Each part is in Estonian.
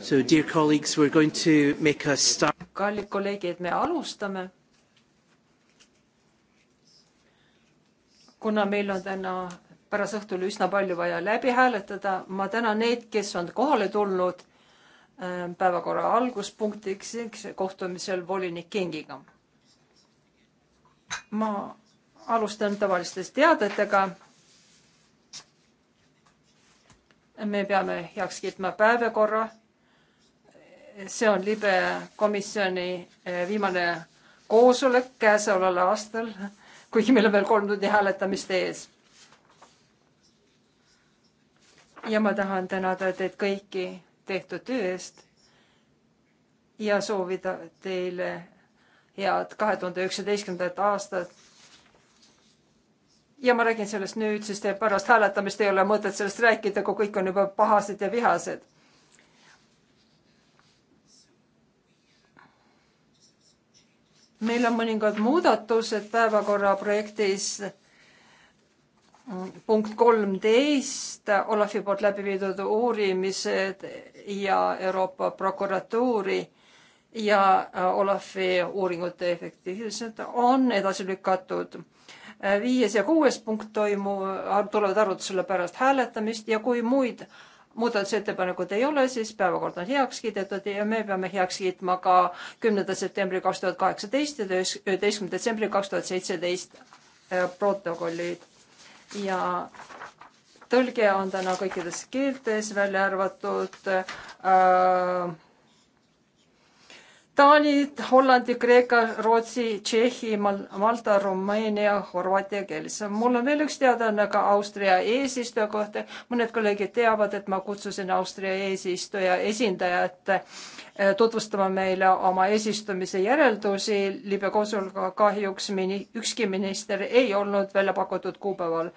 So dear colleagues, we're going to make a start. kallid kolleegid, me alustame. kuna meil on täna pärasõhtul üsna palju vaja läbi hääletada, ma tänan neid, kes on kohale tulnud ähm, päevakorra alguspunktiks kohtumisel volinik Kingiga. ma alustan tavalistest teadetega me peame heaks kiitma päevakorra see on libe komisjoni eh, viimane koosolek käesoleval aastal, kuigi meil on veel kolm tundi hääletamist ees. ja ma tahan tänada teid kõiki tehtud töö eest ja soovida teile head kahe tuhande üheksateistkümnendat aastat. ja ma räägin sellest nüüd, sest pärast hääletamist ei ole mõtet sellest rääkida, kui kõik on juba pahased ja vihased meil on mõningad muudatused päevakorra projektis. punkt kolmteist, Olafi poolt läbi viidud uurimised ja Euroopa prokuratuuri ja Olafi uuringute efektiivsused on edasi lükatud viies ja kuues punkt toimu, tulevad arutlusele pärast hääletamist ja kui muid muudatusettepanekut ei ole, siis päevakord on heaks kiidetud ja me peame heaks kiitma ka kümnenda septembri kaks tuhat kaheksateist ja üheteistkümnenda detsembri kaks tuhat seitseteist äh, protokollid. ja tõlge on täna kõikides keeltes, välja arvatud äh, Taani, Hollandi, Kreeka, Rootsi, Tšehhi Mal, Malta, Rumeenia, Horvaatia keeles. mul on veel üks teadaanne ka Austria eesistuja kohta. mõned kolleegid teavad, et ma kutsusin Austria eesistuja esindajat eh, tutvustama meile oma eesistumise järeldusi. libe koosolekuga kahjuks mini, ükski minister ei olnud välja pakutud kuupäeval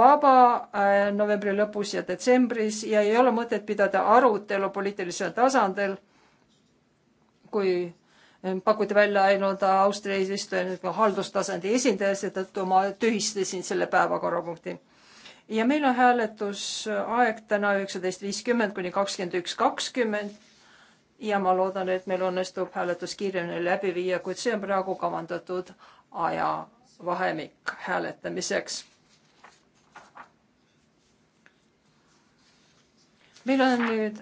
vaba eh, novembri lõpus ja detsembris ja ei ole mõtet pidada arutelu poliitilisel tasandil kui eh, pakuti välja ainult Austria eesistuja haldustasandi esindaja, seetõttu ma tühistasin selle päevakorrapunkti. ja meil on hääletusaeg täna üheksateist viiskümmend kuni kakskümmend üks kakskümmend ja ma loodan, et meil õnnestub hääletus kiiremini läbi viia, kuid see on praegu kavandatud ajavahemik hääletamiseks. meil on nüüd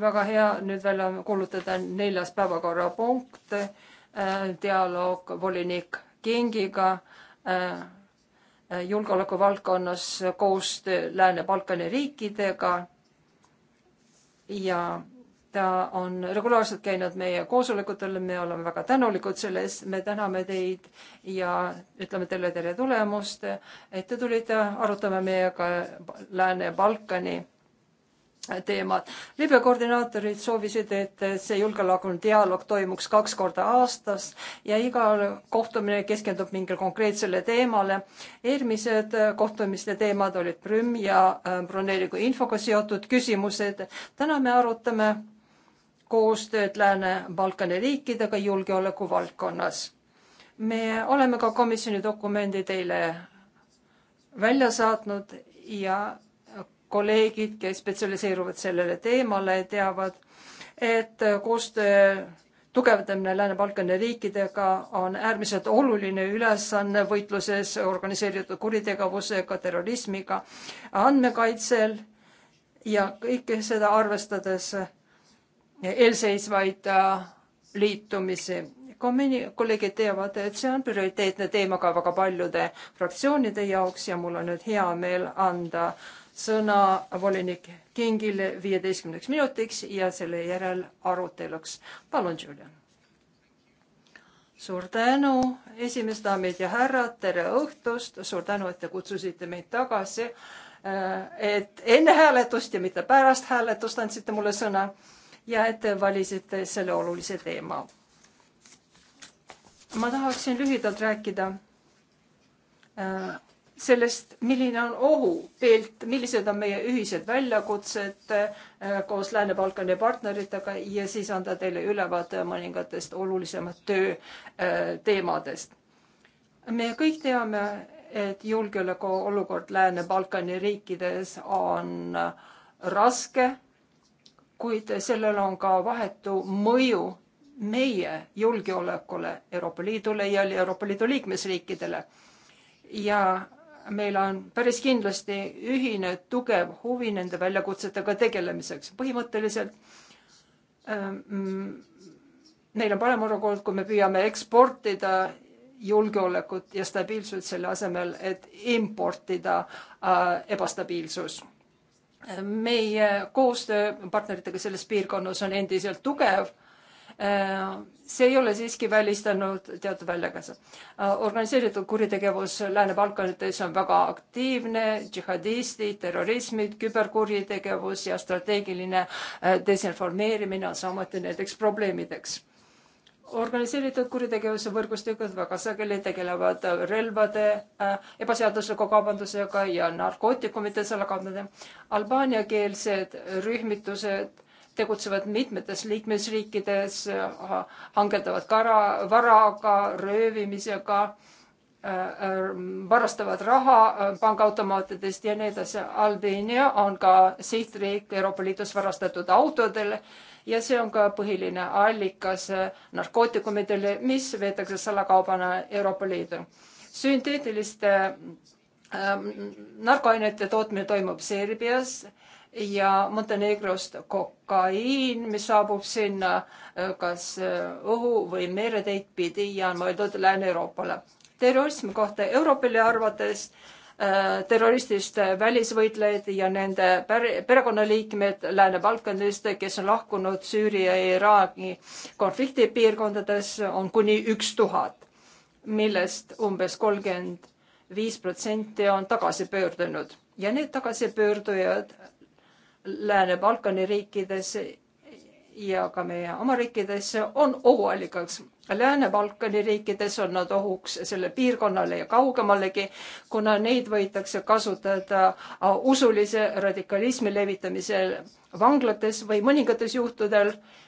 väga hea nüüd välja kuulutada neljas päevakorrapunkt äh,, dialoog volinik Kingiga äh, äh, julgeolekuvaldkonnas koostöö Lääne-Balkani riikidega. ja ta on regulaarselt käinud meie koosolekutel, me oleme väga tänulikud selle eest, me täname teid ja ütleme teile tere tulemust, et te tulite arutama meiega Lääne-Balkani teemad. Liibüa koordinaatorid soovisid, et see julgeolekuline dialoog toimuks kaks korda aastas ja iga kohtumine keskendub mingile konkreetsele teemale. eelmised kohtumiste teemad olid Prüm ja äh, broneeringu infoga seotud küsimused. täna me arutame koostööd Lääne-Balkani riikidega julgeoleku valdkonnas. me oleme ka komisjoni dokumendi teile välja saatnud ja kolleegid, kes spetsialiseeruvad sellele teemale, teavad, et koostöö tugevdamine Lääne-Balkani riikidega on äärmiselt oluline ülesanne võitluses organiseeritud kuritegevusega, terrorismiga, andmekaitsel ja kõike seda arvestades eelseisvaid äh, liitumisi. kolleegid teavad, et see on prioriteetne teema ka väga paljude fraktsioonide jaoks ja mul on nüüd hea meel anda äh, sõna volinik Kingile viieteistkümneks minutiks ja selle järel aruteluks. palun, Julian. suur tänu, esimesed daamid ja härrad, tere õhtust, suur tänu, et te kutsusite meid tagasi. Äh, et enne hääletust ja mitte pärast hääletust andsite mulle sõna ja et te valisite selle olulise teema. ma tahaksin lühidalt rääkida äh, sellest, milline on ohupilt, millised on meie ühised väljakutsed äh, koos Lääne-Balkani partneritega ja siis anda teile ülevaade mõningatest olulisemat töö äh, teemadest. me kõik teame, et julgeolekuolukord Lääne-Balkani riikides on äh, raske, kuid sellel on ka vahetu mõju meie julgeolekule, Euroopa Liidule ja Euroopa Liidu liikmesriikidele. ja meil on päris kindlasti ühine tugev huvi nende väljakutsetega tegelemiseks. põhimõtteliselt ähm, neil mm, on parem olukord, kui me püüame eksportida julgeolekut ja stabiilsust selle asemel, et importida äh, ebastabiilsus. meie koostöö partneritega selles piirkonnas on endiselt tugev see ei ole siiski välistanud teatud väljakasvu. organiseeritud kuritegevus Lääne-Balkanites on väga aktiivne, džihadistid, terrorismid, küberkuritegevus ja strateegiline äh, desinformeerimine on samuti näiteks probleemideks organiseeritud kuritegevuse võrgustikud väga sageli tegelevad relvade äh, ebaseadusliku kaubandusega ja narkootikumide salakaubandusega. albaaniakeelsed rühmitused tegutsevad mitmetes liikmesriikides, hangeldavad kara, varaga, röövimisega äh, äh, varastavad raha äh, pangaautomaatidest ja nii edasi. Albiinia on ka sihtriik Euroopa Liidus varastatud autodele ja see on ka põhiline allikas narkootikumidele, mis veetakse salakaubana Euroopa Liidu. sünteetiliste ähm, narkoainete tootmine toimub Serbias äh, ja Montenegrost kokaiin, mis saabub sinna äh, kas äh, õhu- või mereteid pidi ja on mõeldud Lääne-Euroopale. terrorismi kohta Europoli arvates äh, terroristist välisvõitlejaid ja nende perekonnaliikmed Lääne-Balkanist, kes on lahkunud Süüria ja Iraagi konfliktipiirkondades, on kuni üks tuhat, millest umbes kolmkümmend viis protsenti on tagasi pöördunud ja need tagasipöördujad Lääne-Balkani riikides ja ka meie oma riikides on ohuallikaks. Lääne-Balkani riikides on nad ohuks selle piirkonnale ja kaugemalegi, kuna neid võidakse kasutada usulise radikalismi levitamisel vanglates või mõningates juhtudel äh,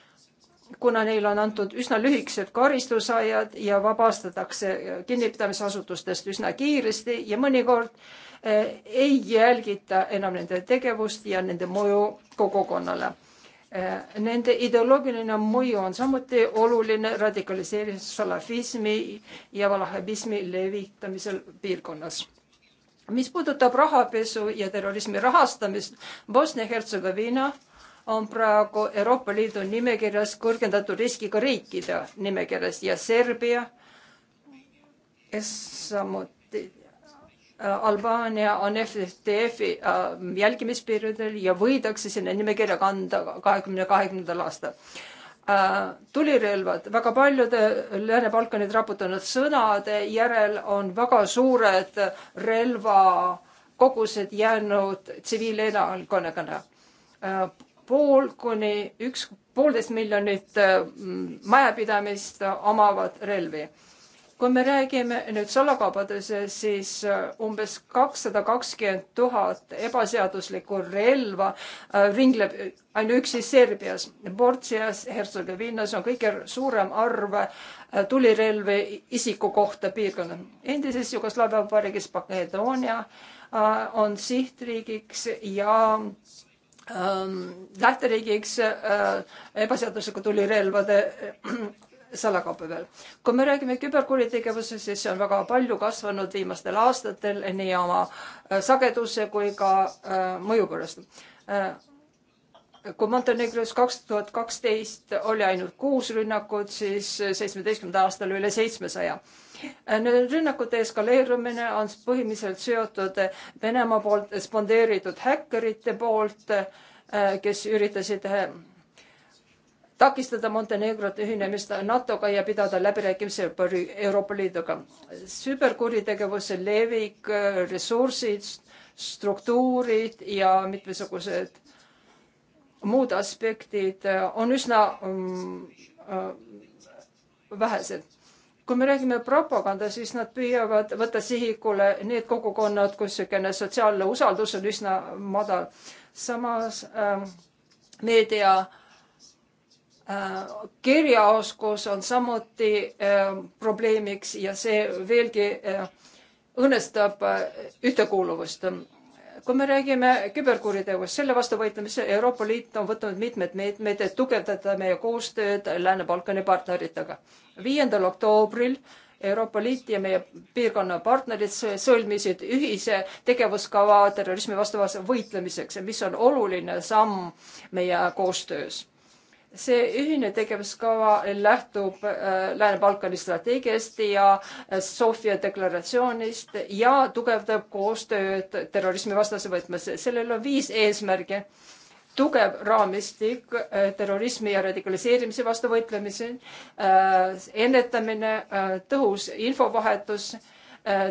kuna neile on antud üsna lühikesed karistusajad ja vabastatakse kinnipidamisasutustest üsna kiiresti ja mõnikord eh, ei jälgita enam nende tegevust ja nende mõju kogukonnale. Eh, nende ideoloogiline mõju on samuti oluline radikaliseerimise salafismi ja valahabismi levitamisel piirkonnas. mis puudutab rahapesu ja terrorismi rahastamist, Bosnia-Hertsegoviina on praegu Euroopa Liidu nimekirjas kõrgendatud riskiga riikide nimekirjas ja Serbia, samuti äh, Albaania on FTF-i äh, jälgimispiiridel ja võidakse sinna nimekirja kanda kahekümne kahekümnendal aastal. Äh, tulirelvad, väga paljude Lääne-Balkanit raputanud sõnade järel on väga suured relvakogused jäänud tsiviilelanikkonnakonna pool kuni üks, poolteist miljonit äh, majapidamist omavad relvi. kui me räägime nüüd salakaubandusest, siis äh, umbes kakssada kakskümmend tuhat ebaseaduslikku relva äh, ringleb ainuüksi Serbias. Bortsias, Herzegovinas on kõige suurem arv tulirelvi isiku kohta piirkonnal. endises Jugoslaavia vabariigis Makedoonia on sihtriigiks ja Ähm, lähteriigiks äh, ebaseadusliku tulirelvade äh, salakaupa peal. kui me räägime küberkuritegevusest, siis see on väga palju kasvanud viimastel aastatel nii oma äh, sageduse kui ka mõju pärast. kui Montenegros kaks tuhat kaksteist oli ainult kuus rünnakut, siis seitsmeteistkümnenda aastal üle seitsmesaja Need rünnakute eskaleerumine on põhiliselt seotud Venemaa poolt spondeeritud häkkerite poolt, äh, kes üritasid äh, takistada Montenegrot ühinemist NATO-ga ja pidada läbirääkimisi Euroopa Liiduga. süberkuritegevuse levik, ressursid, struktuurid ja mitmesugused muud aspektid on üsna mm, äh, vähesed kui me räägime propaganda, siis nad püüavad võtta sihikule need kogukonnad, kus niisugune sotsiaalne usaldus on üsna madal. samas äh, meedia äh, kirjaoskus on samuti äh, probleemiks ja see veelgi äh, õõnestab äh, ühtekuuluvust kui me räägime küberkuritegevust, selle vastu võitlemise Euroopa Liit on võtnud mitmed meetmed, et tugevdada meie koostööd Lääne-Balkani partneritega. viiendal oktoobril Euroopa Liit ja meie piirkonna partnerid sõlmisid ühise tegevuskava terrorismi vastu võitlemiseks, mis on oluline samm meie koostöös see ühine tegevuskava lähtub äh, Lääne-Balkani strateegiast ja äh, Sofia deklaratsioonist ja tugevdab koostööd terrorismivastase võtmes. sellel on viis eesmärgi. tugev raamistik äh, terrorismi ja radikaliseerimise vastu võitlemisel, ennetamine, tõhus infovahetus,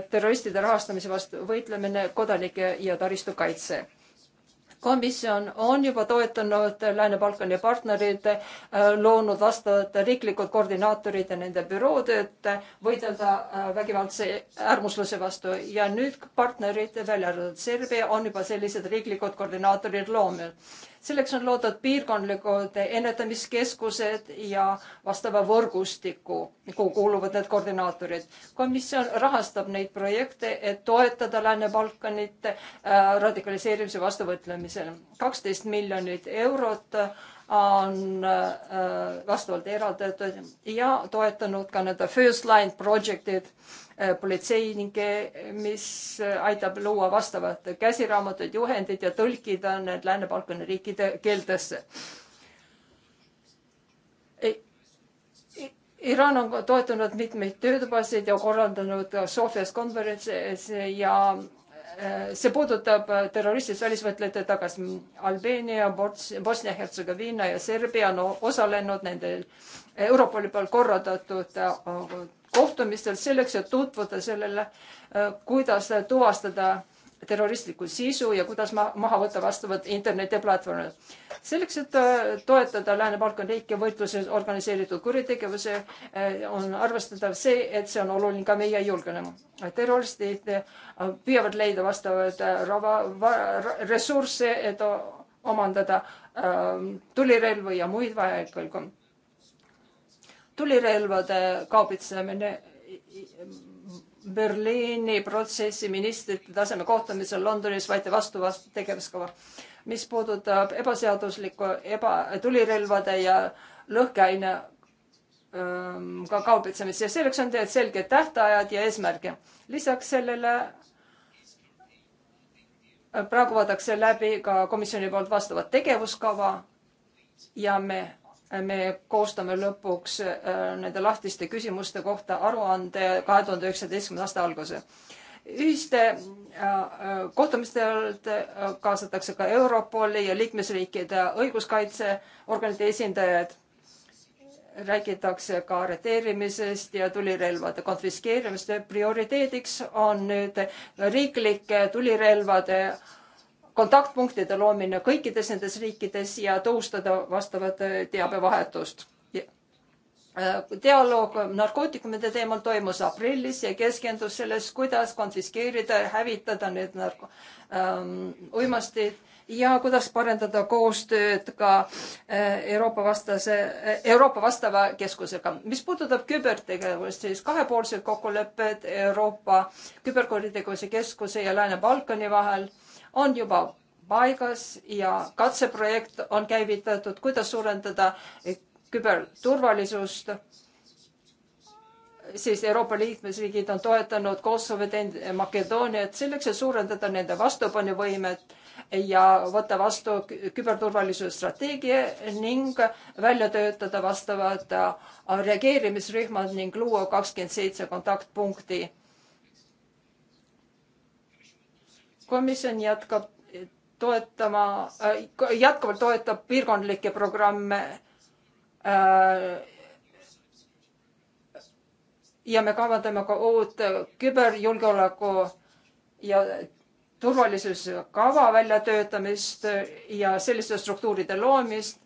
terroristide rahastamise vastu võitlemine, kodanike ja taristu kaitse komisjon on juba toetanud Lääne-Balkani partnerid, äh, loonud vastavad riiklikud koordinaatorid ja nende bürood, et äh, võidelda äh, vägivaldse äärmusluse vastu ja nüüd partnerid, välja arvatud Serbia, on juba sellised riiklikud koordinaatorid loonud selleks on loodud piirkondlikud ennetamiskeskused ja vastava võrgustiku, kuhu kuuluvad need koordinaatorid. komisjon rahastab neid projekte, et toetada Lääne-Balkanit äh, radikaliseerimise vastuvõtlemisel. kaksteist miljonit eurot on äh, äh, vastavalt eraldatud ja toetanud ka nende first line project'id äh, politseinike, mis aitab luua vastavad käsiraamatud, juhendid ja tõlkida need Lääne-Balkani riikide keeltesse. Iraan on toetanud mitmeid töötubasid ja korraldanud Sofias konverentse ja see puudutab äh, terroristist välisvõtlejate tagasi. Albeenia, Bosnia-Hertsegoviina ja Serbia on osalenud nendel Europoli poolt korraldatud äh, kohtumistel selleks, et tutvuda sellele, äh, kuidas tuvastada terroristlikku sisu ja kuidas ma maha võtta vastavad internetiplatvormid. selleks, et äh, toetada Lääne-Balkani riike võitluses organiseeritud kuritegevuse, äh, on arvestatav see, et see on oluline ka meie julgeolekule. terroristid äh, püüavad leida vastavaid rava, va, ressursse, et omandada ähm, tulirelvu ja muid vajalikke tulirelvade kaubitsemine Berliini protsessi ministrite taseme kohtumisel Londonis võeti vastu vastu tegevuskava, mis puudutab ebaseaduslikku eba, tulirelvade ja lõhkeaine ähm, ka kaubitsemist ja selleks on tegelikult selged tähtajad ja eesmärgid. lisaks sellele äh, praegu vaadatakse läbi ka komisjoni poolt vastavat tegevuskava ja me me koostame lõpuks äh, nende lahtiste küsimuste kohta aruande kahe tuhande üheksateistkümnenda aasta alguse. ühiste äh, äh, kohtumistelt kaasatakse ka Europoli ja liikmesriikide õiguskaitseorganite esindajad. räägitakse ka arreteerimisest ja tulirelvade konfiskeerimist. prioriteediks on nüüd riiklike tulirelvade kontaktpunktide loomine kõikides nendes riikides ja tõhustada vastavat äh, teabevahetust. Äh, dialoog narkootikumide teemal toimus aprillis ja keskendus selles, kuidas konfiskeerida ja hävitada need narko-, ähm, uimastid ja kuidas parendada koostööd ka äh, Euroopa vastase, Euroopa vastava keskusega. mis puudutab kübertegevust, siis kahepoolsed kokkulepped Euroopa küberkuritegevuse keskuse ja Lääne-Balkani vahel on juba paigas ja katseprojekt on käivitatud, kuidas suurendada küberturvalisust. siis Euroopa liikmesriigid on toetanud Kosovot, Makedooniat selleks, et suurendada nende vastupanuvõimet ja võtta vastu küberturvalisuse strateegia ning välja töötada vastavad reageerimisrühmad ning luua kakskümmend seitse kontaktpunkti komisjon jätkab toetama, äh, jätkuvalt toetab piirkondlikke programme. Äh, ja me kavandame ka uut küberjulgeoleku ja turvalisuse kava väljatöötamist ja selliste struktuuride loomist,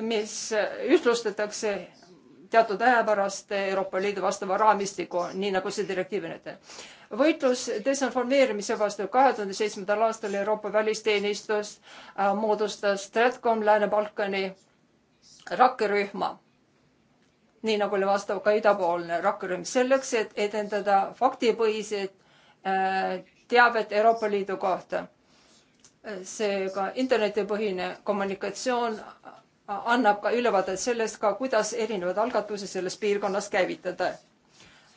mis ühtlustatakse teatud aja pärast Euroopa Liidu vastava raamistiku, nii nagu see direktiiv on ette võitlus desinformeerimise vastu. kahe tuhande seitsmendal aastal Euroopa välisteenistus äh, moodustas Stratcom Lääne-Balkani rakkerühma nii nagu oli vastav ka idapoolne rakkerühm, selleks, et edendada faktipõhiseid äh, teavet Euroopa Liidu kohta. seega internetipõhine kommunikatsioon äh, annab ka ülevaadet sellest ka, kuidas erinevaid algatusi selles piirkonnas käivitada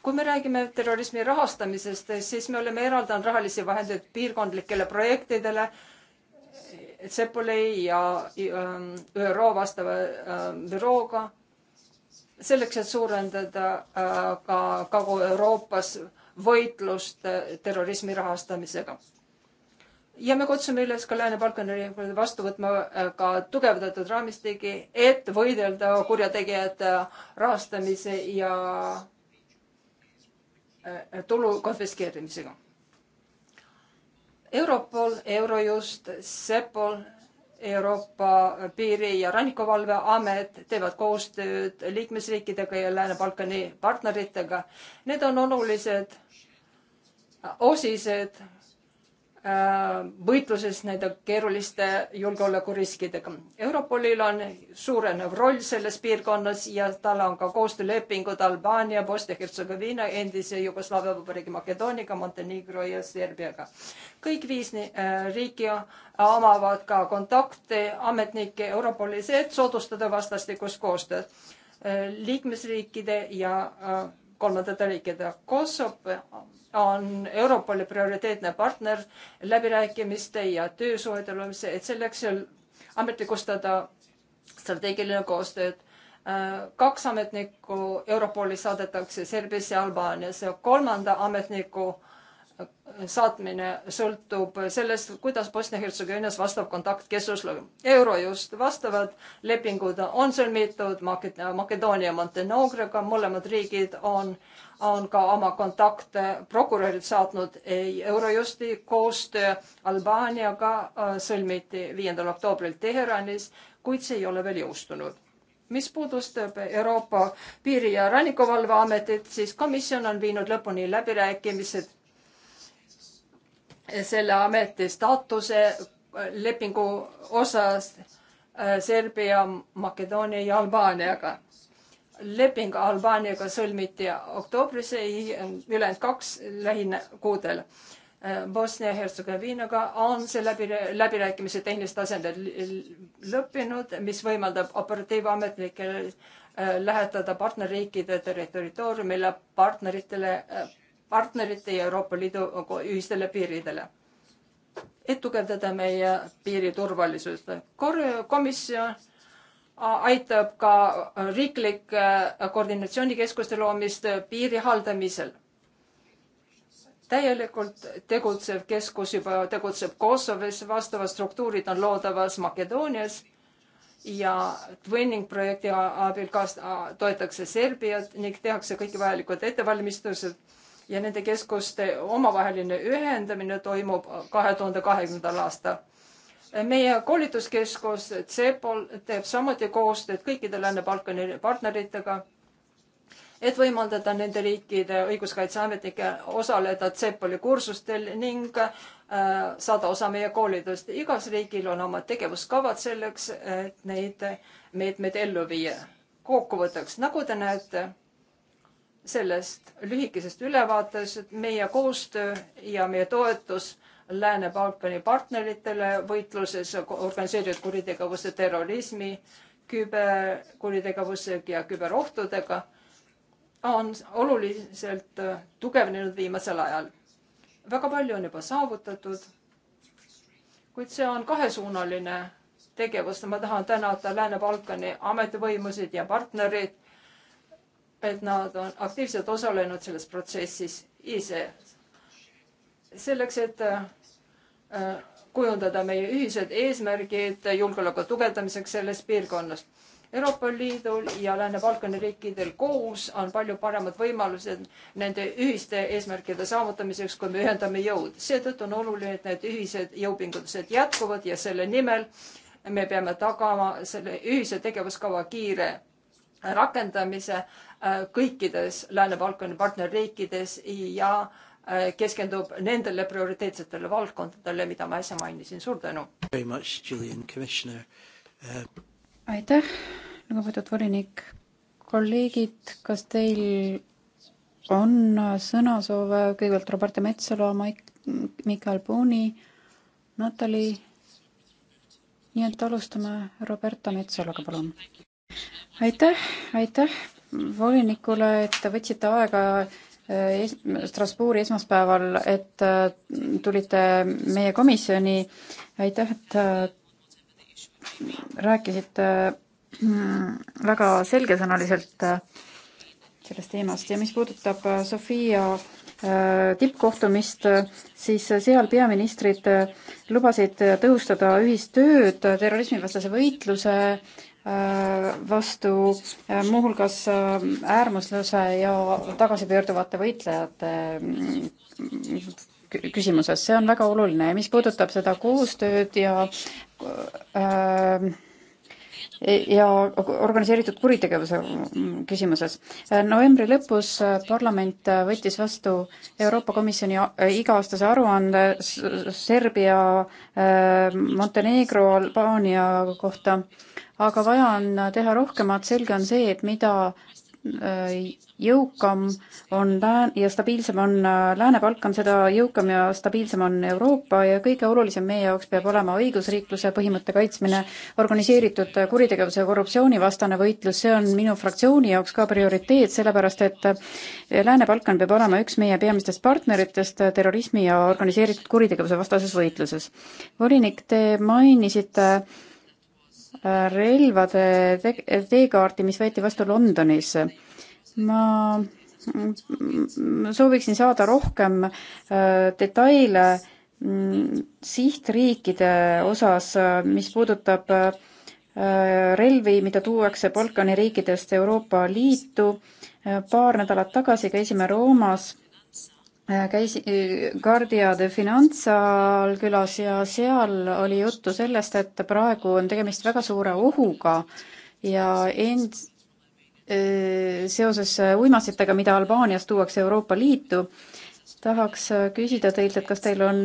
kui me räägime terrorismi rahastamisest, siis me oleme eraldanud rahalisi vahendeid piirkondlikele projektidele, Tsepoli ja ähm, ÜRO vastava ähm, bürooga, selleks, et suurendada äh, ka Kagu-Euroopas võitlust äh, terrorismi rahastamisega ja me kutsume üles ka Lääne-Balkani vastu võtma äh, ka tugevdatud raamistigi, et võidelda kurjategijate rahastamise ja Äh, tulu konfiskeerimisega. Europol, Eurojust, Sepol, Euroopa Piiri- ja Rannikuvalveamet teevad koostööd liikmesriikidega ja Lääne-Balkani partneritega. Need on olulised osised Äh, võitluses nende keeruliste julgeolekuriskidega. Europolil on suurenev roll selles piirkonnas ja tal on ka koostöölepingud Albaania, Bosnia-Hertsegoviina, endise Jugoslaavia Vabariigi Makedooniaga, Montenegro ja Serbiaga. kõik viis äh, riiki omavad ka kontakte ametnike Europolis, et soodustada vastastikust koostööd äh, liikmesriikide ja kolmandate riikidega. Kosovo on Europoli prioriteetne partner läbirääkimiste ja töösuhete loomise, et selleks ametlikustada strateegiline koostöö. Äh, kaks ametnikku Europoli saadetakse Serbiasse ja Albaaniasse, kolmanda ametniku saatmine sõltub sellest, kuidas Bosnia-Hertsegoviinas vastav kontaktkeskus lõi. Eurojust vastavad lepingud on sõlmitud Makedoonia ja Montenegroga, mõlemad riigid on, on ka oma kontakte prokurörid saatnud Eurojusti. koostöö Albaaniaga äh, sõlmiti viiendal oktoobril Teheranis, kuid see ei ole veel jõustunud mis puudustab Euroopa Piiri- ja Rannikuvalveametit, siis komisjon on viinud lõpuni läbirääkimised selle ameti staatuse lepingu osas äh, Serbia, Makedoonia ja Albaaniaga. leping Albaaniaga sõlmiti oktoobris, ülejäänud kaks lähikuudel. Äh, Bosnia-Hertsegoviinaga on see läbi, läbirääkimise tehnilised asendid lõppenud, mis võimaldab operatiivametnikel äh, lähetada partnerriikide territooriumile partneritele partnerite ja Euroopa Liidu ühistele piiridele et tugevdada meie piiriturvalisust. komisjon aitab ka riiklike koordinatsioonikeskuste loomist piiri haldamisel. täielikult tegutsev keskus juba tegutseb Kosovos, vastavad struktuurid on loodavas Makedoonias ja Twinning projekti abil kas toetatakse Serbiat ning tehakse kõik vajalikud ettevalmistused ja nende keskuste omavaheline ühendamine toimub kahe tuhande kahekümnendal aastal. meie koolituskeskus CEPOL teeb samuti koostööd kõikide Lääne-Balkani partneritega, et võimaldada nende riikide õiguskaitseametnike osaleda CEPOL-i kursustel ning äh, saada osa meie koolidest. igas riigil on oma tegevuskavad selleks, et neid meetmeid ellu viia. kokkuvõtteks, nagu te näete sellest lühikesest ülevaatest meie koostöö ja meie toetus Lääne-Balkani partneritele võitluses organiseeritud kuritegevuse, terrorismi, küberkuritegevuse ja küberohtudega on oluliselt tugevnenud viimasel ajal. väga palju on juba saavutatud, kuid see on kahesuunaline tegevus. ma tahan tänada Lääne-Balkani ametivõimusid ja partnereid et nad on aktiivselt osalenud selles protsessis ise. selleks, et äh, kujundada meie ühised eesmärgid julgeoleku tugevdamiseks selles piirkonnas. Euroopa Liidul ja Lääne-Balkani riikidel koos on palju paremad võimalused nende ühiste eesmärkide saavutamiseks, kui me ühendame jõud. seetõttu on oluline, et need ühised jõupingutused jätkuvad ja selle nimel me peame tagama selle ühise tegevuskava kiire rakendamise Äh, kõikides Lääne-Balkani partnerriikides ja äh, keskendub nendele prioriteetsetele valdkondadele, mida ma äsja mainisin. suur tänu! Uh, aitäh, lugupeetud volinik! kolleegid, kas teil on sõnasoove? kõigepealt Roberta Metsalu, Maik-, Mikael Puuni, Natali. nii et alustame Roberta Metsaluga, palun. aitäh, aitäh volinikule, et te võtsite aega eh, es-, Strasbourgi esmaspäeval, et eh, tulite meie komisjoni. aitäh, et eh, rääkisite mm, väga selgesõnaliselt sellest teemast ja mis puudutab Sofia tippkohtumist, siis seal peaministrid lubasid tõhustada ühistööd terrorismivastase võitluse Äh, vastu äh, muuhulgas äh, äärmusluse ja tagasipöörduvate võitlejate mm, küsimuses, see on väga oluline ja mis puudutab seda koostööd ja äh, ja organiseeritud kuritegevuse mm, küsimuses. novembri lõpus parlament võttis vastu Euroopa Komisjoni iga-aastase aruande Serbia, Montenegro, Albaania kohta äh, aga vaja on teha rohkemat, selge on see, et mida äh, jõukam on lään- ja stabiilsem on äh, Lääne-Balkan, seda jõukam ja stabiilsem on Euroopa ja kõige olulisem meie jaoks peab olema õigusriikluse põhimõtte kaitsmine, organiseeritud äh, kuritegevuse ja korruptsiooni vastane võitlus, see on minu fraktsiooni jaoks ka prioriteet, sellepärast et Lääne-Balkan peab olema üks meie peamistest partneritest terrorismi ja organiseeritud kuritegevuse vastases võitluses. volinik, te mainisite äh, relvade teekaarti, mis võeti vastu Londonis. ma sooviksin saada rohkem äh, detaile mm, sihtriikide osas, äh, mis puudutab äh, relvi, mida tuuakse Balkani riikidest Euroopa Liitu. paar nädalat tagasi käisime Roomas Äh, käis äh, Guardia de Finanzal külas ja seal oli juttu sellest, et praegu on tegemist väga suure ohuga ja end-, äh, seoses uimastitega, mida Albaaniast tuuakse Euroopa Liitu, tahaks küsida teilt, et kas teil on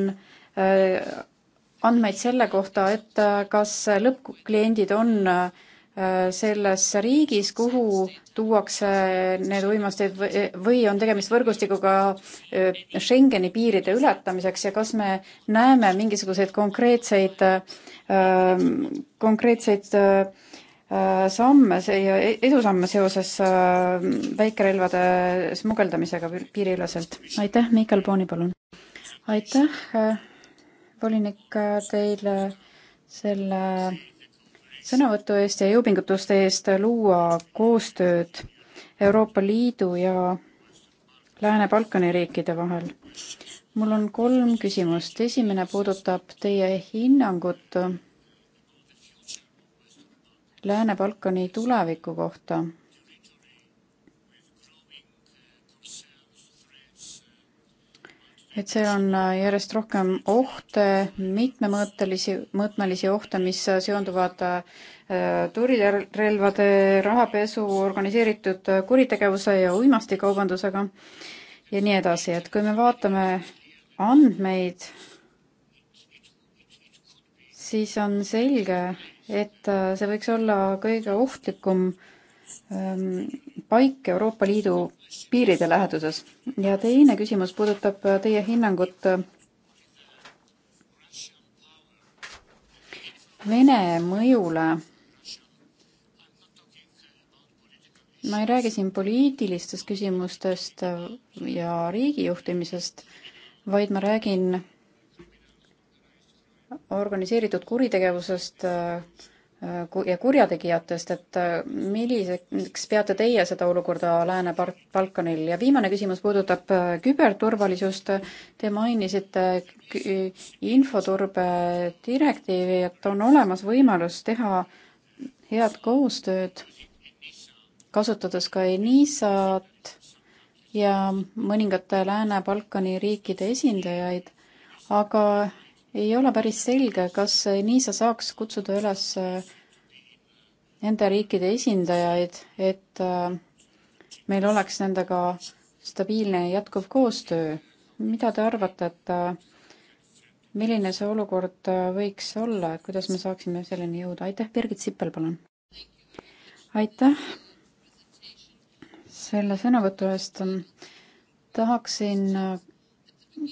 andmeid selle kohta, et kas lõppkliendid on äh, Äh, selles riigis, kuhu tuuakse need uimasteid või on tegemist võrgustikuga äh, Schengeni piiride ületamiseks ja kas me näeme mingisuguseid konkreetseid, äh, konkreetseid samme ja e-, edusamme seoses väikerelvade smugeldamisega piiriüleselt? aitäh, Mihkel Pooni, palun! aitäh, volinik, teile selle sõnavõtu eest ja jõupingutuste eest luua koostööd Euroopa Liidu ja Lääne-Balkani riikide vahel. mul on kolm küsimust. esimene puudutab teie hinnangut Lääne-Balkani tuleviku kohta et seal on äh, järjest rohkem ohte, mitmemõõtelisi, mõõtmelisi ohte, mis äh, seonduvad äh, tulirelvade, rahapesu, organiseeritud kuritegevuse ja uimastikaubandusega ja nii edasi, et kui me vaatame andmeid, siis on selge, et see võiks olla kõige ohtlikum ähm, paik Euroopa Liidu piiride läheduses. ja teine küsimus puudutab äh, teie hinnangut äh, Vene mõjule. ma ei räägi siin poliitilistest küsimustest äh, ja riigijuhtimisest, vaid ma räägin organiseeritud kuritegevusest äh, ja kurjategijatest, et äh, milliseks peate teie seda olukorda Lääne-Balkanil ja viimane küsimus puudutab äh, küberturvalisust. Te mainisite infoturbe direktiivi, et on olemas võimalus teha head koostööd, kasutades ka ENISA-t ja mõningate Lääne-Balkani riikide esindajaid, aga ei ole päris selge, kas Niisa saaks kutsuda üles äh, nende riikide esindajaid, et äh, meil oleks nendega stabiilne ja jätkuv koostöö. mida te arvate, et äh, milline see olukord võiks olla, et kuidas me saaksime selleni jõuda? aitäh, Birgit Sippel, palun! aitäh selle sõnavõtu eest. tahaksin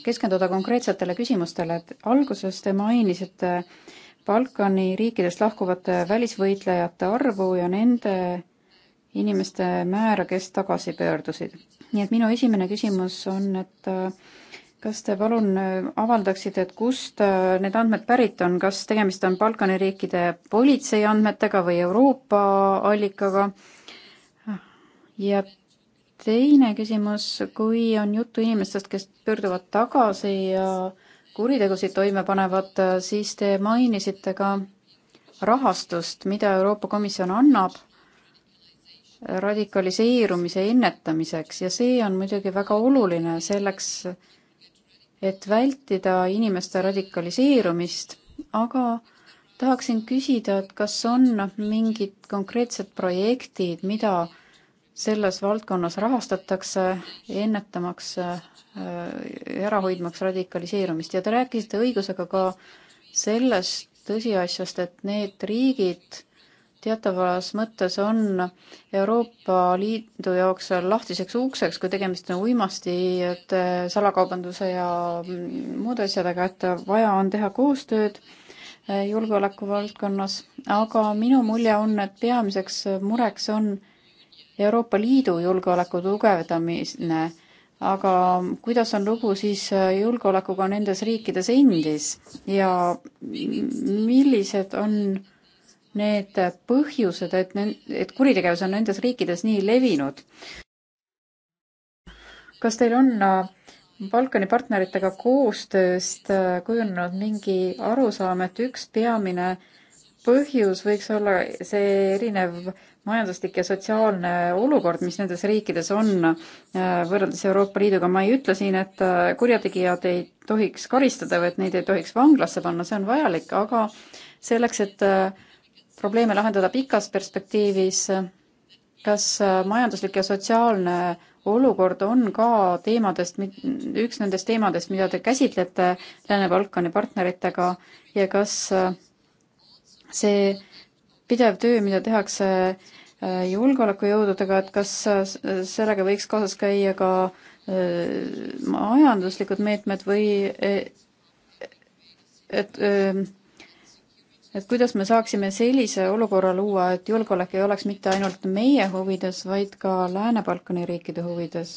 keskenduda konkreetsetele küsimustele, et alguses te mainisite Balkani riikidest lahkuvate välisvõitlejate arvu ja nende inimeste määra, kes tagasi pöördusid. nii et minu esimene küsimus on, et äh, kas te palun äh, avaldaksite, et kust äh, need andmed pärit on, kas tegemist on Balkani riikide politsei andmetega või Euroopa allikaga? ja teine küsimus, kui on juttu inimestest, kes pöörduvad tagasi ja kuritegusid toime panevad, siis te mainisite ka rahastust, mida Euroopa Komisjon annab radikaliseerumise ennetamiseks ja see on muidugi väga oluline selleks, et vältida inimeste radikaliseerumist, aga tahaksin küsida, et kas on mingid konkreetsed projektid, mida selles valdkonnas rahastatakse, ennetamaks äh, ära hoidmaks radikaliseerumist ja te rääkisite õigusega ka sellest tõsiasjast, et need riigid teatavas mõttes on Euroopa Liidu jaoks lahtiseks ukseks, kui tegemist on uimastite, salakaubanduse ja muude asjadega, et vaja on teha koostööd äh, julgeoleku valdkonnas, aga minu mulje on, et peamiseks mureks on Euroopa Liidu julgeoleku tugevdamine, aga kuidas on lugu siis äh, julgeolekuga nendes riikides endis ja millised on need põhjused, et, et kuritegevus on nendes riikides nii levinud? kas teil on äh, Balkani partneritega koostööst äh, kujunenud mingi arusaam, et üks peamine äh, põhjus võiks olla see erinev majanduslik ja sotsiaalne olukord, mis nendes riikides on äh, võrreldes Euroopa Liiduga. ma ei ütle siin, et äh, kurjategijad ei tohiks karistada või et neid ei tohiks vanglasse panna, see on vajalik, aga selleks, et äh, probleeme lahendada pikas perspektiivis, kas majanduslik ja sotsiaalne olukord on ka teemadest, üks nendest teemadest, mida te käsitlete Lääne-Balkani partneritega ja kas äh, see pidev töö, mida tehakse äh, julgeolekujõududega, et kas äh, sellega võiks kaasas käia ka äh, majanduslikud meetmed või e, et e, et kuidas me saaksime sellise olukorra luua, et julgeolek ei oleks mitte ainult meie huvides, vaid ka Lääne-Balkani riikide huvides?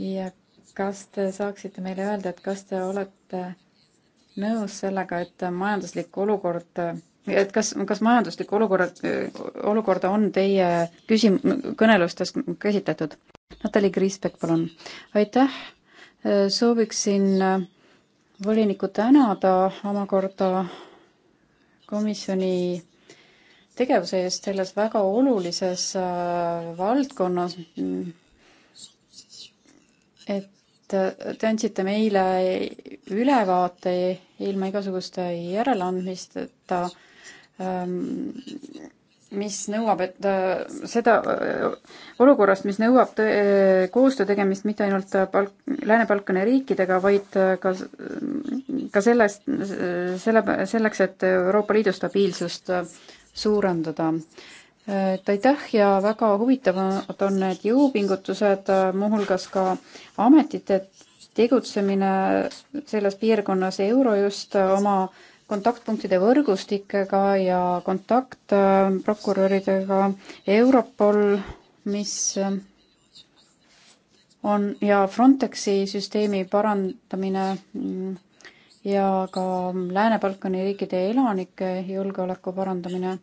ja kas te saaksite meile öelda, et kas te olete äh, nõus sellega, et majanduslik olukord et kas, kas majanduslikku olukorra, olukorda on teie küsim-, kõnelustes käsitletud? Natali Kriisbeck, palun. aitäh, sooviksin volinikku tänada omakorda komisjoni tegevuse eest selles väga olulises äh, valdkonnas, et et äh, te andsite meile ülevaate ilma igasuguste järeleandmisteta, ähm, mis nõuab, et äh, seda äh, olukorrast, mis nõuab koostöö tegemist mitte ainult Balk-, Lääne-Balkani riikidega, vaid ka, ka sellest, selle, selleks, et Euroopa Liidu stabiilsust suurendada et aitäh ja väga huvitavad on need jõupingutused, muuhulgas ka ametite tegutsemine selles piirkonnas euro just oma kontaktpunktide võrgustikega ja kontaktprokuröridega äh, Europol, mis äh, on ja Frontexi süsteemi parandamine mm, ja ka Lääne-Balkani riikide elanike julgeoleku parandamine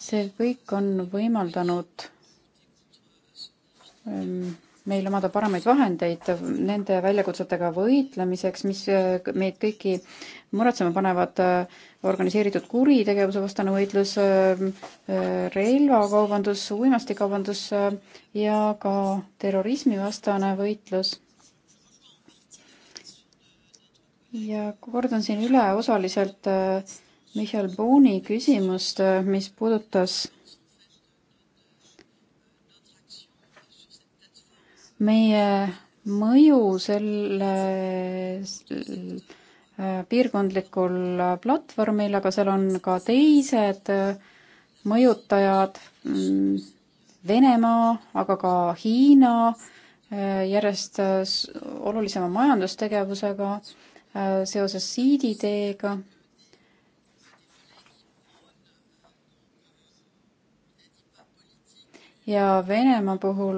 see kõik on võimaldanud ähm, meil omada paremaid vahendeid nende väljakutsetega võitlemiseks, mis äh, meid kõiki muretsema panevad, äh, organiseeritud kuritegevuse vastane võitlus, äh, relvakaubandus, uimastikaubandus ja ka terrorismivastane võitlus. ja kordan siin üle osaliselt äh, Michal Booni küsimust, äh, mis puudutas meie mõju selle äh, piirkondlikul äh, platvormil, aga seal on ka teised mõjutajad, mm, Venemaa, aga ka Hiina, järjest olulisema majandustegevusega seoses siiditeega ja Venemaa puhul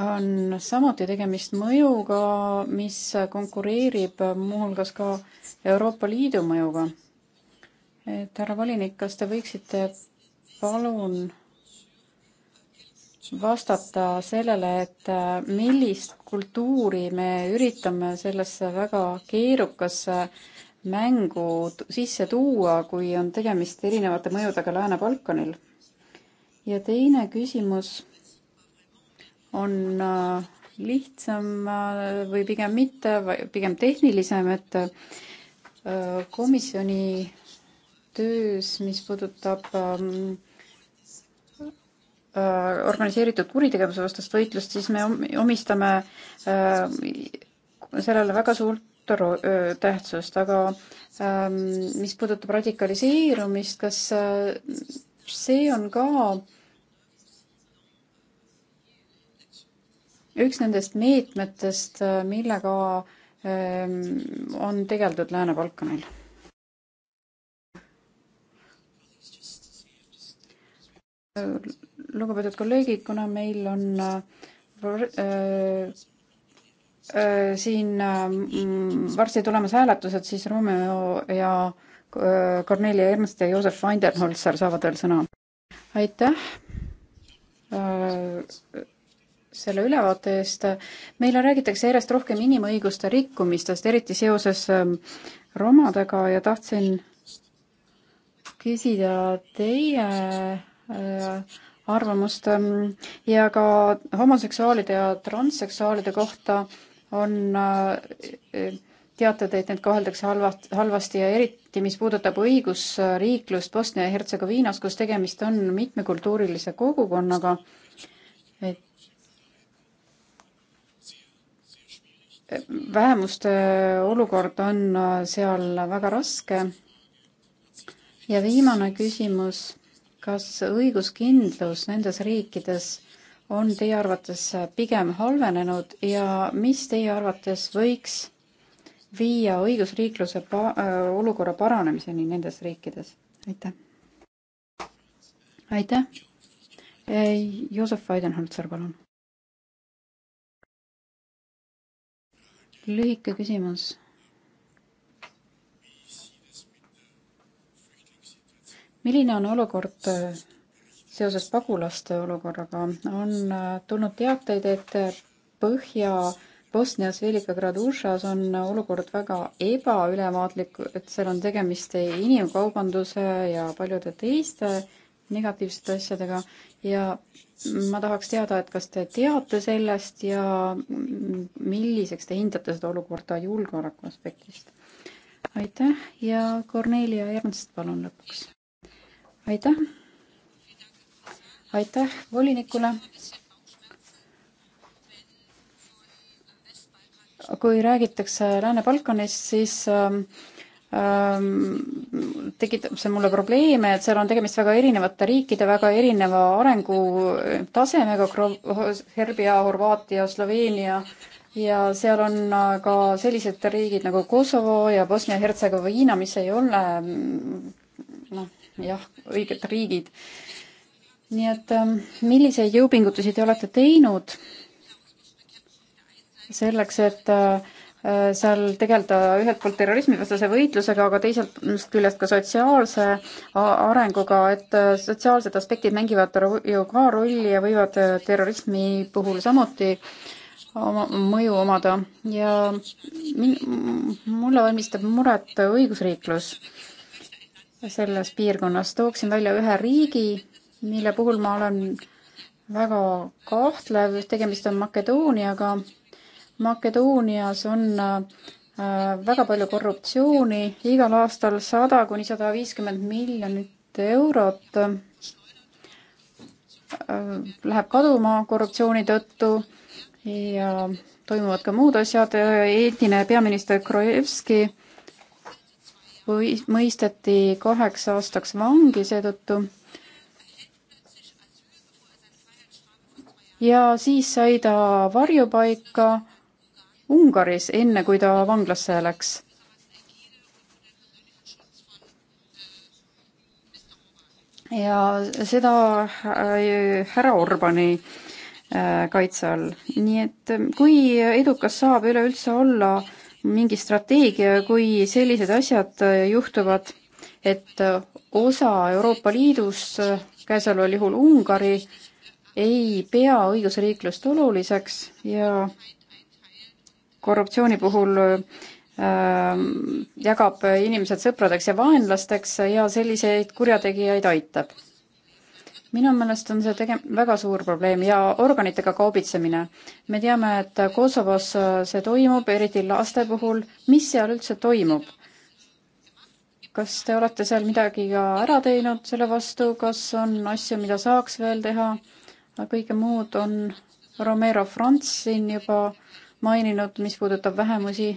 on samuti tegemist mõjuga, mis konkureerib muuhulgas ka Euroopa Liidu mõjuga. et härra volinik, kas te võiksite palun vastata sellele, et äh, millist kultuuri me üritame sellesse väga keerukasse mängu sisse tuua, kui on tegemist erinevate mõjudega Lääne-Balkanil? ja teine küsimus on äh, lihtsam äh, või pigem mitte, pigem tehnilisem, et äh, komisjoni töös, mis puudutab ähm, organiseeritud kuritegevuse vastast võitlust, siis me omistame sellele väga suurt tähtsust, aga ähm, mis puudutab radikaliseerumist, kas äh, see on ka üks nendest meetmetest, äh, millega ähm, on tegeldud Lääne-Balkanil? lugupeetud kolleegid, kuna meil on äh, Äh, siin äh, varsti tulemas hääletused, siis Romeo ja Kornelia äh, Ernst ja Joosef Weidenholzer saavad veel sõna. aitäh selle ülevaate eest. meile räägitakse järjest rohkem inimõiguste rikkumistest, eriti seoses ähm, romadega ja tahtsin küsida teie arvamust ähm, ja ka homoseksuaalide ja transseksuaalide kohta on äh, teated, et neid koheldakse halvast, halvasti ja eriti, mis puudutab õigusriiklust Bosnia ja Hertsegoviinas, kus tegemist on mitmekultuurilise kogukonnaga, et vähemuste olukord on äh, seal väga raske. ja viimane küsimus, kas õiguskindlus nendes riikides on teie arvates pigem halvenenud ja mis teie arvates võiks viia õigusriikluse pa-, äh, olukorra paranemiseni nendes riikides? aitäh. aitäh. Joosep Weidenholzer, palun. lühike küsimus. milline on olukord äh, seoses pagulaste olukorraga on äh, tulnud teateid, et Põhja-Bosnias Velika-Gradušas on olukord väga ebaülevaatlik, et seal on tegemist inimkaubanduse ja paljude teiste negatiivsete asjadega ja ma tahaks teada, et kas te teate sellest ja milliseks te hindate seda olukorda julgeoleku aspektist? aitäh ja Kornelia Ernst, palun lõpuks. aitäh aitäh volinikule. kui räägitakse Lääne-Balkanist, siis ähm, ähm, tekitab see mulle probleeme, et seal on tegemist väga erinevate riikide, väga erineva arengutasemega, Serbia, Horvaatia, Sloveenia ja seal on äh, ka sellised riigid nagu Kosovo ja Bosnia-Hertsegoviina, mis ei ole mm, noh, jah, õiged riigid nii et ähm, milliseid jõupingutusi te olete teinud selleks, et äh, äh, seal tegeleda ühelt poolt terrorismivastase võitlusega, aga teiselt küljest ka sotsiaalse arenguga, et äh, sotsiaalsed aspektid mängivad ju ka rolli ja võivad terrorismi puhul samuti oma mõju omada ja min-, mulle valmistab muret õigusriiklus selles piirkonnas. tooksin välja ühe riigi, mille puhul ma olen väga kahtlev, tegemist on Makedooniaga. Makedoonias on äh, väga palju korruptsiooni, igal aastal sada kuni sada viiskümmend miljonit eurot äh, läheb kaduma korruptsiooni tõttu ja toimuvad ka muud asjad. endine peaminister Krojevski mõisteti kaheks aastaks vangi seetõttu ja siis sai ta varjupaika Ungaris, enne kui ta vanglasse läks. ja seda äh, härra Orbani äh, kaitse all. nii et äh, kui edukas saab üleüldse olla mingi strateegia, kui sellised asjad juhtuvad, et osa Euroopa Liidust, käesoleval juhul Ungari, ei pea õigusriiklust oluliseks ja korruptsiooni puhul äh, jagab inimesed sõpradeks ja vaenlasteks ja selliseid kurjategijaid aitab. minu meelest on see tege-, väga suur probleem ja organitega kaubitsemine. me teame, et Kosovos see toimub, eriti laste puhul. mis seal üldse toimub? kas te olete seal midagi ka ära teinud selle vastu, kas on asju, mida saaks veel teha? kõike muud on Romero Franz siin juba maininud, mis puudutab vähemusi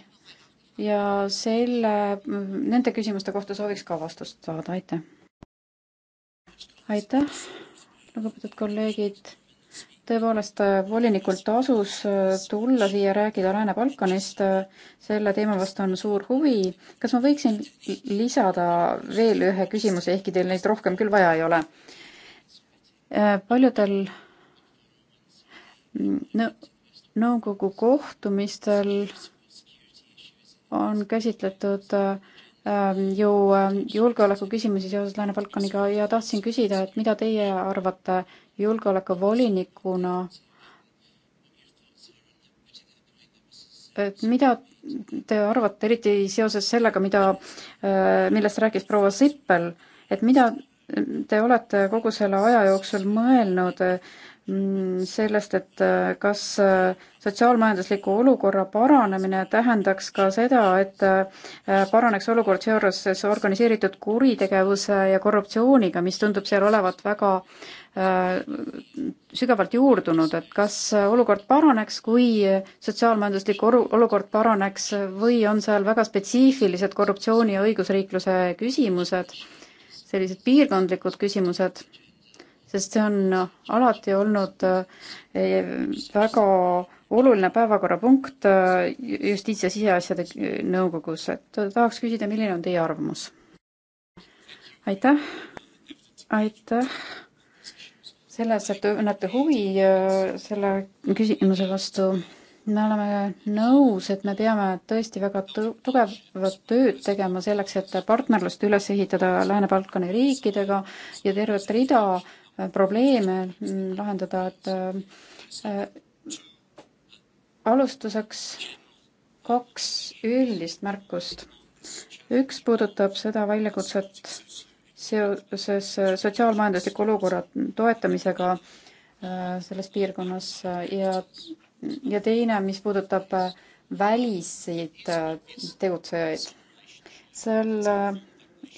ja selle, nende küsimuste kohta sooviks ka vastust saada, aitäh. aitäh, lugupeetud kolleegid. tõepoolest, volinikul tasus äh, tulla siia rääkida Lääne-Balkanist. Äh, selle teema vastu on suur huvi. kas ma võiksin lisada veel ühe küsimuse, ehkki teil neid rohkem küll vaja ei ole? Äh, paljudel nõukogu kohtumistel on käsitletud ähm, ju ähm, julgeoleku küsimusi seoses Lääne-Balkaniga ja tahtsin küsida, et mida teie arvate julgeolekuvolinikuna, et mida te arvate eriti seoses sellega, mida, äh, millest rääkis proua Sippel, et mida te olete kogu selle aja jooksul mõelnud Mm, sellest, et äh, kas äh, sotsiaalmajandusliku olukorra paranemine tähendaks ka seda, et äh, paraneks olukord seoses organiseeritud kuritegevuse ja korruptsiooniga, mis tundub seal olevat väga sügavalt juurdunud, et kas olukord paraneks, kui sotsiaalmajanduslik oru-, olukord paraneks või on seal väga spetsiifilised korruptsiooni ja õigusriikluse küsimused, sellised piirkondlikud küsimused sest see on alati olnud eh, väga oluline päevakorrapunkt eh, justiits- ja siseasjade nõukogus, et tahaks küsida, milline on teie arvamus? aitäh, aitäh selles, et tunnete huvi eh, selle küsimuse vastu. me oleme nõus, et me peame tõesti väga tugevat tööd tegema selleks, et partnerlust üles ehitada Lääne-Balkani riikidega ja tervet rida äh, Äh, probleeme mm, lahendada, et äh, alustuseks kaks üldist märkust. üks puudutab seda väljakutset seoses äh, sotsiaalmajandusliku olukorra toetamisega selles piirkonnas ja, ja teine, mis puudutab väliseid tegutsejaid. seal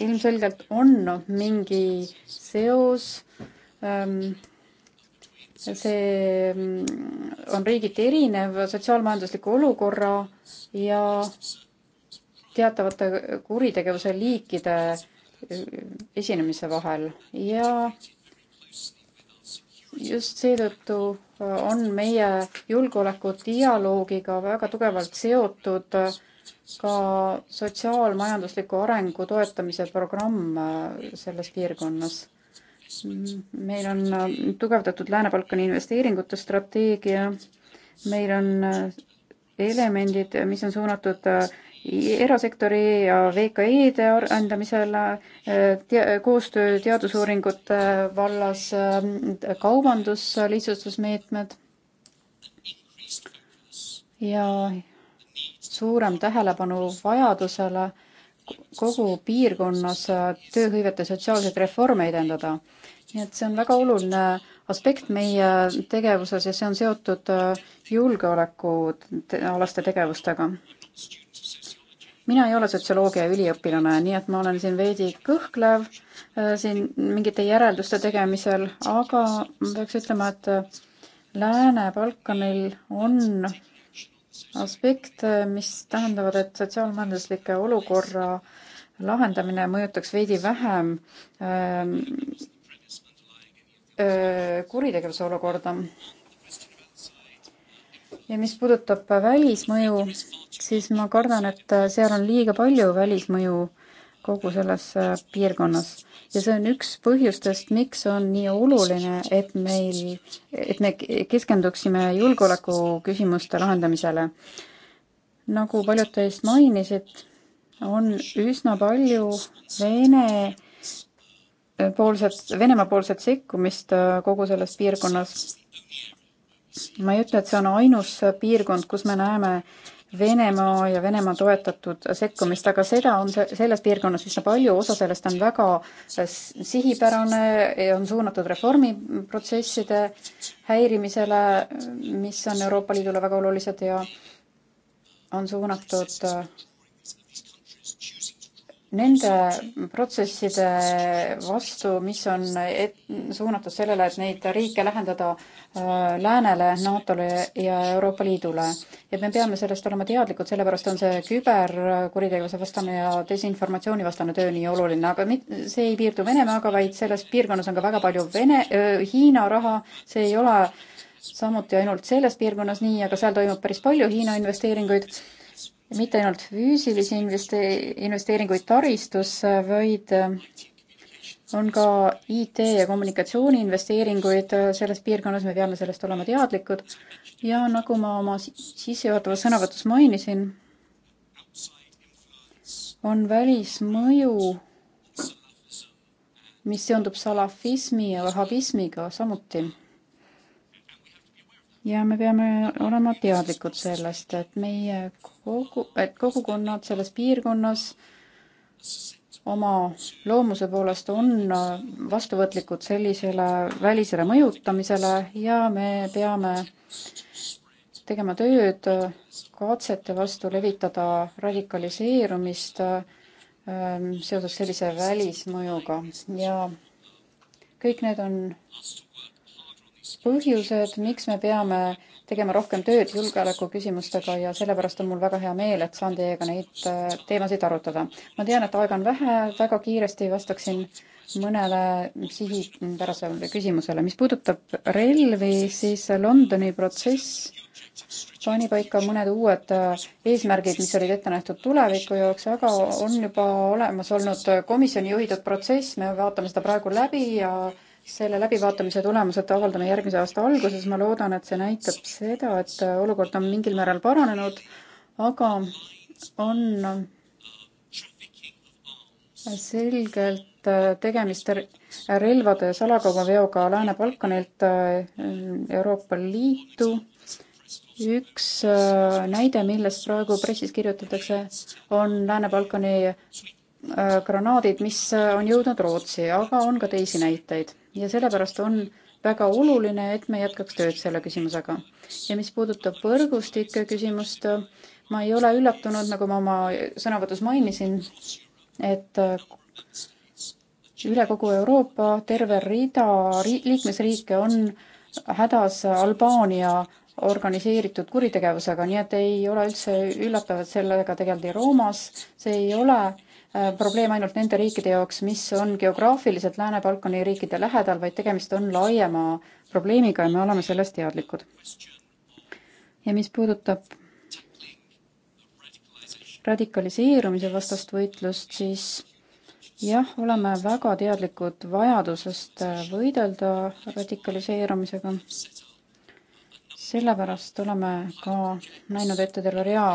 ilmselgelt on mingi seos äh, Ehm, see ehm, on riigiti erinev sotsiaalmajandusliku olukorra ja teatavate kuritegevuse liikide eh, esinemise vahel ja just seetõttu eh, on meie julgeolekudialoogiga väga tugevalt seotud eh, ka sotsiaalmajandusliku arengu toetamise programm selles piirkonnas meil on äh, tugevdatud Lääne-Balkani investeeringute strateegia, meil on äh, elemendid, mis on suunatud äh, erasektori ja VKI-de arendamisele, koostöö teadusuuringute vallas, kaubanduslihtsustusmeetmed ja suurem tähelepanu vajadusele kogu piirkonnas tööhõivet ja sotsiaalseid reforme edendada. nii et see on väga oluline aspekt meie tegevuses ja see on seotud äh, julgeolekualaste te tegevustega. mina ei ole sotsioloogia üliõpilane, nii et ma olen siin veidi kõhklev äh, siin mingite järelduste tegemisel, aga ma peaks ütlema, et äh, Lääne-Balkanil on aspekte, äh, mis tähendavad, et sotsiaalmajanduslike olukorra lahendamine mõjutaks veidi vähem ähm, äh, kuritegevuse olukorda. ja mis puudutab välismõju, siis ma kardan, et äh, seal on liiga palju välismõju kogu selles äh, piirkonnas ja see on üks põhjustest, miks on nii oluline, et meil, et me keskenduksime julgeoleku küsimuste lahendamisele. nagu paljud teist mainisid, on üsna palju Vene poolset, Venemaa poolset sekkumist kogu selles piirkonnas. ma ei ütle, et see on ainus piirkond, kus me näeme äh, Venemaa ja Venemaa toetatud sekkumist, aga seda on selles piirkonnas üsna palju, osa sellest on väga sihipärane ja on suunatud reformiprotsesside häirimisele, mis on Euroopa Liidule väga olulised ja on suunatud äh, nende protsesside vastu, mis on et, suunatud sellele, et neid riike lähendada äh, Äh, läänele, NATO-le ja Euroopa Liidule. et me peame sellest olema teadlikud, sellepärast on see küberkuritegevuse vastane ja desinformatsiooni vastane töö nii oluline, aga mit-, see ei piirdu Venemaaga, vaid selles piirkonnas on ka väga palju Vene, Hiina raha, see ei ole samuti ainult selles piirkonnas nii, aga seal toimub päris palju Hiina investeeringuid, mitte ainult füüsilisi investe-, investeeringuid taristusse, vaid on ka IT ja kommunikatsiooniinvesteeringuid äh, selles piirkonnas, me peame sellest olema teadlikud. ja nagu ma oma sissejuhatavas sõnavõtus mainisin, on välismõju, mis seondub salafismi ja vahabismiga samuti. ja me peame olema teadlikud sellest, et meie kogu, et kogukonnad selles piirkonnas oma loomuse poolest on vastuvõtlikud sellisele välisele mõjutamisele ja me peame tegema tööd katsete vastu levitada radikaliseerumist ähm, seoses sellise välismõjuga ja kõik need on põhjused, miks me peame tegema rohkem tööd julgeolekuküsimustega ja sellepärast on mul väga hea meel, et saan teiega neid äh, teemasid arutada. ma tean, et aega on vähe, väga kiiresti vastaksin mõnele sihipärasele küsimusele. mis puudutab relvi, siis Londoni protsess pani paika mõned uued äh, eesmärgid, mis olid ette nähtud tuleviku jaoks, aga on juba olemas olnud komisjoni juhitud protsess, me vaatame seda praegu läbi ja selle läbivaatamise tulemused avaldame järgmise aasta alguses, ma loodan, et see näitab seda, et olukord on mingil määral paranenud, aga on selgelt tegemist relvade salakaubaveoga Lääne-Balkanilt äh, Euroopa Liitu. üks äh, näide, millest praegu pressis kirjutatakse, on Lääne-Balkani äh, granaadid, mis on jõudnud Rootsi, aga on ka teisi näiteid ja sellepärast on väga oluline, et me jätkaks tööd selle küsimusega. ja mis puudutab võrgustike küsimust, ma ei ole üllatunud, nagu ma oma sõnavõtus mainisin, et üle kogu Euroopa terve rida liikmesriike on hädas Albaania organiseeritud kuritegevusega, nii et ei ole üldse üllatav, et sellega tegeldi Roomas, see ei ole äh, Äh, probleem ainult nende riikide jaoks, mis on geograafiliselt Lääne-Balkani riikide lähedal, vaid tegemist on laiema probleemiga ja me oleme sellest teadlikud. ja mis puudutab radikaliseerumise vastast võitlust, siis jah, oleme väga teadlikud vajadusest äh, võidelda radikaliseerumisega. sellepärast oleme ka näinud ette terve rea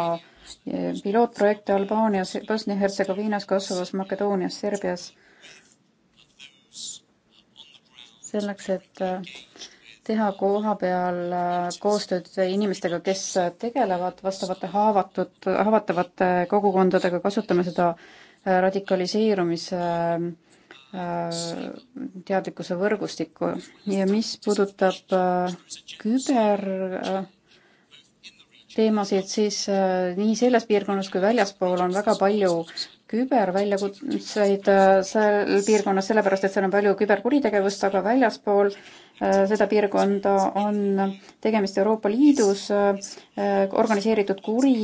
pilootprojekte Albaanias, Bosnia-Hertsegoviinas, Kosovos, Makedoonias, Serbias, selleks, et äh, teha koha peal äh, koostööd inimestega, kes tegelevad vastavate haavatud, haavatavate kogukondadega, kasutame seda äh, radikaliseerumise teadlikkuse võrgustikku ja mis puudutab küber teemasid, siis äh, nii selles piirkonnas kui väljaspool on väga palju küberväljakutseid äh, seal piirkonnas, sellepärast et seal on palju küberkuritegevust, aga väljaspool äh, seda piirkonda on tegemist Euroopa Liidus organiseeritud kuri,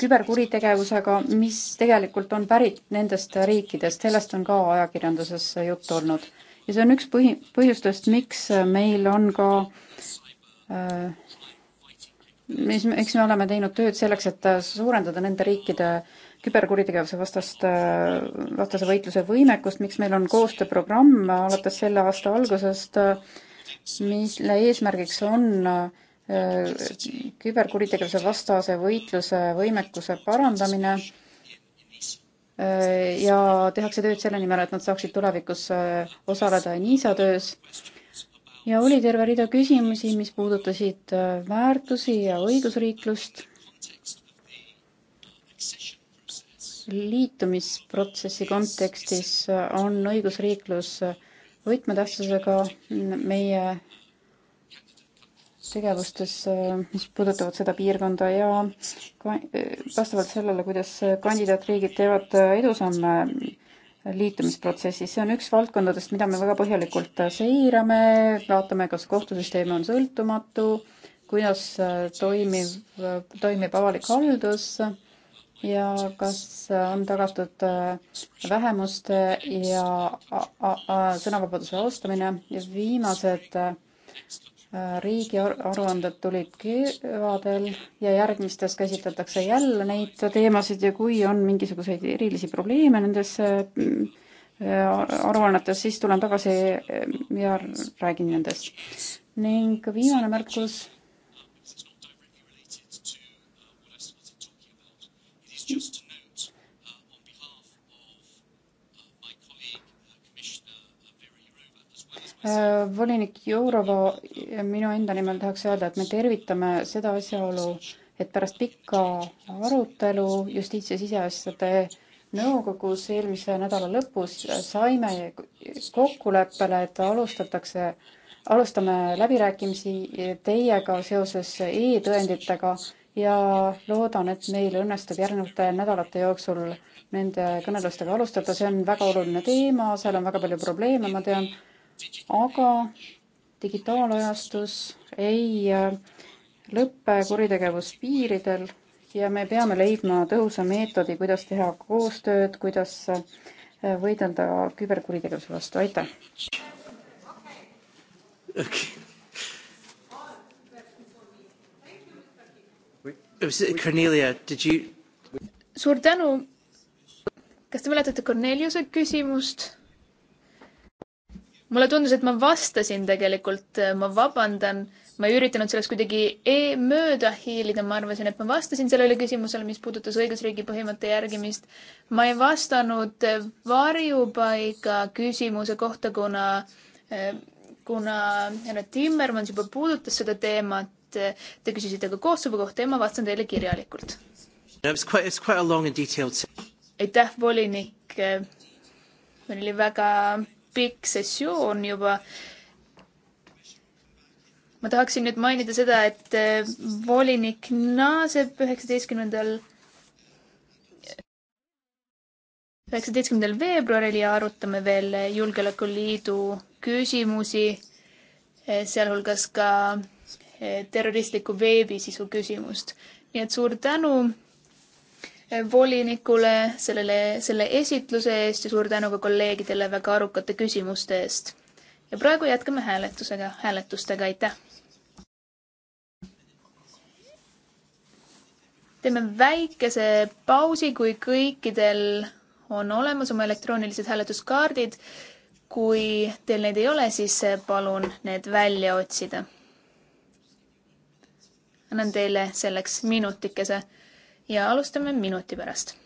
küberkuritegevusega, mis tegelikult on pärit nendest riikidest, sellest on ka ajakirjanduses juttu olnud. ja see on üks põhi, põhjustest, miks meil on ka äh, mis, eks me oleme teinud tööd selleks, et äh, suurendada nende riikide küberkuritegevuse vastast, äh, vastase võitluse võimekust, miks meil on koostööprogramm alates selle aasta algusest, äh, mille eesmärgiks on küberkuritegevuse vastase võitluse võimekuse parandamine ja tehakse tööd selle nimel, et nad saaksid tulevikus osaleda NISA töös ja oli terve rida küsimusi, mis puudutasid äh, väärtusi ja õigusriiklust, liitumisprotsessi kontekstis äh, on õigusriiklus äh, võtmetähtsusega meie tegevustes, mis puudutavad seda piirkonda ja ka vastavalt sellele, kuidas kandidaatriigid teevad edusamme liitumisprotsessis, see on üks valdkondadest, mida me väga põhjalikult äh, seirame, vaatame, kas kohtusüsteem on sõltumatu, kuidas äh, toimiv, äh, toimib avalik haldus ja kas on tagatud vähemuste ja sõnavabaduse austamine ja viimased riigi aruanded tulid kevadel ja järgmistes käsitletakse jälle neid teemasid ja kui on mingisuguseid erilisi probleeme nendes äh, aruannetes, siis tulen tagasi äh, ja räägin nendest. ning viimane märkus. Äh, volinik Jourova, minu enda nimel tahaks öelda, et me tervitame seda asjaolu, et pärast pikka arutelu justiits- ja siseasjade nõukogus eelmise nädala lõpus saime kokkuleppele, et alustatakse, alustame läbirääkimisi teiega seoses e-tõenditega ja loodan, et meil õnnestub järgnevate nädalate jooksul nende kõnelustega alustada, see on väga oluline teema, seal on väga palju probleeme, ma tean aga digitaalajastus ei äh, lõppe kuritegevuspiiridel ja me peame leidma tõhusa meetodi, kuidas teha koostööd, kuidas äh, võidelda küberkuritegevuse vastu, aitäh okay.! Oh, Cornelia, did you? suur tänu. kas te mäletate Corneliuse küsimust? mulle tundus, et ma vastasin tegelikult, äh, ma vabandan, ma ei üritanud sellest kuidagi e mööda hiilida, ma arvasin, et ma vastasin sellele küsimusele, mis puudutas õigusriigi põhimõtte järgimist. ma ei vastanud äh, varjupaiga küsimuse kohta, kuna, äh, kuna härra Timmermann juba puudutas seda teemat. Te küsisite ka Kosovo kohta ja ma vastan teile kirjalikult. aitäh, volinik. meil oli väga pikk sessioon juba. ma tahaksin nüüd mainida seda, et eh, volinik naaseb üheksateistkümnendal, üheksateistkümnendal veebruaril ja arutame veel Julgeolekuliidu küsimusi, eh, sealhulgas ka eh, terroristliku veebisisu küsimust. nii et suur tänu volinikule sellele, selle esitluse eest ja suur tänu ka kolleegidele väga arukate küsimuste eest. ja praegu jätkame hääletusega, hääletustega, aitäh. teeme väikese pausi, kui kõikidel on olemas oma elektroonilised hääletuskaardid. kui teil neid ei ole, siis palun need välja otsida. annan teile selleks minutikese ja alustame minuti pärast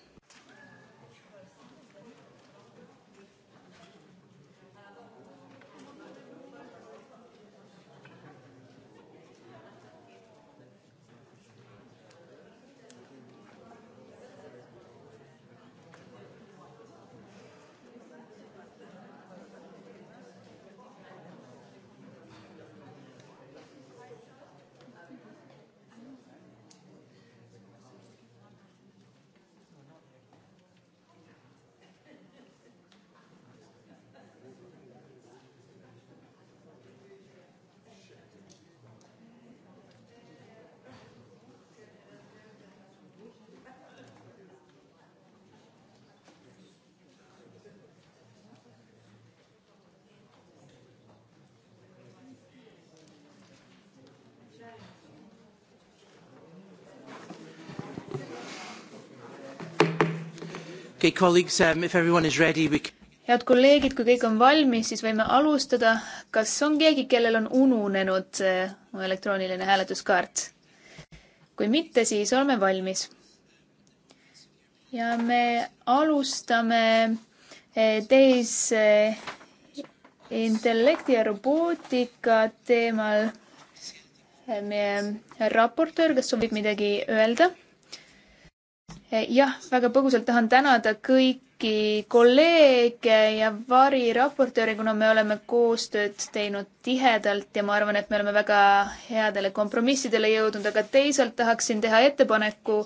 Um, head kolleegid, kui kõik on valmis, siis võime alustada. kas on keegi, kellel on ununenud see äh, elektrooniline hääletuskaart? kui mitte, siis oleme valmis. ja me alustame äh, teise äh, intellekti ja robootika teemal. meie raportöör, kas soovib midagi öelda? Eh, jah, väga põgusalt tahan tänada kõiki kolleege ja variraportööri, kuna me oleme koostööd teinud tihedalt ja ma arvan, et me oleme väga headele kompromissidele jõudnud, aga teisalt tahaksin teha ettepaneku,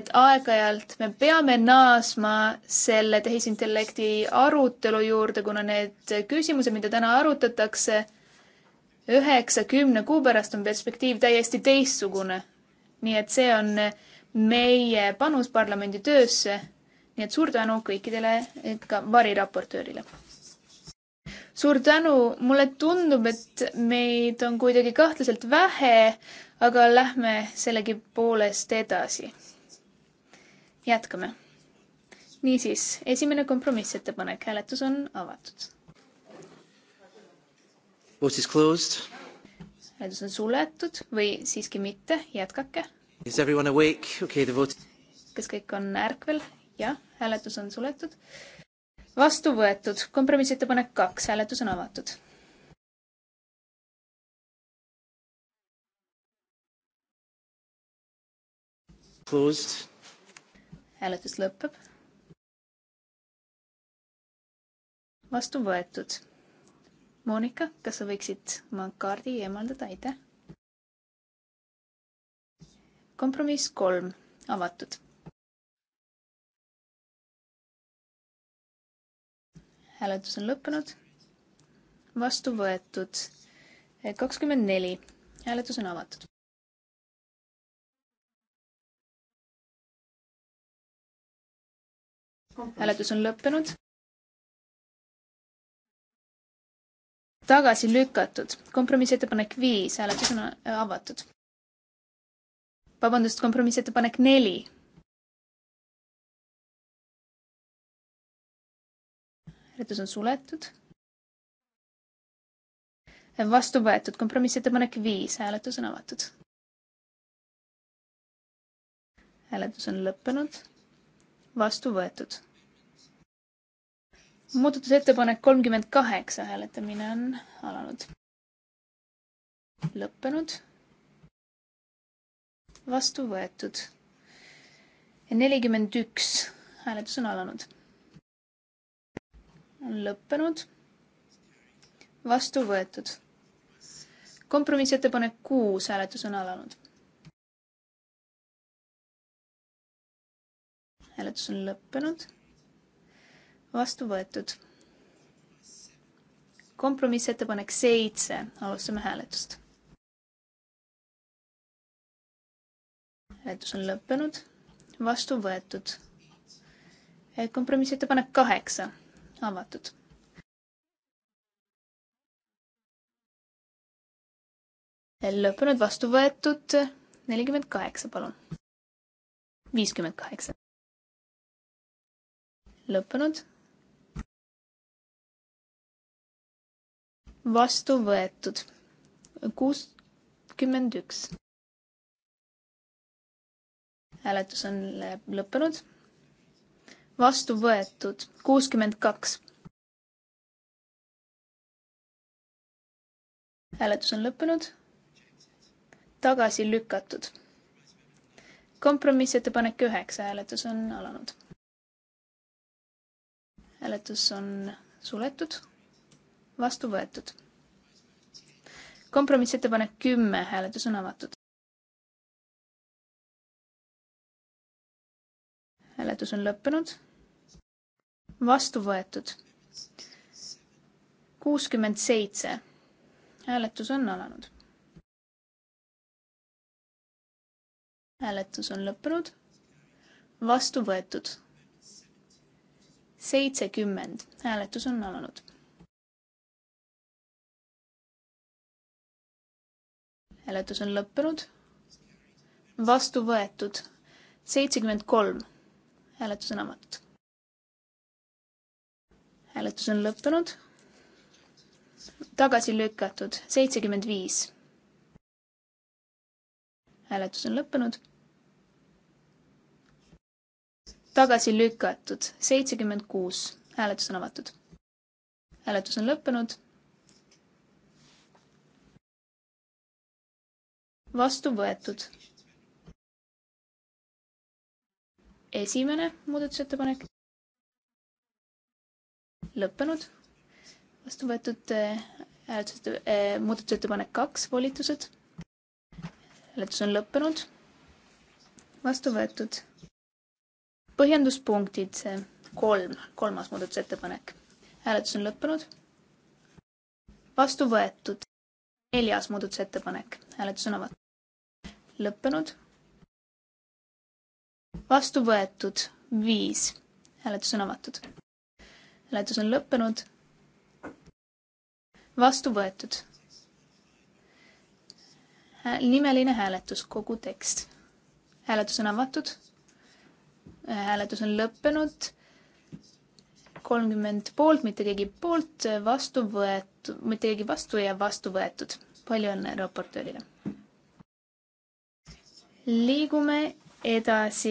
et aeg-ajalt me peame naasma selle tehisintellekti arutelu juurde, kuna need küsimused, mida täna arutatakse, üheksa-kümne kuu pärast on perspektiiv täiesti teistsugune. nii et see on äh, meie panus parlamendi töösse. nii et suur tänu kõikidele, et ka variraportöörile. suur tänu, mulle tundub, et meid on kuidagi kahtlaselt vähe, aga lähme sellegipoolest edasi. jätkame. niisiis, esimene kompromissettepanek, hääletus on avatud. Vote is closed hääldus on suletud või siiski mitte, jätkake Is everyone awake? Okay, the vote. kas kõik on ärkvel? jah, hääletus on suletud. vastu võetud, kompromissettepanek kaks, hääletus on avatud. Closed. hääletus lõpeb. vastu võetud. Monika, kas sa võiksid oma kaardi eemaldada, aitäh kompromiss kolm, avatud. hääletus on lõppenud. vastu võetud eh, kakskümmend neli, hääletus on avatud. hääletus on lõppenud. tagasi lükatud, kompromissettepanek viis, hääletus on eh, avatud vabandust, kompromissettepanek neli. hääletus on suletud. vastu võetud, kompromissettepanek viis, hääletus on avatud. hääletus on lõppenud, vastu võetud. muudatusettepanek kolmkümmend kaheksa, hääletamine on alanud. lõppenud vastu võetud. nelikümmend üks, hääletus on alanud. on lõppenud. vastu võetud. kompromissettepanek kuus, hääletus on alanud. hääletus on lõppenud. vastu võetud kompromissettepanek seitse, alustame hääletust hääletus on lõppenud, vastu võetud. Eh, kompromissettepanek kaheksa, avatud. Eh, lõppenud, vastu võetud, nelikümmend kaheksa, palun. viiskümmend kaheksa. lõppenud. vastu võetud, kuuskümmend üks hääletus on lõppenud. vastu võetud kuuskümmend kaks. hääletus on lõppenud. tagasi lükatud. kompromissettepanek üheksa, hääletus on alanud. hääletus on suletud, vastu võetud. kompromissettepanek kümme, hääletus on avatud. hääletus on lõppenud. vastu võetud. kuuskümmend seitse. hääletus on alanud. hääletus on lõppenud. vastu võetud. seitsekümmend, hääletus on alanud. hääletus on lõppenud. vastu võetud. seitsekümmend kolm hääletus on avatud. hääletus on lõppenud. tagasi lükatud seitsekümmend viis. hääletus on lõppenud. tagasi lükatud seitsekümmend kuus, hääletus on avatud. hääletus on lõppenud vastu võetud. esimene muudatusettepanek. lõppenud, vastu võetud äh, hääletuste äh,, muudatusettepanek kaks, volitused. hääletus on lõppenud, vastu võetud. põhjenduspunktid kolm, kolmas muudatusettepanek. hääletus on lõppenud, vastu võetud. neljas muudatusettepanek, hääletus on avatud, lõppenud vastu võetud viis. hääletus on avatud. hääletus on lõppenud. vastu võetud. nimeline hääletus, kogu tekst. hääletus on avatud. hääletus on lõppenud. kolmkümmend poolt, mitte keegi poolt, vastu võetud, mitte keegi vastu ja vastu võetud. palju õnne raportöörile liigume edasi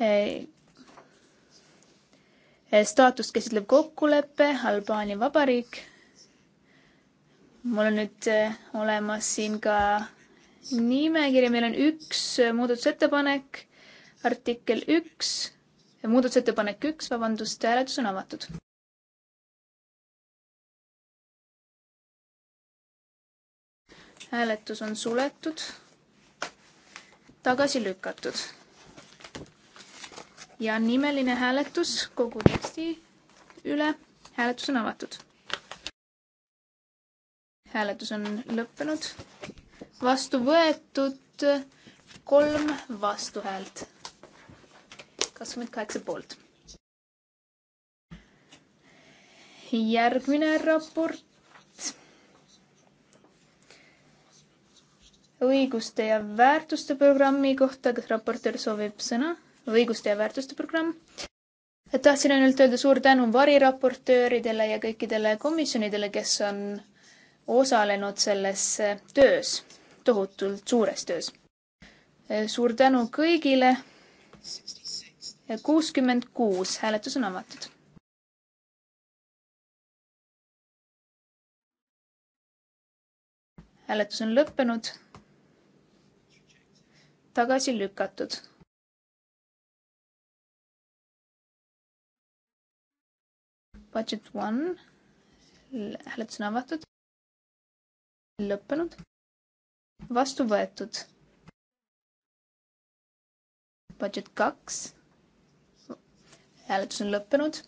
eh, staatust käsitlev kokkulepe, Albaania vabariik. mul on nüüd eh, olemas siin ka nimekiri, meil on üks muudatusettepanek, artikkel üks, muudatusettepanek üks, vabandust, hääletus on avatud. hääletus on suletud tagasi lükatud. ja nimeline hääletus kogu teksti üle. hääletus on avatud. hääletus on lõppenud. vastu võetud kolm vastuhäält. kakskümmend kaheksa poolt. järgmine raport õiguste ja väärtuste programmi kohta, kas raportöör soovib sõna? õiguste ja väärtuste programm. tahtsin ainult öelda suur tänu variraportööridele ja kõikidele komisjonidele, kes on osalenud selles töös, tohutult suures töös. suur tänu kõigile. kuuskümmend kuus, hääletus on avatud hääletus on lõppenud tagasi lükatud. Budget one, hääletus on avatud, lõppenud, vastu võetud. Budget kaks, hääletus on lõppenud,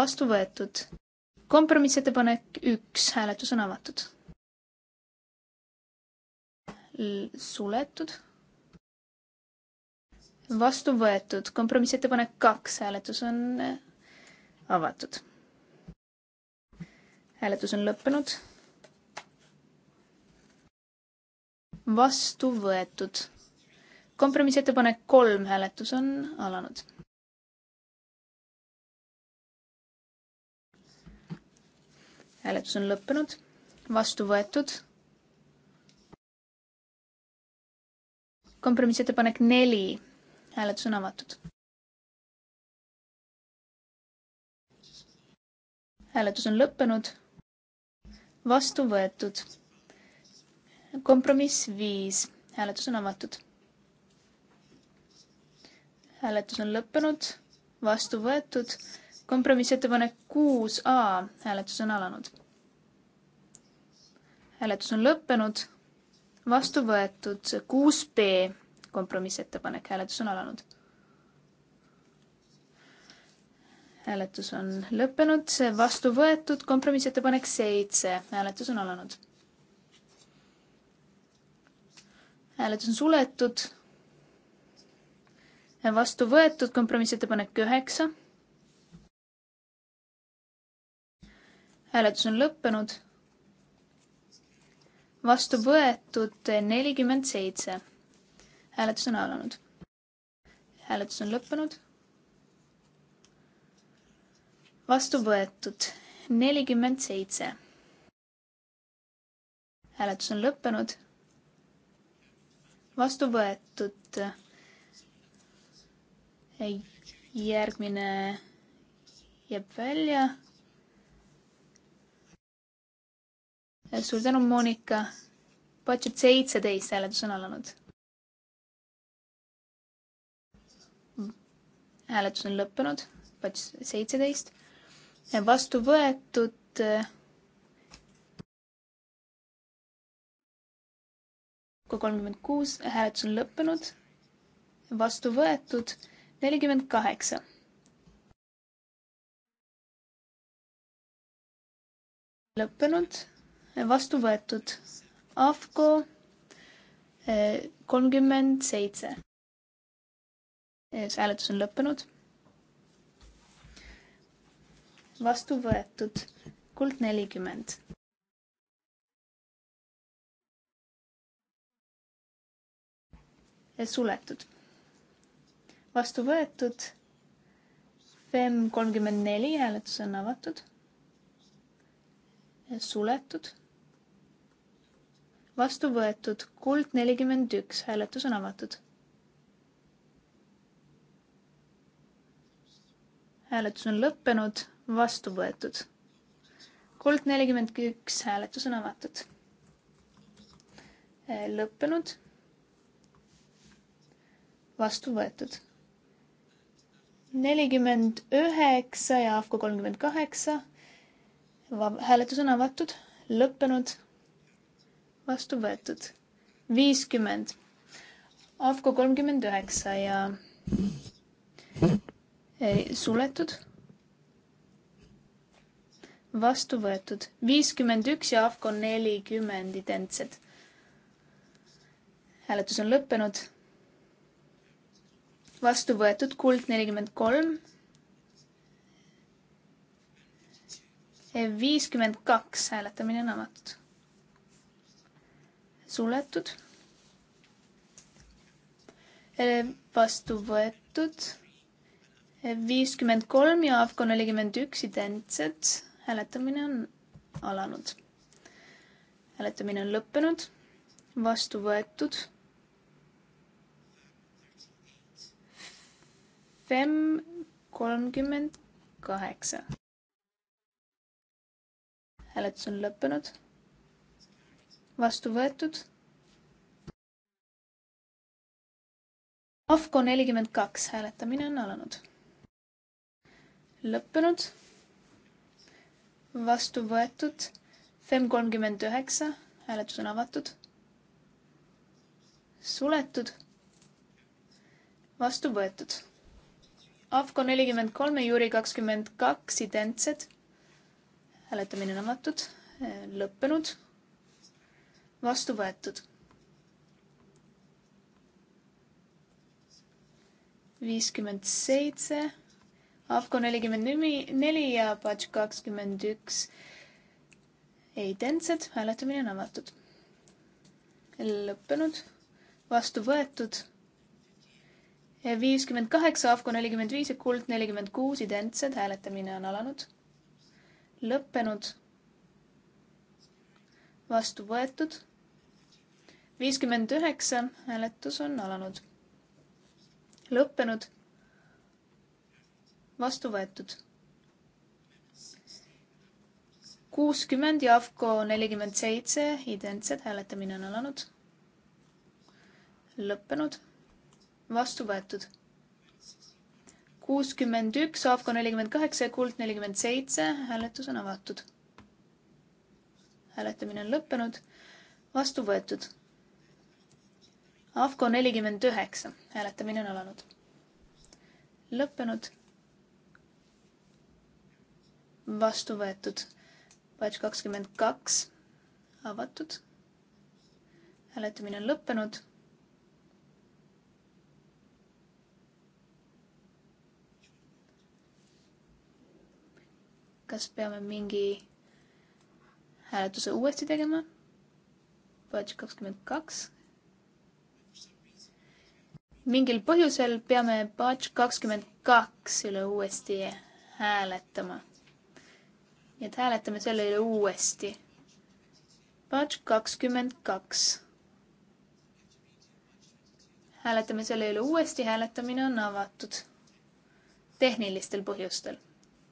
vastu võetud. kompromissettepanek üks, hääletus on avatud suletud. vastu võetud, kompromissettepanek kaks, hääletus on äh, avatud. hääletus on lõppenud. vastu võetud, kompromissettepanek kolm, hääletus on alanud. hääletus on lõppenud, vastu võetud kompromissettepanek neli, hääletus on avatud. hääletus on lõppenud. vastu võetud. kompromiss viis, hääletus on avatud. hääletus on lõppenud, vastu võetud. kompromissettepanek kuus A, hääletus on alanud. hääletus on lõppenud vastu võetud kuus B kompromissettepanek, hääletus on alanud. hääletus on lõppenud, vastu võetud kompromissettepanek seitse, hääletus on alanud. hääletus on suletud. vastu võetud kompromissettepanek üheksa. hääletus on lõppenud vastu võetud nelikümmend seitse. hääletus on alanud. hääletus on lõppenud. vastu võetud nelikümmend seitse. hääletus on lõppenud. vastu võetud. järgmine jääb välja suur tänu, Monika. Budget seitseteist hääletus on alanud. hääletus on lõppenud, budget seitseteist. vastu võetud. kolmkümmend kuus, hääletus on lõppenud, vastu võetud nelikümmend kaheksa lõppenud vastu võetud. AFCO eh, kolmkümmend seitse. hääletus on lõppenud. vastu võetud kuld nelikümmend. suletud. vastu võetud. FEM kolmkümmend neli hääletus on avatud. suletud vastu võetud, kuld nelikümmend üks, hääletus on avatud. hääletus on lõppenud, vastu võetud. kuld nelikümmend üks, hääletus on avatud. Äh, lõppenud. vastu võetud. nelikümmend üheksa ja Ahko kolmkümmend kaheksa. hääletus on avatud, lõppenud vastu võetud. viiskümmend, AFCO kolmkümmend üheksa ja Ei, suletud. vastu võetud viiskümmend üks ja AFCO nelikümmend identsed. hääletus on lõppenud. vastu võetud kuld nelikümmend kolm viiskümmend kaks hääletamine on avatud suletud. vastu võetud viiskümmend kolm ja Avko nelikümmend üks identsed. hääletamine on alanud. hääletamine on lõppenud, vastu võetud. FEM kolmkümmend kaheksa. hääletus on lõppenud vastu võetud. AFCO nelikümmend kaks, hääletamine on alanud. lõppenud. vastu võetud. FEM kolmkümmend üheksa, hääletus on avatud. suletud. vastu võetud. AFCO nelikümmend kolm ja Jüri kakskümmend kaks identsed. hääletamine on avatud, lõppenud vastu võetud. viiskümmend seitse, Avko nelikümmend neli ja Patš kakskümmend üks. identsed, hääletamine on avatud. lõppenud, vastu võetud. viiskümmend kaheksa, Avko nelikümmend viis ja Kuld nelikümmend kuus, identsed, hääletamine on alanud. lõppenud, vastu võetud viiskümmend üheksa, hääletus on alanud. lõppenud. vastu võetud. kuuskümmend ja AFCO nelikümmend seitse, identsed, hääletamine on alanud. lõppenud. vastu võetud. kuuskümmend üks, AFCO nelikümmend kaheksa ja kuld nelikümmend seitse, hääletus on avatud. hääletamine on lõppenud. vastu võetud AFCO nelikümmend üheksa, hääletamine on alanud. lõppenud. vastu võetud. Batch kakskümmend kaks, avatud. hääletamine on lõppenud. kas peame mingi hääletuse uuesti tegema? Batch kakskümmend kaks mingil põhjusel peame batch kakskümmend kaks üle uuesti hääletama. nii et hääletame selle üle uuesti. Batch kakskümmend kaks. hääletame selle üle uuesti, hääletamine on avatud tehnilistel põhjustel.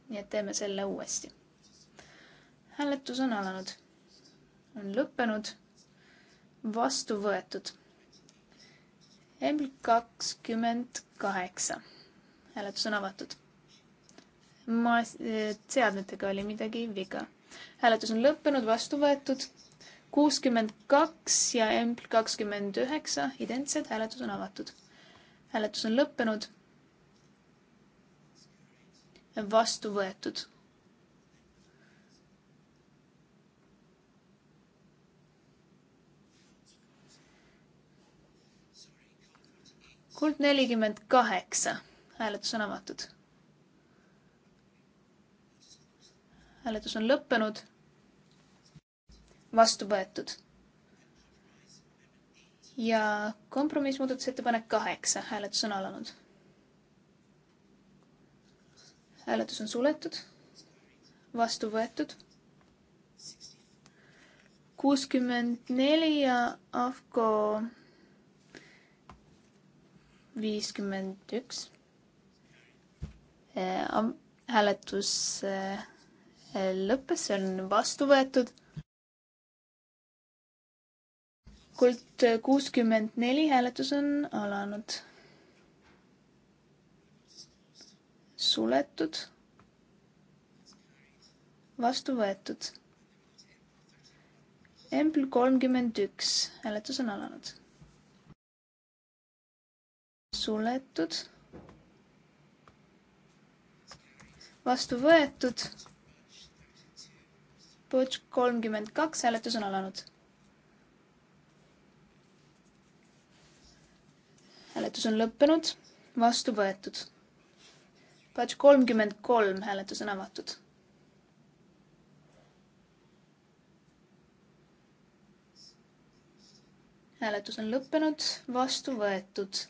nii et teeme selle uuesti. hääletus on alanud, on lõppenud, vastu võetud M kakskümmend kaheksa. hääletus on avatud. ma, eh, seadmetega oli midagi viga. hääletus on lõppenud, vastu võetud. kuuskümmend kaks ja M kakskümmend üheksa, identsed, hääletus on avatud. hääletus on lõppenud. vastu võetud kuld nelikümmend kaheksa, hääletus on avatud. hääletus on lõppenud. vastu võetud. ja kompromissmuudatusettepanek kaheksa, hääletus on alanud. hääletus on suletud, vastu võetud kuuskümmend neli ja AFCO viiskümmend üks. Äh, hääletus äh, lõppes, see on vastu võetud. kuld kuuskümmend neli hääletus on alanud. suletud. vastu võetud. Embl kolmkümmend üks hääletus on alanud suletud, vastu võetud. Putš kolmkümmend kaks, hääletus on alanud. hääletus on lõppenud, vastu võetud. Putš kolmkümmend kolm, hääletus on avatud hääletus on lõppenud, vastu võetud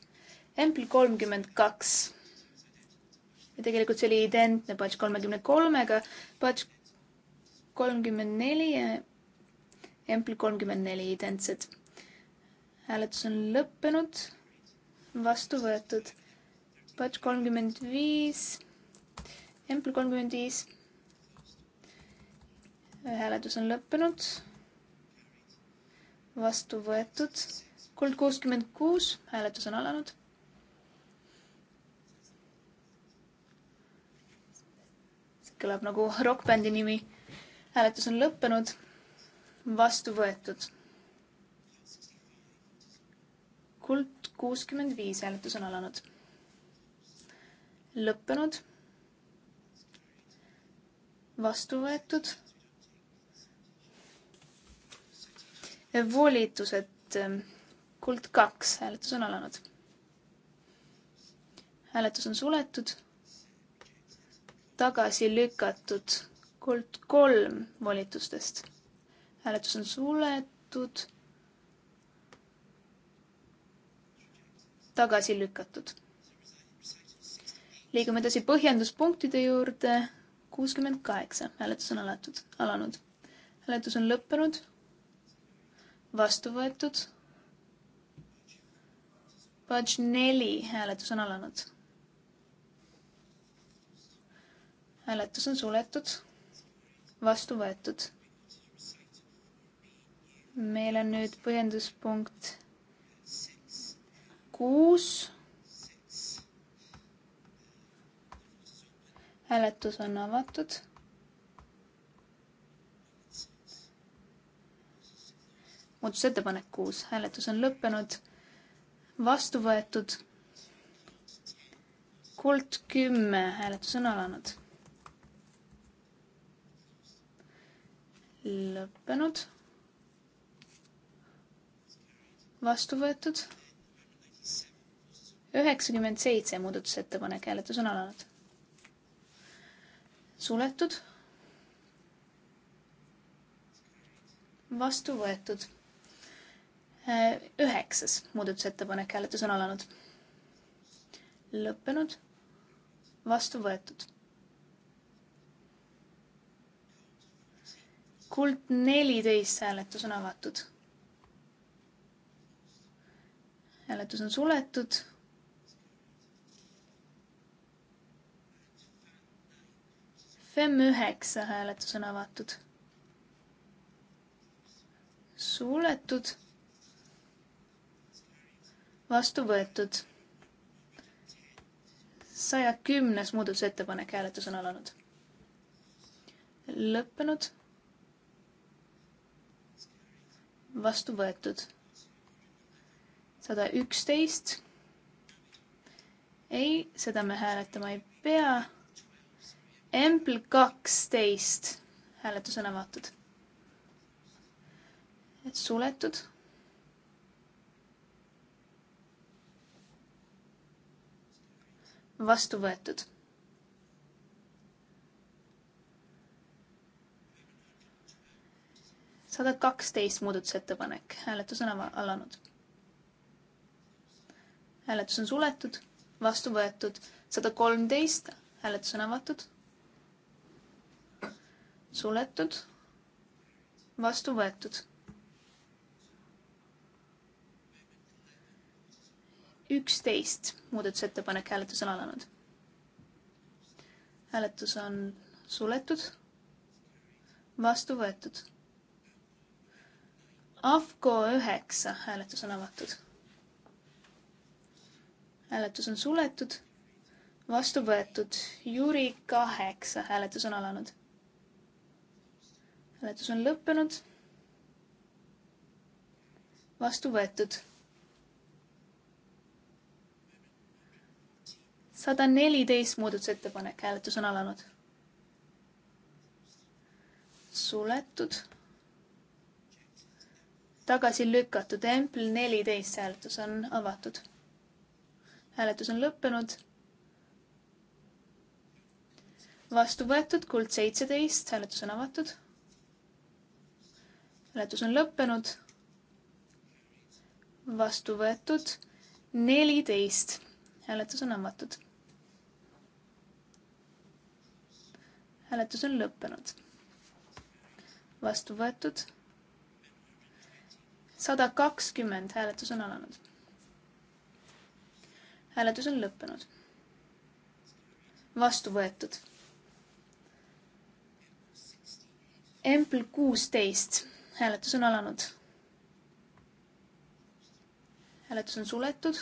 Empl kolmkümmend kaks. ja tegelikult see oli identne batch kolmekümne kolmega, batch kolmkümmend neli ja Empl kolmkümmend neli identsed. hääletus on lõppenud, vastu võetud. Batch kolmkümmend viis, Empl kolmkümmend viis. hääletus on lõppenud, vastu võetud. kuld kuuskümmend kuus, hääletus on alanud kõlab nagu rokkbändi nimi. hääletus on lõppenud, vastu võetud. kuld kuuskümmend viis hääletus on alanud. lõppenud. vastu võetud. volitused, kuld kaks hääletus on alanud. hääletus on suletud tagasi lükatud. kuld kolm volitustest. hääletus on suletud. tagasi lükatud. liigume edasi põhjenduspunktide juurde. kuuskümmend kaheksa, hääletus on alatud, alanud. hääletus on lõppenud. vastu võetud. Page neli, hääletus on alanud hääletus on suletud, vastu võetud. meil on nüüd põhjenduspunkt kuus. hääletus on avatud. muudatusettepanek kuus, hääletus on lõppenud, vastu võetud kuld kümme hääletus on alanud. lõppenud. vastu võetud. üheksakümmend seitse muudatusettepanek, hääletus on alanud. suletud. vastu võetud. üheksas muudatusettepanek, hääletus on alanud. lõppenud. vastu võetud kuld neliteist hääletus on avatud. hääletus on suletud. FEM üheksa hääletus on avatud. suletud. vastu võetud. saja kümnes muudatusettepanek hääletus on alanud. lõppenud vastu võetud. sada üksteist. ei, seda me hääletama ei pea. Empl kaksteist, hääletus on avatud. suletud vastu võetud. sada kaksteist muudatusettepanek, hääletus on alanud. hääletus on suletud, vastu võetud sada kolmteist, hääletus on avatud. suletud, vastu võetud. üksteist muudatusettepanek, hääletus on alanud. hääletus on suletud, vastu võetud AFCO üheksa hääletus on avatud. hääletus on suletud, vastu võetud. Jüri kaheksa hääletus on alanud. hääletus on lõppenud. vastu võetud. sada neliteist muudatusettepanek, hääletus on alanud. suletud tagasi lükatud, Empl neliteist hääletus on avatud. hääletus on lõppenud. vastu võetud, kuld seitseteist, hääletus on avatud. hääletus on lõppenud. vastu võetud, neliteist, hääletus on avatud. hääletus on lõppenud. vastu võetud sada kakskümmend hääletus on alanud. hääletus on lõppenud. vastu võetud. Empl kuusteist, hääletus on alanud. hääletus on suletud.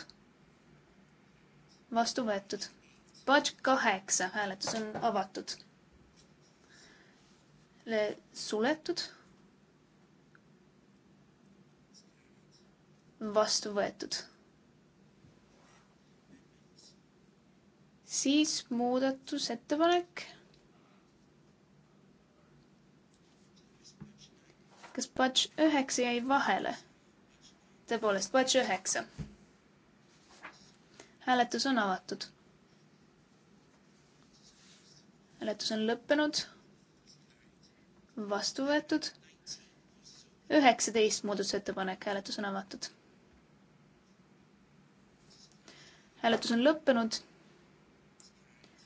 vastu võetud. Batch kaheksa, hääletus on avatud. suletud vastu võetud. siis muudatusettepanek. kas patch üheksa jäi vahele? tõepoolest, patch üheksa. hääletus on avatud. hääletus on lõppenud. vastu võetud. üheksateist muudatusettepanek, hääletus on avatud hääletus on lõppenud.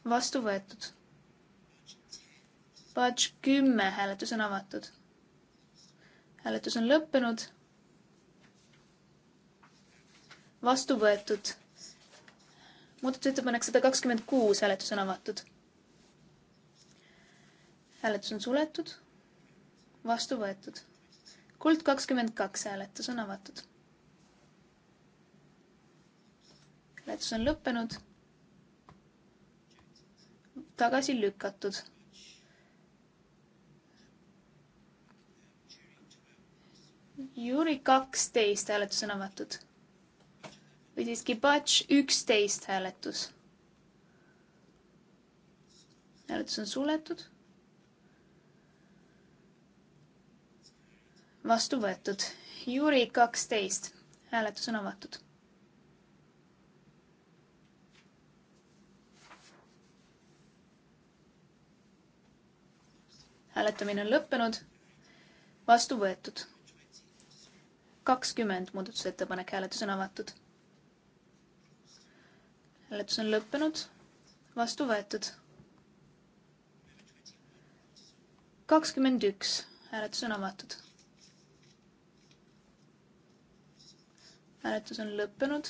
vastu võetud. Batch kümme, hääletus on avatud. hääletus on lõppenud. vastu võetud. muudatusettepanek sada kakskümmend kuus, hääletus on avatud. hääletus on suletud. vastu võetud. kuld kakskümmend kaks, hääletus on avatud hääletus on lõppenud. tagasi lükatud. Jüri kaksteist hääletus on avatud või siiski batch üksteist hääletus. hääletus on suletud. vastu võetud. Jüri kaksteist, hääletus on avatud hääletamine on lõppenud. vastu võetud. kakskümmend muudatusettepanek, hääletus on avatud. hääletus on lõppenud. vastu võetud. kakskümmend üks, hääletus on avatud hääletus on lõppenud,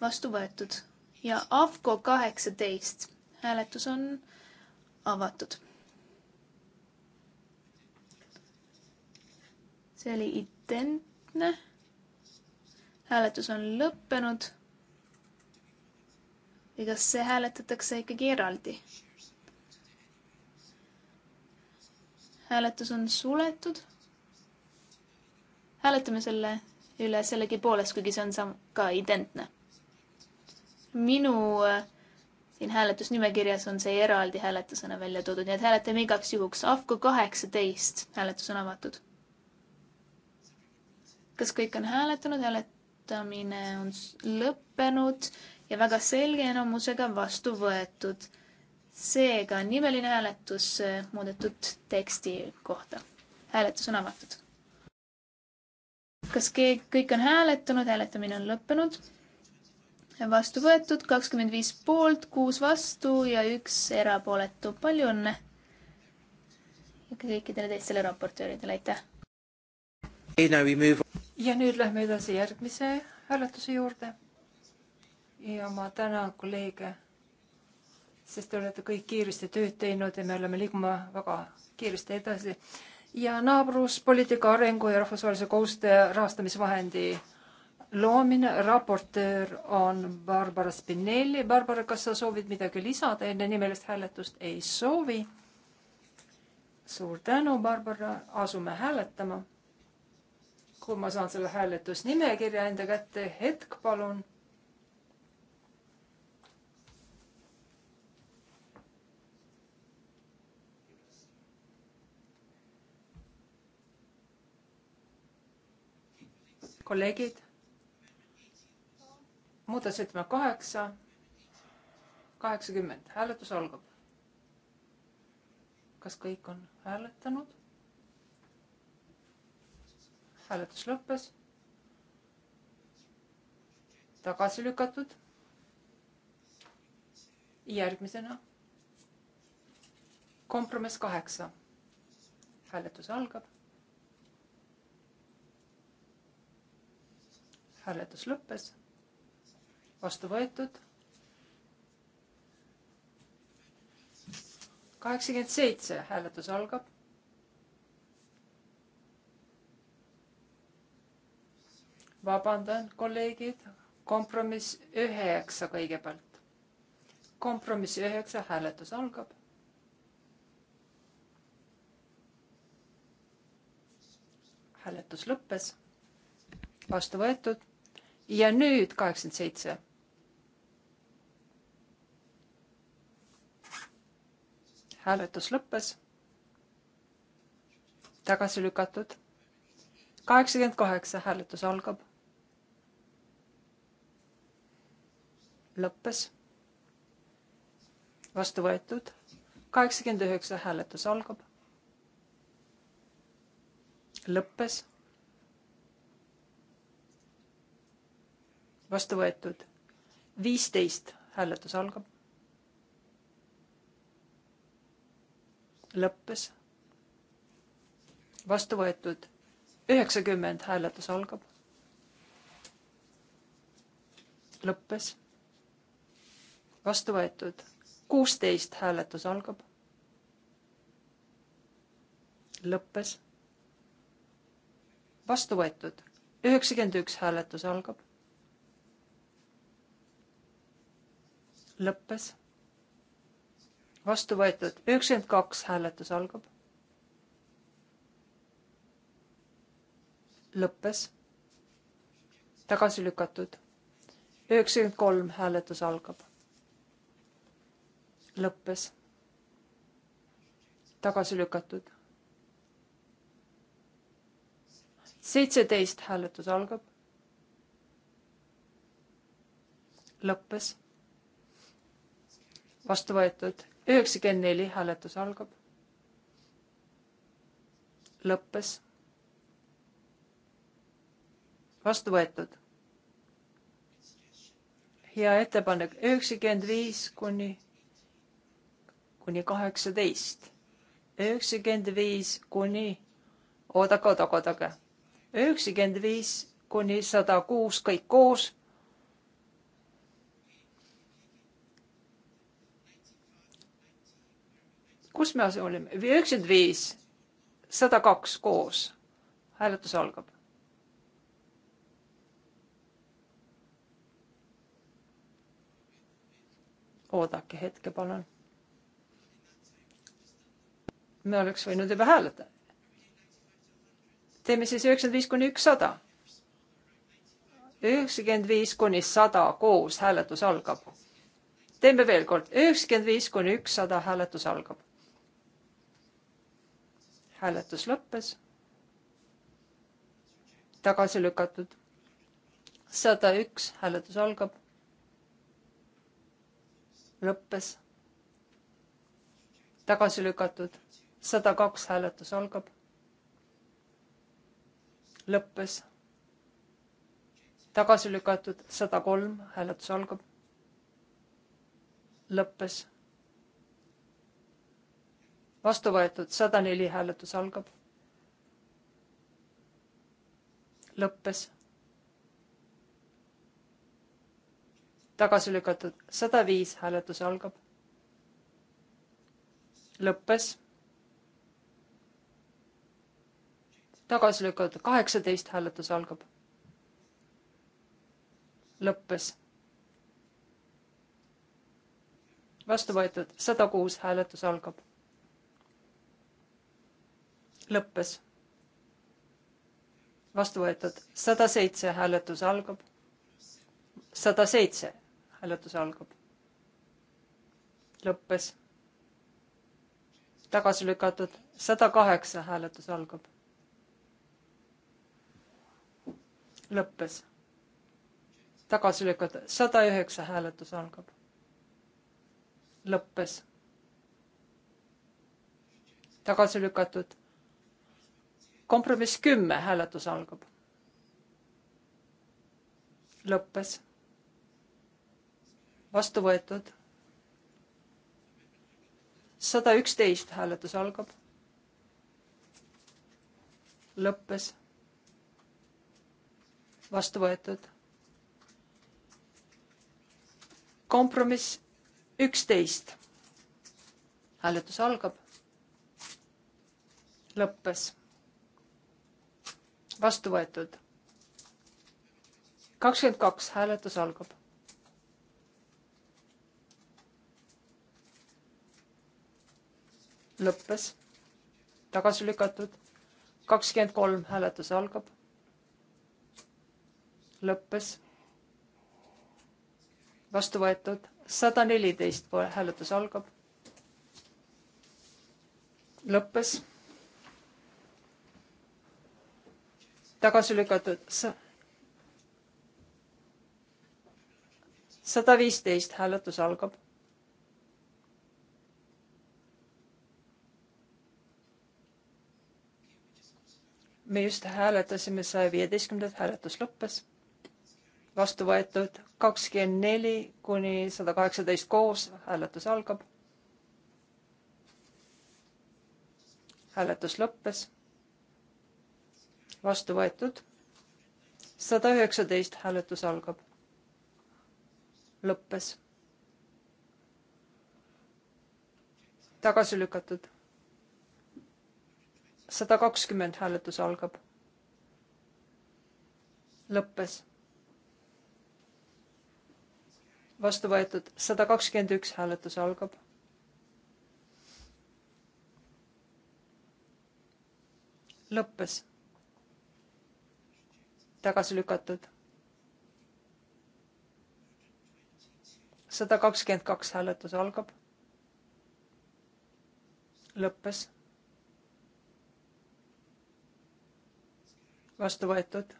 vastu võetud ja AFCO kaheksateist hääletus on avatud see oli identne. hääletus on lõppenud. ja kas see hääletatakse ikkagi eraldi? hääletus on suletud. hääletame selle üle sellegipoolest, kuigi see on sam-, ka identne. minu äh, siin hääletusnimekirjas on see eraldi hääletusena välja toodud, nii et hääletame igaks juhuks. AFCO kaheksateist hääletus on avatud kas kõik on hääletanud, hääletamine on lõppenud ja väga selge enamusega vastu võetud. seega nimeline hääletus äh, muudetud teksti kohta. hääletus on avatud. kas keegi, kõik on hääletanud, hääletamine on lõppenud? vastu võetud, kakskümmend viis poolt, kuus vastu ja üks erapooletu. palju õnne! ja ka kõikidele teistele raportööridele, aitäh! ja nüüd lähme edasi järgmise hääletuse juurde. ja ma tänan kolleege, sest te olete kõik kiiresti tööd teinud ja me oleme liikuma väga kiiresti edasi. ja naabruspoliitika arengu ja rahvusvahelise koostöö rahastamisvahendi loomine, raportöör on Barbara Spinelli. Barbara, kas sa soovid midagi lisada enne nimelist hääletust? ei soovi. suur tänu, Barbara, asume hääletama kui ma saan selle hääletusnimekirja enda kätte, hetk palun. kolleegid, muudatusettepanek kaheksa, kaheksakümmend, hääletus algab. kas kõik on hääletanud? hääletus lõppes. tagasi lükatud. järgmisena kompromiss kaheksa. hääletus algab. hääletus lõppes. vastu võetud. kaheksakümmend seitse hääletus algab. vabandan, kolleegid, kompromiss üheksa kõigepealt. kompromiss üheksa, hääletus algab. hääletus lõppes, vastu võetud ja nüüd kaheksakümmend seitse. hääletus lõppes, tagasi lükatud, kaheksakümmend kaheksa, hääletus algab lõppes. vastu võetud, kaheksakümmend üheksa hääletus algab. lõppes. vastu võetud, viisteist hääletus algab. lõppes. vastu võetud üheksakümmend hääletus algab. lõppes vastu võetud. kuusteist hääletus algab. lõppes. vastu võetud. üheksakümmend üks hääletus algab. lõppes. vastu võetud. üheksakümmend kaks hääletus algab. lõppes. tagasi lükatud. üheksakümmend kolm hääletus algab lõppes. tagasi lükatud. seitseteist hääletus algab. lõppes. vastu võetud üheksakümmend neli hääletus algab. lõppes. vastu võetud hea ettepanek üheksakümmend viis kuni kuni kaheksateist, üheksakümmend viis kuni, oodake, oodake, oodake, üheksakümmend viis kuni sada kuus kõik koos. kus me olime? üheksakümmend viis, sada kaks koos. hääletus algab. oodake hetke, palun me oleks võinud juba hääletada. teeme siis üheksakümmend viis kuni ükssada. üheksakümmend viis kuni sada koos hääletus algab. teeme veel kord, üheksakümmend viis kuni ükssada hääletus algab. hääletus lõppes. tagasi lükatud. sada üks hääletus algab. lõppes tagasi lükatud sada kaks hääletus algab. lõppes. tagasi lükatud sada kolm hääletus algab. lõppes. vastu võetud sada neli hääletus algab. lõppes. tagasi lükatud sada viis hääletus algab. lõppes tagasi lükatud, kaheksateist hääletus algab. lõppes. vastu võetud, sada kuus hääletus algab. lõppes. vastu võetud, sada seitse hääletus algab. sada seitse hääletus algab. lõppes. tagasi lükatud, sada kaheksa hääletus algab lõppes. tagasi lükata, sada üheksa hääletus algab. lõppes. tagasi lükatud. kompromiss kümme, hääletus algab. lõppes. vastu võetud. sada üksteist hääletus algab lõppes vastu võetud. kompromiss üksteist. hääletus algab. lõppes. vastu võetud. kakskümmend kaks, hääletus algab. lõppes. tagasi lükatud. kakskümmend kolm, hääletus algab lõppes. vastu võetud sada neliteist hääletus algab. lõppes. tagasi lükatud sada viisteist hääletus algab. me just hääletasime saja viieteistkümnendat, hääletus lõppes vastu võetud kakskümmend neli kuni sada kaheksateist koos, hääletus algab. hääletus lõppes. vastu võetud sada üheksateist, hääletus algab. lõppes. tagasi lükatud. sada kakskümmend, hääletus algab. lõppes vastu võetud sada kakskümmend üks, hääletus algab. lõppes. tagasi lükatud. sada kakskümmend kaks, hääletus algab. lõppes. vastu võetud.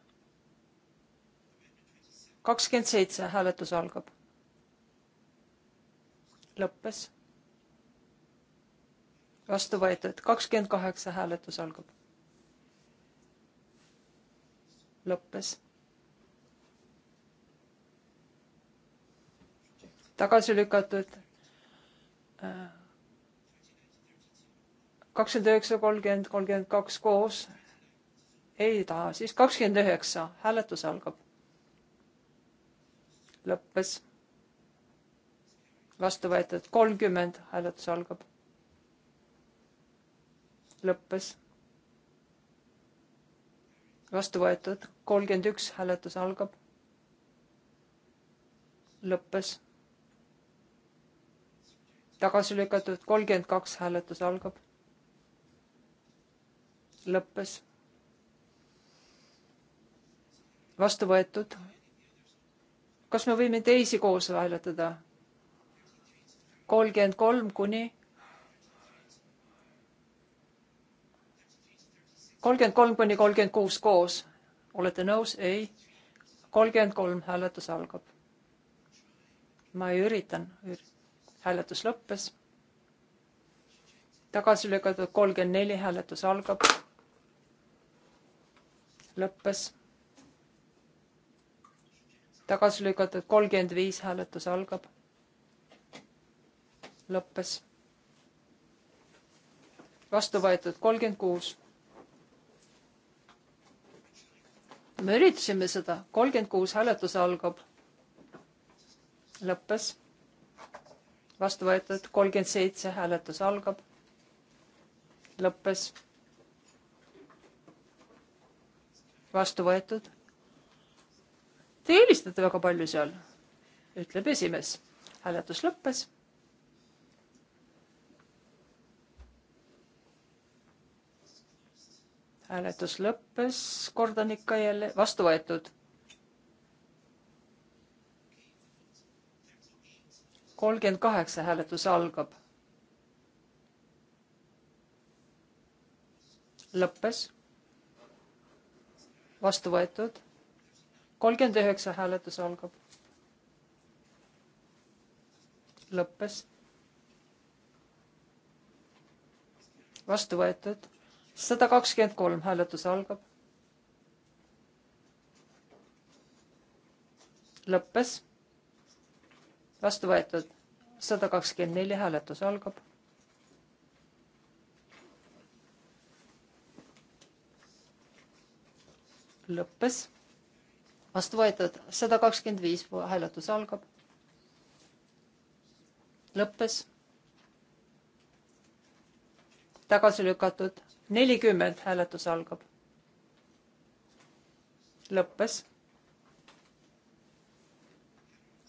kakskümmend seitse, hääletus algab lõppes. vastu võetud kakskümmend kaheksa, hääletus algab. lõppes. tagasi lükatud. kakskümmend üheksa, kolmkümmend, kolmkümmend kaks koos. ei taha, siis kakskümmend üheksa, hääletus algab. lõppes vastu võetud kolmkümmend, hääletus algab. lõppes. vastu võetud kolmkümmend üks, hääletus algab. lõppes. tagasi lükatud kolmkümmend kaks, hääletus algab. lõppes. vastu võetud. kas me võime teisi koos hääletada? kolmkümmend kolm kuni kolmkümmend kolm kuni kolmkümmend kuus koos. olete nõus? ei. kolmkümmend kolm hääletus algab. ma ei üritan. hääletus lõppes. tagasi lükatud kolmkümmend neli hääletus algab. lõppes. tagasi lükatud kolmkümmend viis hääletus algab lõppes. vastu võetud kolmkümmend kuus. me üritasime seda, kolmkümmend kuus hääletus algab. lõppes. vastu võetud kolmkümmend seitse, hääletus algab. lõppes. vastu võetud. Te eelistate väga palju seal, ütleb esimees. hääletus lõppes hääletus lõppes, kordan ikka jälle, vastu võetud. kolmkümmend kaheksa hääletus algab. lõppes. vastu võetud. kolmkümmend üheksa hääletus algab. lõppes. vastu võetud sada kakskümmend kolm hääletus algab. lõppes. vastu võetud sada kakskümmend neli hääletus algab. lõppes. vastu võetud sada kakskümmend viis hääletus algab. lõppes. tagasi lükatud nelikümmend hääletus algab. lõppes.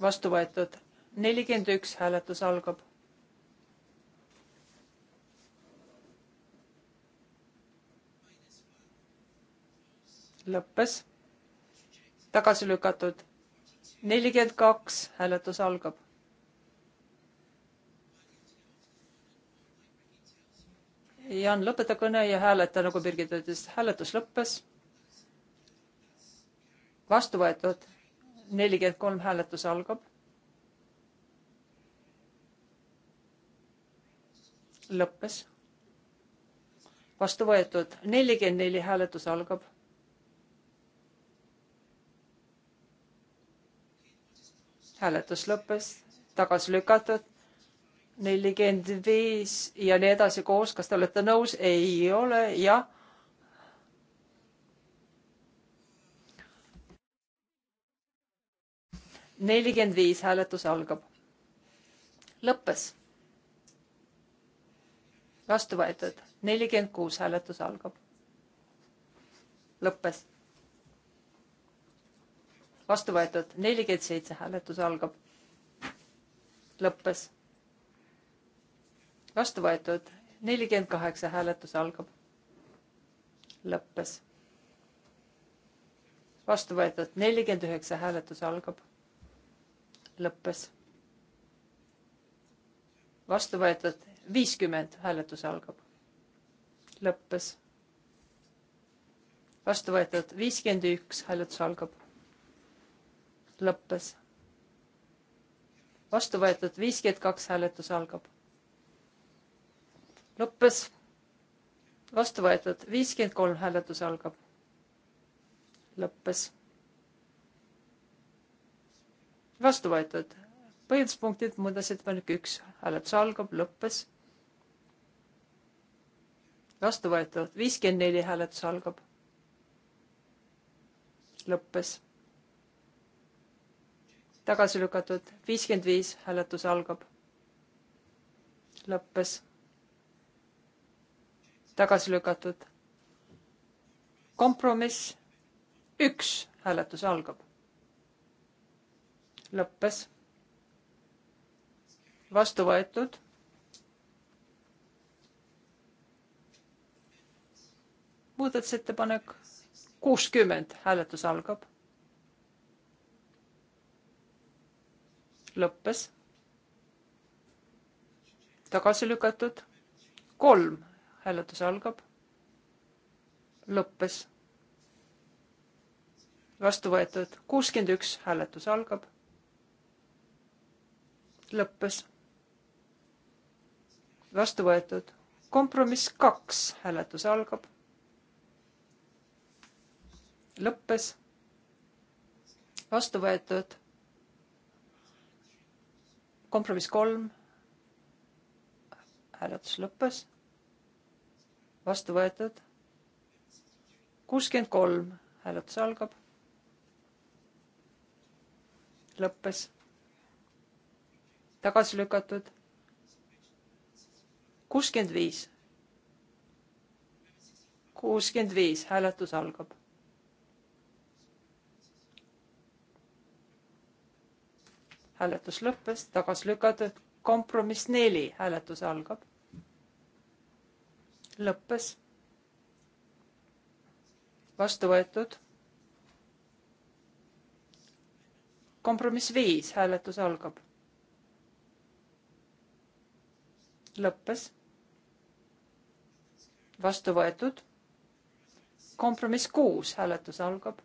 vastu võetud nelikümmend üks hääletus algab. lõppes. tagasi lükatud nelikümmend kaks hääletus algab. Jaan, lõpeta kõne ja hääleta, nagu Birgit ütles. hääletus lõppes. vastu võetud. nelikümmend kolm hääletus algab. lõppes. vastu võetud. nelikümmend neli hääletus algab. hääletus lõppes. tagasi lükatud nelikümmend viis ja nii edasi koos, kas te olete nõus? ei ole, jah. nelikümmend viis hääletus algab. lõppes. vastu võetud, nelikümmend kuus hääletus algab. lõppes. vastu võetud, nelikümmend seitse hääletus algab. lõppes vastu võetud, nelikümmend kaheksa hääletus algab. lõppes. vastu võetud, nelikümmend üheksa hääletus algab. lõppes. vastu võetud, viiskümmend hääletus algab. lõppes. vastu võetud, viiskümmend üks hääletus algab. lõppes vastu võetud viiskümmend kaks hääletus algab lõppes. vastu võetud viiskümmend kolm, hääletus algab. lõppes. vastu võetud põhjenduspunktid, muudatusettepanek üks, hääletus algab, lõppes. vastu võetud viiskümmend neli, hääletus algab. lõppes. tagasi lükatud viiskümmend viis, hääletus algab lõppes tagasi lükatud. kompromiss üks, hääletus algab. lõppes. vastu võetud. muudatusettepanek kuuskümmend, hääletus algab. lõppes. tagasi lükatud. kolm, hääletus algab. lõppes. vastu võetud kuuskümmend üks, hääletus algab. lõppes. vastu võetud kompromiss kaks, hääletus algab. lõppes. vastu võetud kompromiss kolm. hääletus lõppes vastu võetud. kuuskümmend kolm, hääletus algab. lõppes. tagasi lükatud. kuuskümmend viis. kuuskümmend viis, hääletus algab. hääletus lõppes, tagasi lükatud, kompromiss neli, hääletus algab lõppes. vastu võetud. kompromiss viis, hääletus algab. lõppes. vastu võetud. kompromiss kuus, hääletus algab.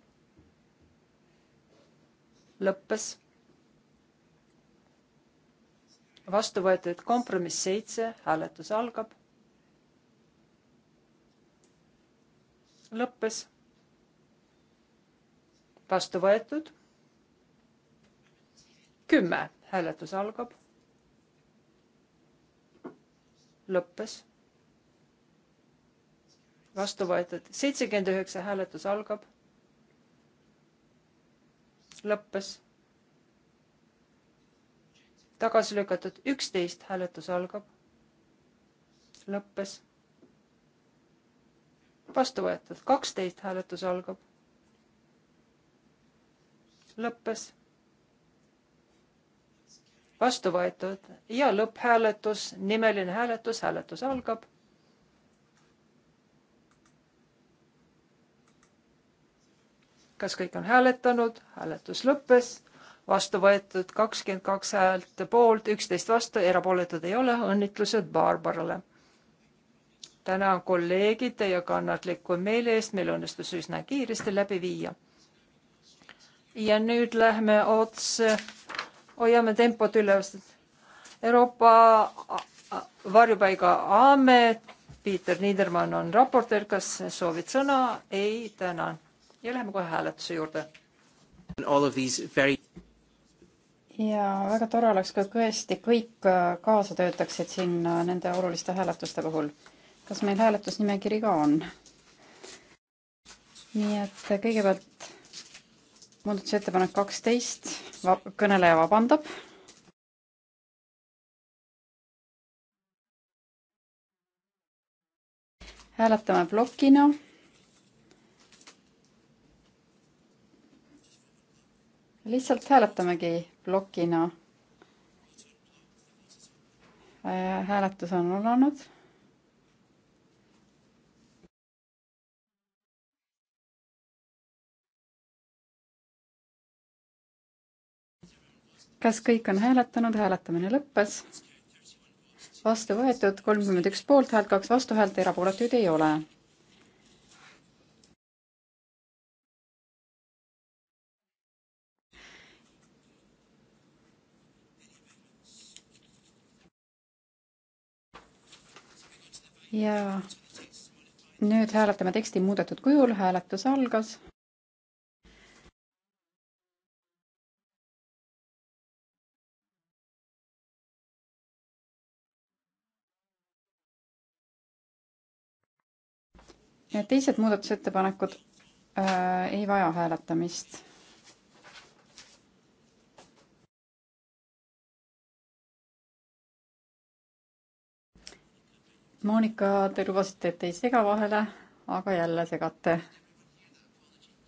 lõppes vastu võetud kompromiss seitse, hääletus algab. lõppes. vastu võetud. kümme, hääletus algab. lõppes. vastu võetud, seitsekümmend üheksa, hääletus algab. lõppes. tagasi lükatud, üksteist, hääletus algab. lõppes vastu võetud, kaksteist hääletus algab. lõppes. vastu võetud ja lõpphääletus, nimeline hääletus, hääletus algab. kas kõik on hääletanud, hääletus lõppes, vastu võetud kakskümmend kaks häält poolt, üksteist vastu, erapooletud ei ole, õnnitlused Barbarale tänan kolleegid teie kannatliku meele eest, meil õnnestus üsna kiiresti läbi viia. ja nüüd lähme otse, hoiame tempot üles. Euroopa Varjupaigaamet, Piiter Niedermann on raportöör, kas soovid sõna? ei, tänan. ja läheme kohe hääletuse juurde. Very... ja väga tore oleks, kui tõesti kõik kaasa töötaksid siin nende oluliste hääletuste puhul kas meil hääletusnimekiri ka on. nii et kõigepealt muudatusettepanek kaksteist, kõneleja vabandab. hääletame plokina. lihtsalt hääletamegi plokina. Äh, hääletus on alanud kas kõik on hääletanud, hääletamine lõppes. vastu võetud kolmkümmend üks poolthäält, kaks vastuhäält, erapooletuid ei ole. ja nüüd hääletame teksti muudetud kujul, hääletus algas Need teised muudatusettepanekud äh, ei vaja hääletamist. Monika, te lubasite, et ei sega vahele, aga jälle segate.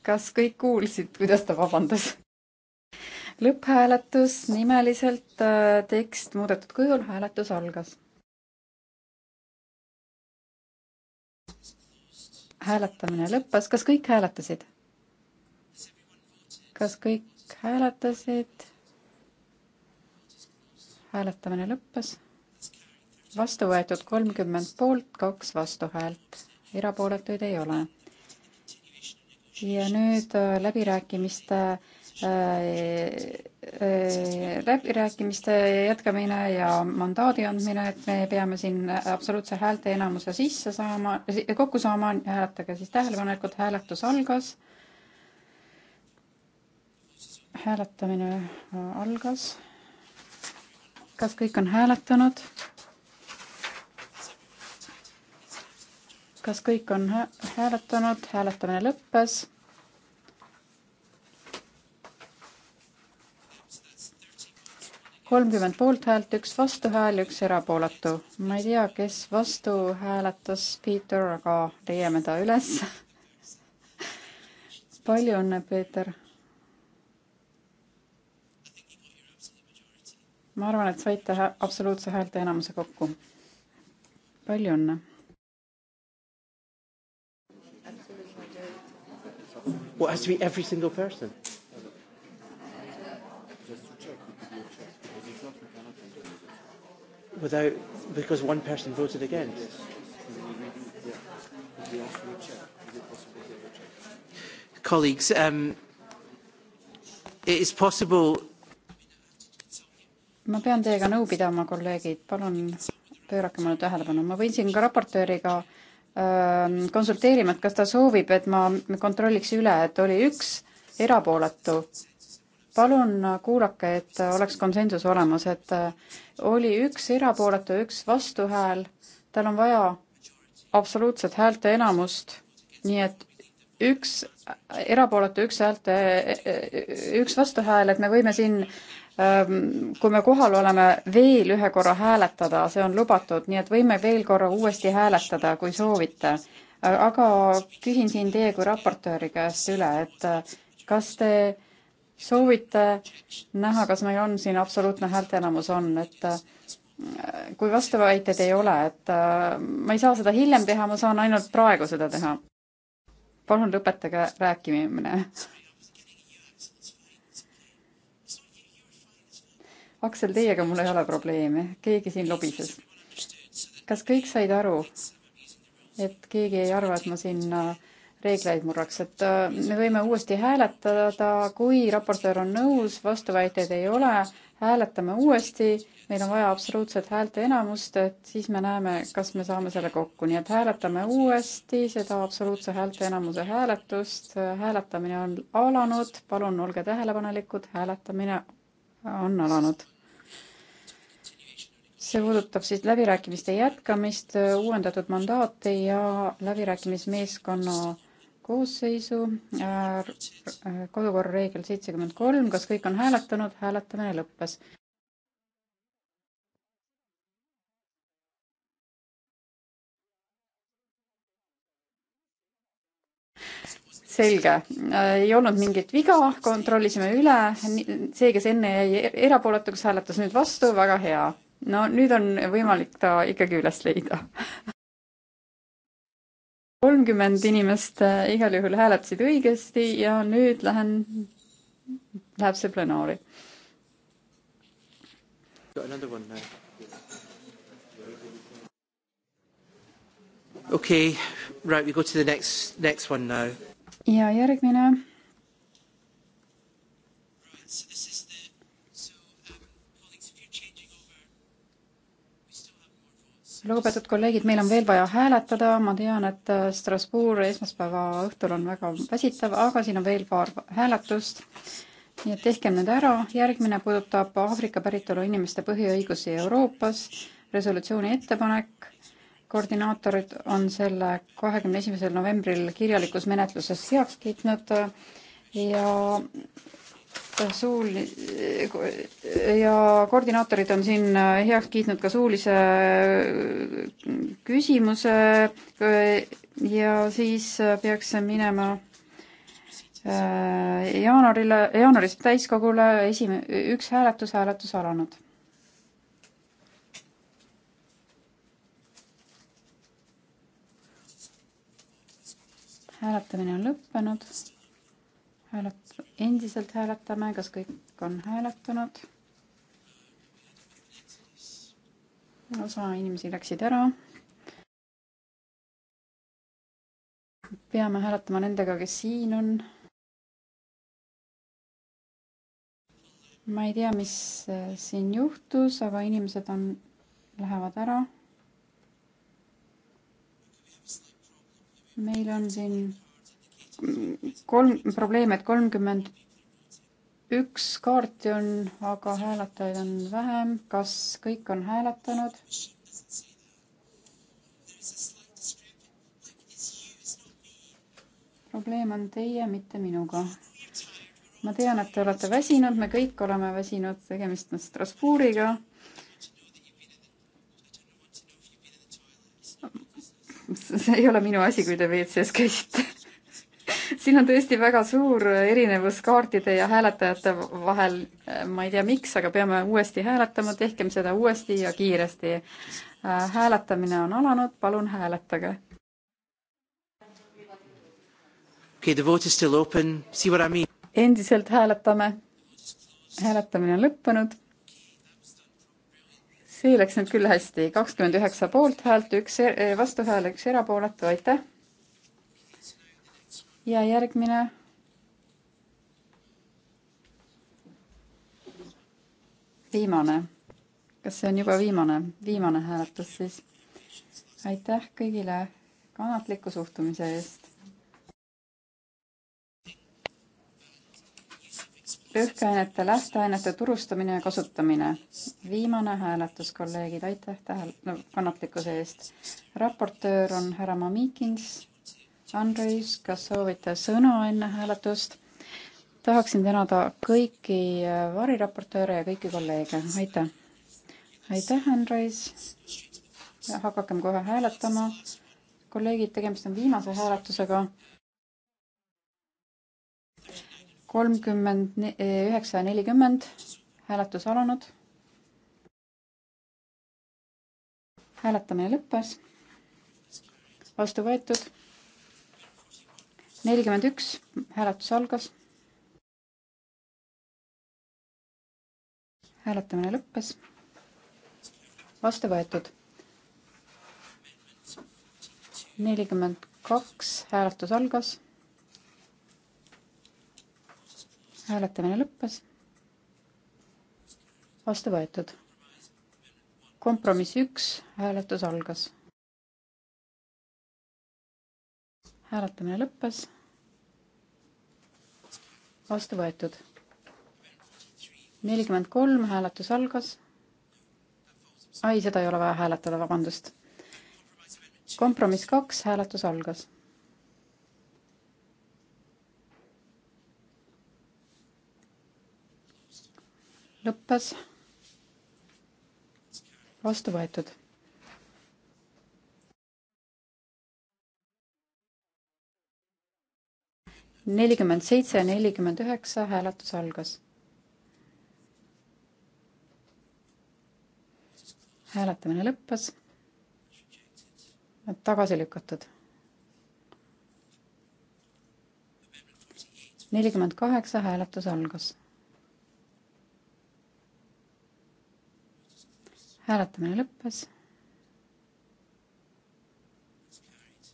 kas kõik kuulsid, kuidas ta vabandas? lõpphääletus nimeliselt äh, tekst muudetud kujul, hääletus algas hääletamine lõppes, kas kõik hääletasid? kas kõik hääletasid? hääletamine lõppes. vastu võetud kolmkümmend poolt, kaks vastuhäält, erapooletuid ei ole. ja nüüd äh, läbirääkimiste äh, Äh, läbirääkimiste jätkamine ja mandaadi andmine, et me peame siin absoluutse häälteenamuse sisse saama, kokku saama, hääletage siis tähelepanelikult, hääletus algas. hääletamine algas. kas kõik on hääletanud? kas kõik on hääletanud, hääletamine lõppes kolmkümmend poolthäält, üks vastuhääl, üks erapooletu. ma ei tea, kes vastu hääletas, Peeter, aga leiame ta üles. palju õnne, Peeter. ma arvan, et saite hä absoluutse häälte enamuse kokku. palju õnne Well, it has to be every single person. without because one person voted against? Yes. Yeah. Yeah. Colleagues, um, it is possible. ma pean teiega nõu pidama, kolleegid, palun pöörake mulle tähelepanu, ma võin siin ka raportööriga äh, konsulteerima, et kas ta soovib, et ma kontrolliks üle, et oli üks erapooletu äh, palun kuulake, et oleks konsensus olemas, et äh, oli üks erapooletu, üks vastuhääl, tal on vaja absoluutset häälte enamust, nii et üks erapooletu, üks häälte, üks vastuhääl, et me võime siin, ähm, kui me kohal oleme, veel ühe korra hääletada, see on lubatud, nii et võime veel korra uuesti hääletada, kui soovite. aga küsin siin teie kui raportööri käest üle, et äh, kas te äh, soovite näha, kas meil on siin absoluutne häälteenamus on, et äh, kui vastuväiteid ei ole, et äh, ma ei saa seda hiljem teha, ma saan ainult praegu seda teha. palun lõpetage rääkimine. Aksel, teiega mul ei ole probleemi, keegi siin lobises. kas kõik said aru, et keegi ei arva, et ma siin äh, reegleid murraks, et äh, me võime uuesti hääletada, kui raportöör on nõus, vastuväiteid ei ole, hääletame uuesti, meil on vaja absoluutset häälte enamust, et siis me näeme, kas me saame selle kokku, nii et hääletame uuesti seda absoluutse häälte enamuse hääletust, hääletamine on alanud, palun olge tähelepanelikud, hääletamine on alanud. see puudutab siis läbirääkimiste jätkamist, uuendatud mandaati ja läbirääkimismeeskonna koosseisu, äh, äh, kodukorra reegel seitsekümmend kolm, kas kõik on hääletanud, hääletamine lõppes. selge, äh, ei olnud mingit viga, kontrollisime üle, see, kes enne jäi e-, erapooletuks, hääletas nüüd vastu, väga hea. no nüüd on võimalik ta ikkagi üles leida kolmkümmend inimest äh, igal juhul hääletasid õigesti ja nüüd lähen, läheb see plenaari. okei okay,, right, we go to the next, next one now. ja järgmine. lugupeetud kolleegid, meil on veel vaja hääletada, ma tean, et äh, Strasbourg esmaspäeva õhtul on väga väsitav, aga siin on veel paar hääletust. nii et tehkem need ära, järgmine puudutab Aafrika päritolu inimeste põhiõigusi Euroopas, resolutsiooni ettepanek, koordinaatorid on selle kahekümne esimesel novembril kirjalikus menetluses heaks kiitnud ja suul- ja koordinaatorid on siin äh, heaks kiitnud ka suulise äh, küsimuse äh, ja siis peaks see minema jaanuarile, jaanuaris täiskogule esim-, üks hääletus, hääletus alanud. hääletamine on lõppenud. hääletamine endiselt hääletame, kas kõik on hääletanud? osa inimesi läksid ära. peame hääletama nendega, kes siin on. ma ei tea, mis äh, siin juhtus, aga inimesed on, lähevad ära. meil on siin kolm, probleem, et kolmkümmend üks kaarti on, aga hääletajaid on vähem. kas kõik on hääletanud? probleem on teie, mitte minuga. ma tean, et te olete väsinud, me kõik oleme väsinud, tegemist on Strasbourgiga. see ei ole minu asi, kui te WC-s käisite siin on tõesti väga suur erinevus kaartide ja hääletajate vahel. ma ei tea, miks, aga peame uuesti hääletama, tehkem seda uuesti ja kiiresti. Äh, hääletamine on alanud, palun hääletage. Okay, the vote is still open, see what I mean. endiselt hääletame. hääletamine on lõppenud. see läks nüüd küll hästi, kakskümmend üheksa poolthäält, üks e-, vastuhääl, üks erapooletu, aitäh ja järgmine. viimane, kas see on juba viimane, viimane hääletus siis? aitäh kõigile kannatliku suhtumise eest. lõhkeainete, lähteainete turustamine ja kasutamine. viimane hääletus, kolleegid, aitäh tähele no,, kannatlikkuse eest. raportöör on härra Mamikins Andres, kas soovite sõna enne hääletust? tahaksin tänada kõiki äh, variraportööre ja kõiki kolleege, aitäh. aitäh, Andres. hakakem kohe hääletama. kolleegid, tegemist on viimase hääletusega. kolmkümmend eh, üheksa ja nelikümmend, hääletus alanud. hääletamine lõppes. vastu võetud nelikümmend üks, hääletus algas. hääletamine lõppes. vastu võetud. nelikümmend kaks, hääletus algas. hääletamine lõppes. vastu võetud. kompromiss üks, hääletus algas hääletamine lõppes. vastu võetud. nelikümmend kolm, hääletus algas. ai, seda ei ole vaja hääletada, vabandust. kompromiss kaks, hääletus algas. lõppes. vastu võetud nelikümmend seitse ja nelikümmend üheksa hääletus algas. hääletamine lõppes. tagasi lükatud. nelikümmend kaheksa hääletus algas. hääletamine lõppes.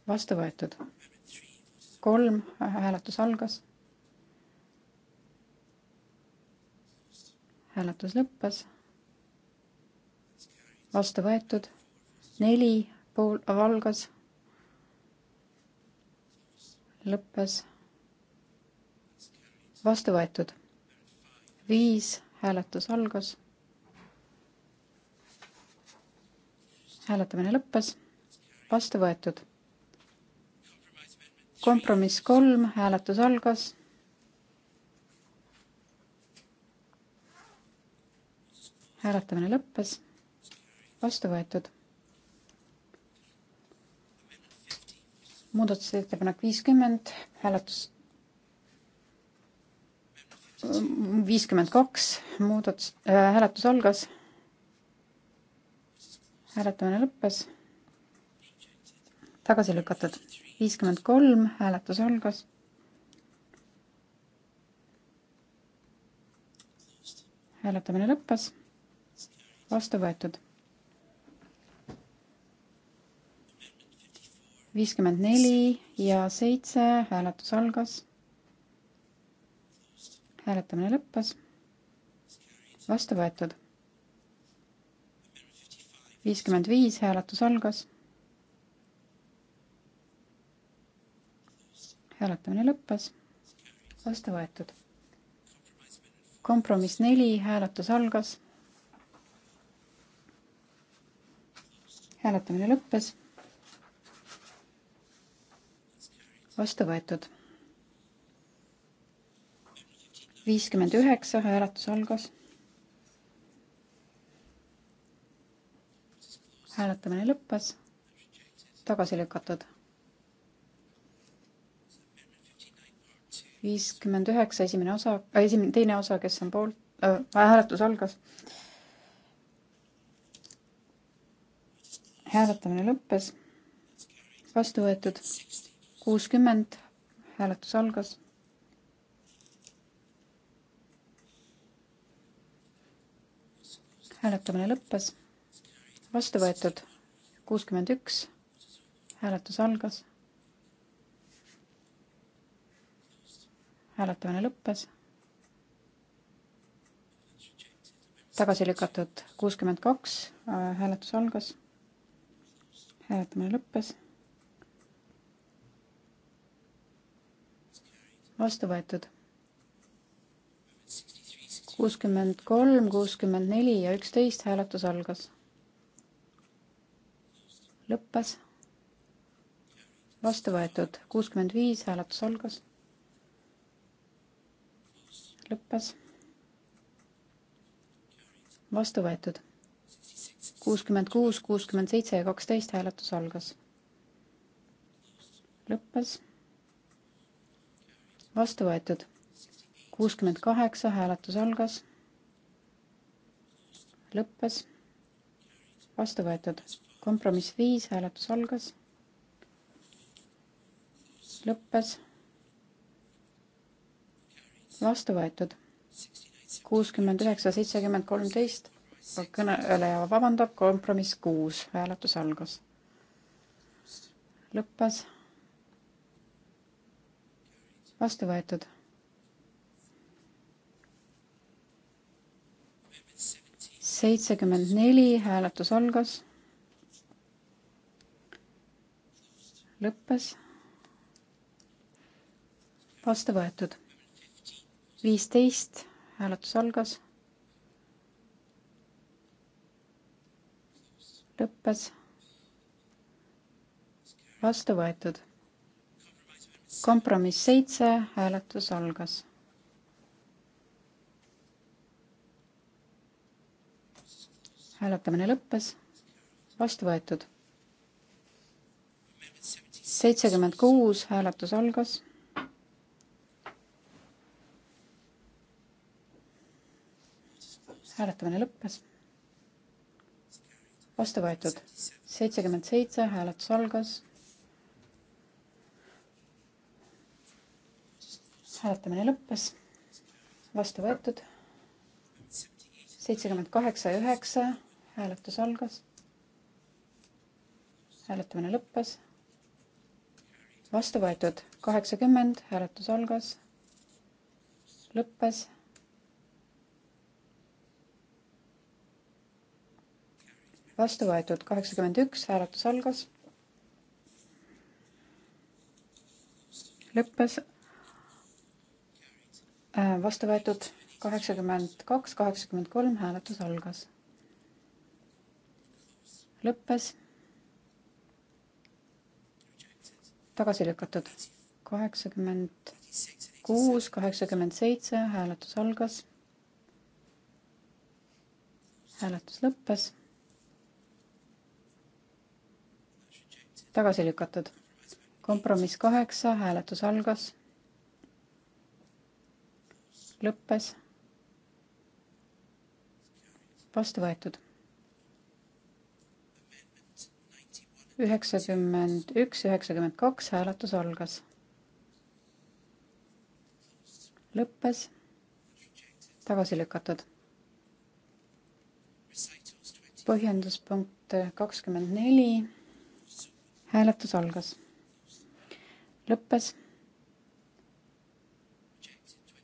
vastu võetud kolm, äh, hääletus algas. hääletus lõppes. vastu võetud, neli pool algas. lõppes. vastu võetud, viis hääletus algas. hääletamine lõppes, vastu võetud kompromiss kolm, hääletus algas. hääletamine lõppes, vastu võetud. muudatusettepanek viiskümmend, hääletus viiskümmend kaks, muudatus äh,, hääletus algas. hääletamine lõppes, tagasi lükatud viiskümmend kolm, hääletus algas. hääletamine lõppes. vastu võetud. viiskümmend neli ja seitse, hääletus algas. hääletamine lõppes. vastu võetud. viiskümmend viis, hääletus algas hääletamine lõppes. vastu võetud. kompromiss neli, hääletus algas. hääletamine lõppes. vastu võetud. viiskümmend üheksa, hääletus algas. hääletamine lõppes. tagasi lükatud viiskümmend üheksa, esimene osa äh,, esimene, teine osa, kes on poolt äh,, hääletus algas. hääletamine lõppes, vastu võetud kuuskümmend, hääletus algas. hääletamine lõppes, vastu võetud kuuskümmend üks, hääletus algas hääletamine lõppes. tagasi lükatud kuuskümmend kaks, hääletus algas. hääletamine lõppes. vastu võetud kuuskümmend kolm, kuuskümmend neli ja üksteist hääletus algas. lõppes. vastu võetud kuuskümmend viis hääletus algas lõppes. vastu võetud. kuuskümmend kuus, kuuskümmend seitse ja kaksteist hääletus algas. lõppes. vastu võetud. kuuskümmend kaheksa hääletus algas. lõppes. vastu võetud. kompromiss viis hääletus algas. lõppes vastu võetud. kuuskümmend üheksa, seitsekümmend kolmteist, kõneleja äh, vabandab, kompromiss kuus, hääletus algas. lõppes. vastu võetud. seitsekümmend neli, hääletus algas. lõppes. vastu võetud viisteist, hääletus algas. lõppes. vastu võetud. kompromiss seitse, hääletus algas. hääletamine lõppes. vastu võetud. seitsekümmend kuus, hääletus algas hääletamine lõppes. vastu võetud seitsekümmend seitse, hääletus algas. hääletamine lõppes, vastu võetud seitsekümmend kaheksa ja üheksa, hääletus algas. hääletamine lõppes, vastu võetud kaheksakümmend, hääletus algas, lõppes vastu võetud kaheksakümmend üks, hääletus algas. lõppes. Äh, vastu võetud kaheksakümmend kaks, kaheksakümmend kolm, hääletus algas. lõppes. tagasi lükatud kaheksakümmend kuus, kaheksakümmend seitse, hääletus algas. hääletus lõppes tagasi lükatud. kompromiss kaheksa, hääletus algas. lõppes. vastu võetud. üheksakümmend üks, üheksakümmend kaks, hääletus algas. lõppes. tagasi lükatud põhjenduspunkt kakskümmend neli hääletus algas, lõppes,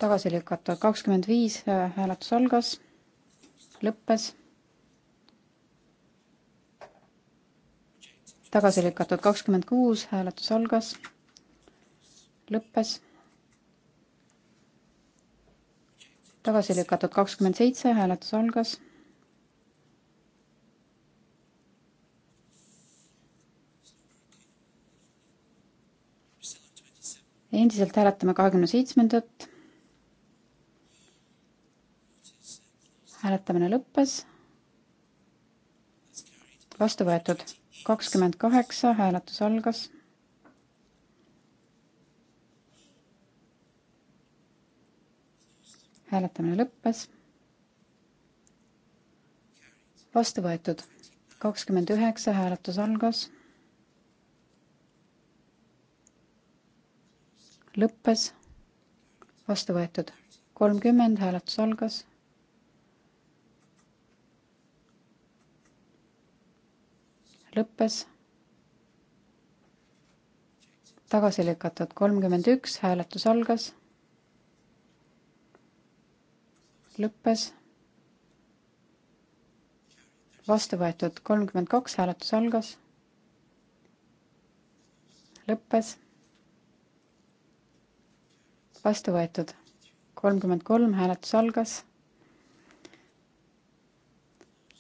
tagasi lükatud, kakskümmend viis äh, hääletus algas, lõppes, tagasi lükatud, kakskümmend kuus hääletus algas, lõppes, tagasi lükatud, kakskümmend seitse hääletus algas endiselt hääletame kahekümne seitsmendat. hääletamine lõppes. vastu võetud kakskümmend kaheksa, hääletus algas. hääletamine lõppes. vastu võetud kakskümmend üheksa, hääletus algas. lõppes, vastu võetud. kolmkümmend, hääletus algas. lõppes. tagasi lükatud kolmkümmend üks, hääletus algas. lõppes. vastu võetud kolmkümmend kaks, hääletus algas. lõppes vastu võetud. kolmkümmend kolm, hääletus algas.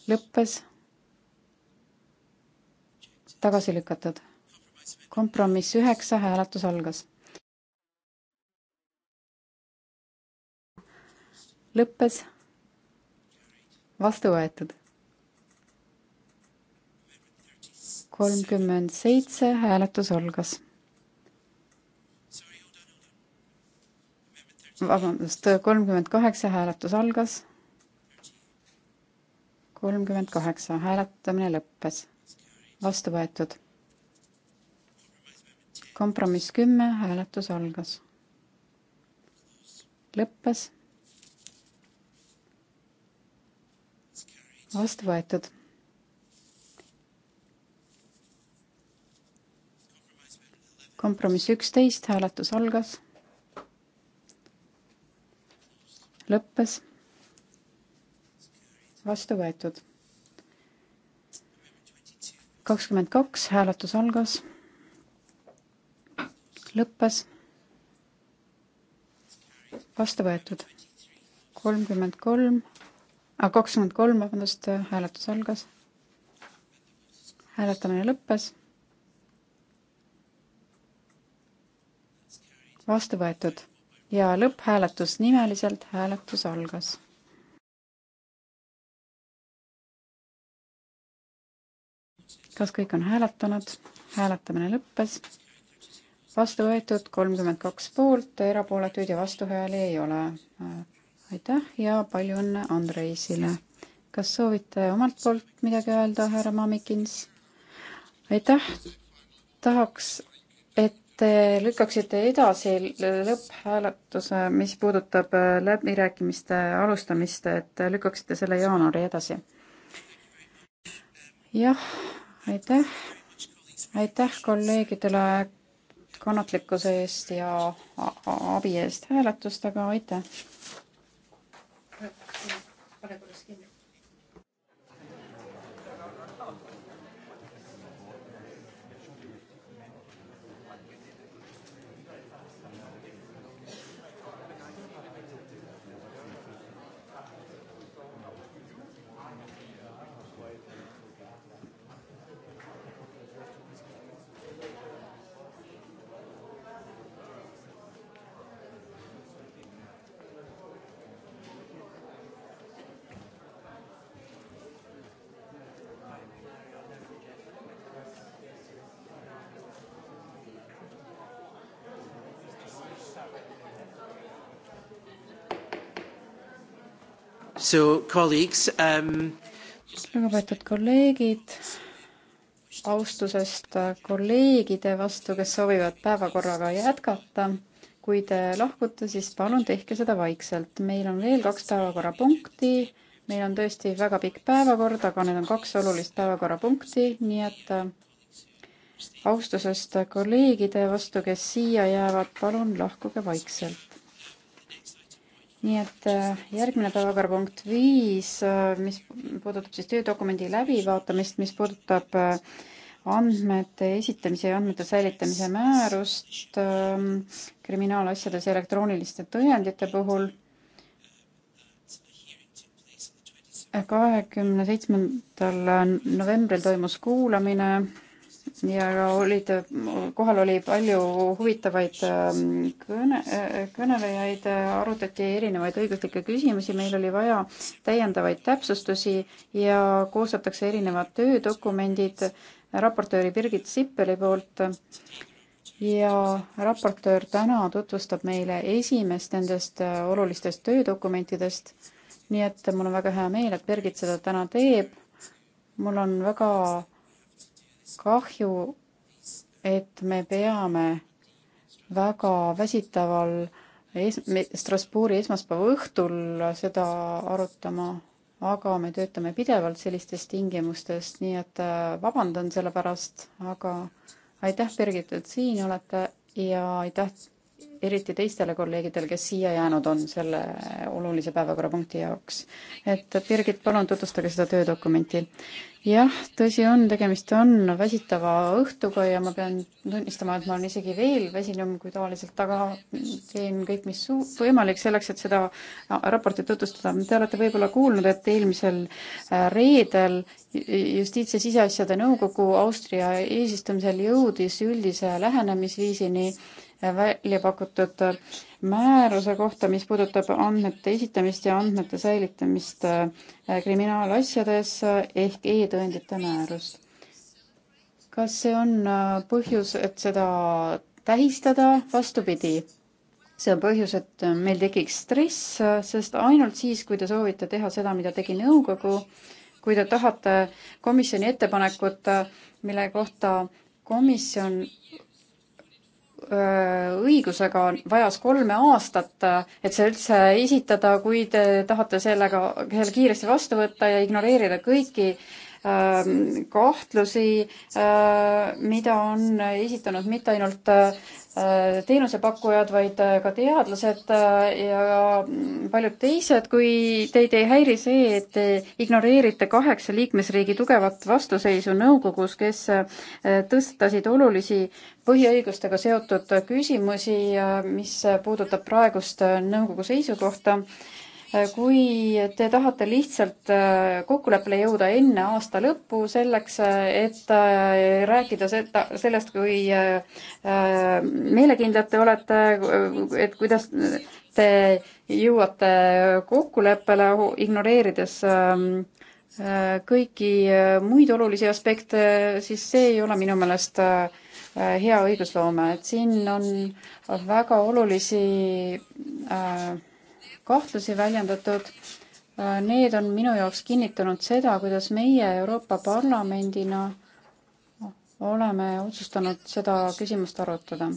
lõppes. tagasi lükatud. kompromiss üheksa, hääletus algas. lõppes. vastu võetud kolmkümmend seitse hääletus algas. vabandust, kolmkümmend kaheksa hääletus algas. kolmkümmend kaheksa, hääletamine lõppes. vastu võetud. kompromiss kümme, hääletus algas. lõppes. vastu võetud. kompromiss üksteist, hääletus algas lõppes. vastu võetud. kakskümmend kaks, hääletus algas. lõppes. vastu võetud. kolmkümmend kolm, ah, kakskümmend kolm, vabandust, hääletus algas. hääletamine lõppes vastu võetud ja lõpphääletus nimeliselt, hääletus algas. kas kõik on hääletanud? hääletamine lõppes. vastu võetud kolmkümmend kaks poolt, erapooletuid ja vastuhääli ei ole. aitäh ja palju õnne Andreisile. kas soovite omalt poolt midagi öelda, härra Mamikins? aitäh, tahaks te lükkaksite edasi lõpphääletuse, mis puudutab äh, läbirääkimiste alustamist, et lükkaksite selle jaanuari edasi? jah, aitäh. aitäh kolleegidele kannatlikkuse eest ja abi eest hääletustega, aitäh! So colleagues um.... lugupeetud kolleegid, austusest kolleegide vastu, kes soovivad päevakorraga jätkata. kui te lahkute, siis palun tehke seda vaikselt. meil on veel kaks päevakorrapunkti. meil on tõesti väga pikk päevakord, aga need on kaks olulist päevakorrapunkti, nii et äh, austusest kolleegide vastu, kes siia jäävad, palun lahkuge vaikselt nii et äh, järgmine päevakorrapunkt viis, äh, mis puudutab siis töödokumendi läbivaatamist, mis puudutab äh, andmete esitamise ja andmete säilitamise määrust ähm, kriminaalasjades elektrooniliste tõendite puhul. kahekümne seitsmendal novembril toimus kuulamine ja olid, kohal oli palju huvitavaid ähm, kõne, äh, kõnelejaid, arutati erinevaid õiguslikke küsimusi, meil oli vaja täiendavaid täpsustusi ja koostatakse erinevad töödokumendid raportööri Birgit Sippeli poolt ja raportöör täna tutvustab meile esimest nendest äh, olulistest töödokumentidest, nii et mul on väga hea meel, et Birgit seda täna teeb. mul on väga kahju, et me peame väga väsitaval es-, Strasbourgi esmaspäeva õhtul seda arutama, aga me töötame pidevalt sellistes tingimustes, nii et äh, vabandan selle pärast, aga aitäh, Birgit, et siin olete ja aitäh eriti teistele kolleegidele, kes siia jäänud on selle olulise päevakorrapunkti jaoks. et Birgit, palun tutvustage seda töödokumenti. jah, tõsi on, tegemist on väsitava õhtuga ja ma pean tunnistama, et ma olen isegi veel väsinum kui tavaliselt, aga teen kõik, mis võimalik selleks, et seda raportit tutvustada. Te olete võib-olla kuulnud, et eelmisel äh, reedel justiits- ja siseasjade nõukogu Austria eesistumisel jõudis üldise lähenemisviisini välja pakutud määruse kohta, mis puudutab andmete esitamist ja andmete säilitamist äh, kriminaalasjades ehk e-tõendite määrust. kas see on äh, põhjus, et seda tähistada? vastupidi, see on põhjus, et meil tekiks stress, sest ainult siis, kui te soovite teha seda, mida tegi nõukogu, kui te tahate komisjoni ettepanekut, mille kohta komisjon Äh, õigusega vajas kolme aastat, äh, et see üldse esitada, kui te tahate sellega, selle kiiresti vastu võtta ja ignoreerida kõiki ähm, kahtlusi, äh, mida on esitanud mitte ainult Äh, teenusepakkujad, vaid äh, ka teadlased äh, ja mm, paljud teised, kui teid ei häiri see, et te ignoreerite kaheksa liikmesriigi tugevat vastuseisu nõukogus, kes tõstasid olulisi põhiõigustega seotud küsimusi, mis puudutab praegust nõukogu seisukohta Äh, kui te tahate lihtsalt äh, kokkuleppele jõuda enne aasta lõppu selleks, äh, et rääkida seda, sellest, kui meelekindlad te olete, et kuidas te jõuate kokkuleppele, ignoreerides ähm, kõiki muid olulisi aspekte, siis see ei ole minu meelest hea õigusloome, et siin on väga olulisi äh, kahtlusi väljendatud. Äh, need on minu jaoks kinnitanud seda, kuidas meie Euroopa Parlamendina oleme otsustanud seda küsimust arutada.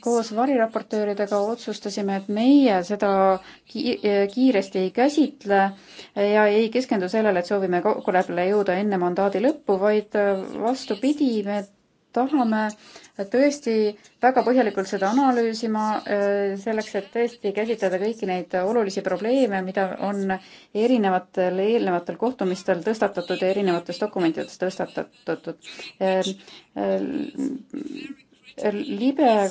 koos variraportööridega otsustasime, et meie seda e, kiiresti ei käsitle ja ei keskendu sellele, et soovime kokkuleppele jõuda enne mandaadi lõppu, vaid äh, vastupidi, me tahame äh, tõesti väga põhjalikult seda analüüsima, äh, selleks et tõesti käsitleda kõiki neid olulisi probleeme, mida on erinevatel eelnevatel kohtumistel tõstatatud ja erinevates dokumentides tõstatatud äh, äh, libe äh,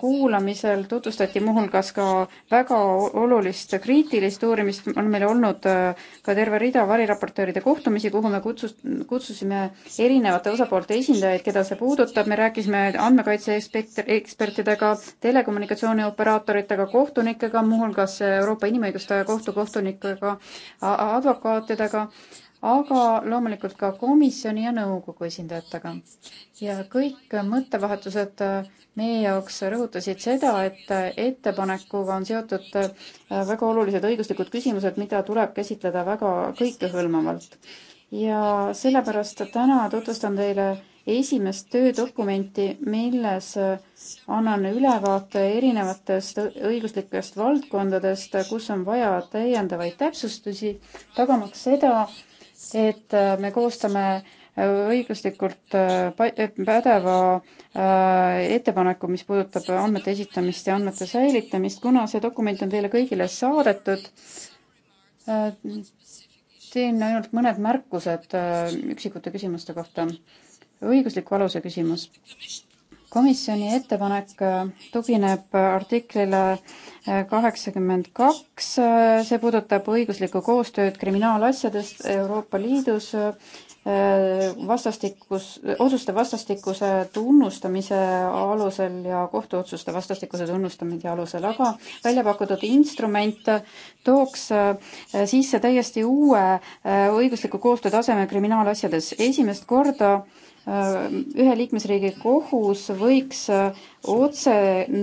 kuulamisel tutvustati muuhulgas ka väga olulist kriitilist uurimist, on meil olnud äh, ka terve rida variraportööride kohtumisi, kuhu me kutsus, kutsusime erinevate osapoolte esindajaid, keda see puudutab, me rääkisime andmekaitse ekspertidega, telekommunikatsiooni operaatoritega, kohtunikega, muuhulgas Euroopa Inimõiguste Kohtu kohtunikega, advokaatidega aga loomulikult ka komisjoni ja nõukogu esindajatega. ja kõik mõttevahetused äh, meie jaoks rõhutasid seda, et äh, ettepanekuga on seotud äh, väga olulised õiguslikud küsimused, mida tuleb käsitleda väga kõikehõlmavalt. ja sellepärast täna tutvustan teile esimest töödokumenti, milles annan ülevaate erinevatest õiguslikest valdkondadest, kus on vaja täiendavaid täpsustusi, tagamaks seda, et äh, me koostame äh, õiguslikult äh, pädeva ettepaneku, mis puudutab andmete esitamist ja andmete säilitamist, kuna see dokument on teile kõigile saadetud, teen ainult mõned märkused üksikute küsimuste kohta. õigusliku aluse küsimus komisjoni ettepanek äh, tugineb äh, artiklile äh, kaheksakümmend kaks, see puudutab õiguslikku koostööd kriminaalasjadest Euroopa Liidus, vastastikus, otsuste vastastikuse tunnustamise alusel ja kohtuotsuste vastastikuse tunnustamise alusel, aga välja pakutud instrument tooks sisse täiesti uue õigusliku koostöö taseme kriminaalasjades. esimest korda äh, Äh, ühe liikmesriigi kohus võiks äh, otse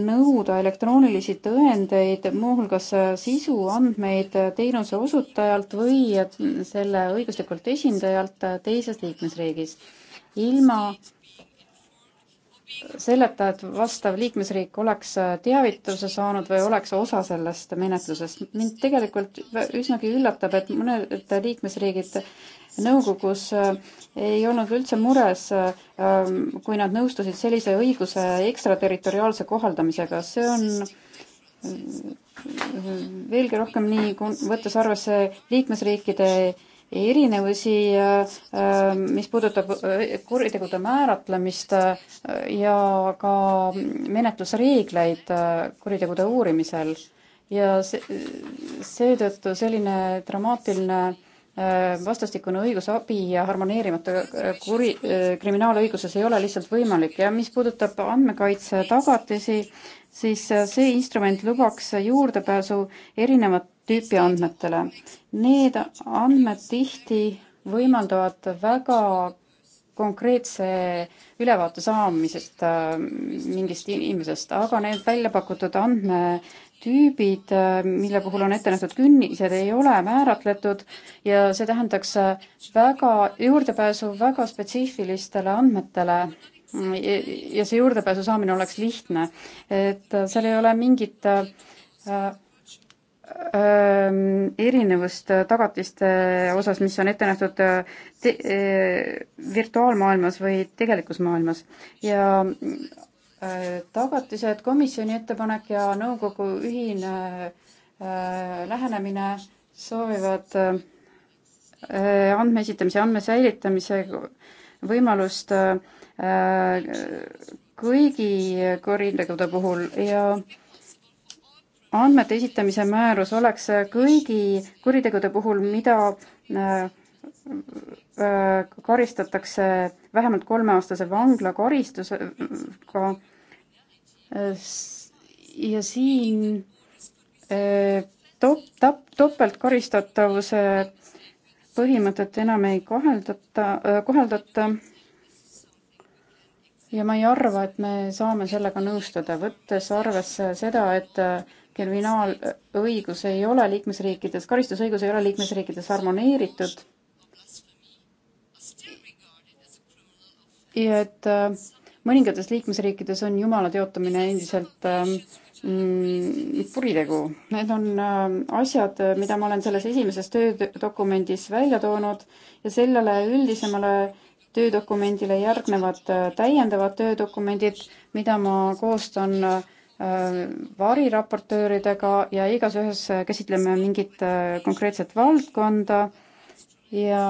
nõuda elektroonilisi tõendeid, muuhulgas äh, sisuandmeid teenuse osutajalt või selle õiguslikult esindajalt teises liikmesriigis, ilma selleta, et vastav liikmesriik oleks teavituse saanud või oleks osa sellest menetlusest. mind tegelikult üsnagi üllatab, et mõned liikmesriigid nõukogus äh, ei olnud üldse mures, äh, ähm, kui nad nõustusid sellise õiguse ekstraterritoriaalse kohaldamisega, see on äh, veelgi rohkem nii, võttes arvesse liikmesriikide erinevusi, mis puudutab kuritegude määratlemist ja ka menetlusreegleid kuritegude uurimisel. ja seetõttu selline dramaatiline Äh, vastastikune õigusabi ja harmoneerimata äh, kuri, äh, kriminaalõiguses ei ole lihtsalt võimalik ja mis puudutab andmekaitse tagatisi, siis see instrument lubaks juurdepääsu erinevat tüüpi andmetele. Need andmed tihti võimaldavad väga konkreetse ülevaate saamisest mingist inimesest, aga need välja pakutud andme tüübid, äh, mille puhul on ette nähtud künnised, ei ole määratletud ja see tähendaks äh, väga, juurdepääsu väga spetsiifilistele andmetele. ja see juurdepääsu saamine oleks lihtne, et äh, seal ei ole mingit äh, erinevust tagatiste osas, mis on ette nähtud te, virtuaalmaailmas või tegelikus maailmas ja tagatised, komisjoni ettepanek ja nõukogu ühine äh, lähenemine soovivad äh, andme esitamise, andme säilitamise võimalust äh, kõigi kuritegude puhul ja andmete esitamise määrus oleks kõigi kuritegude puhul, mida karistatakse vähemalt kolmeaastase vanglakoristusega ka ja siin eh, top-, tap-, topeltkaristatavuse põhimõtet enam ei koheldata, eh, koheldata. ja ma ei arva, et me saame sellega nõustuda, võttes arvesse seda, et eh, kriminaalõigus ei ole liikmesriikides, karistusõigus ei ole liikmesriikides harmoneeritud. ja et äh, mõningates liikmesriikides on jumala teotamine endiselt ähm, mm, kuritegu. Need on ähm, asjad, mida ma olen selles esimeses töödokumendis välja toonud ja sellele üldisemale töödokumendile järgnevad äh, täiendavad töödokumendid, mida ma koostan äh, variraportööridega ja igas ühes käsitleme mingit äh, konkreetset valdkonda ja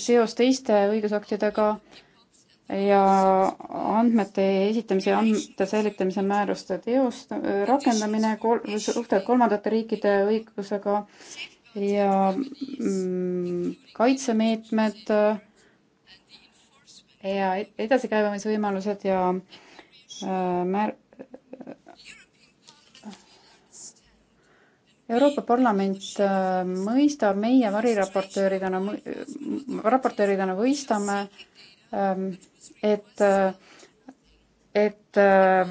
seos teiste õigusaktidega ja andmete esitamise ja andmete säilitamise määruste teost, rakendamine kol-, suhted kolmandate riikide õigusega ja mm, kaitsemeetmed ja e-, edasikäivamisvõimalused ja äh, määr-, Euroopa Parlament äh, mõistab, meie variraportööridena, raportööridena mõistame, Ähm, et, äh, et äh,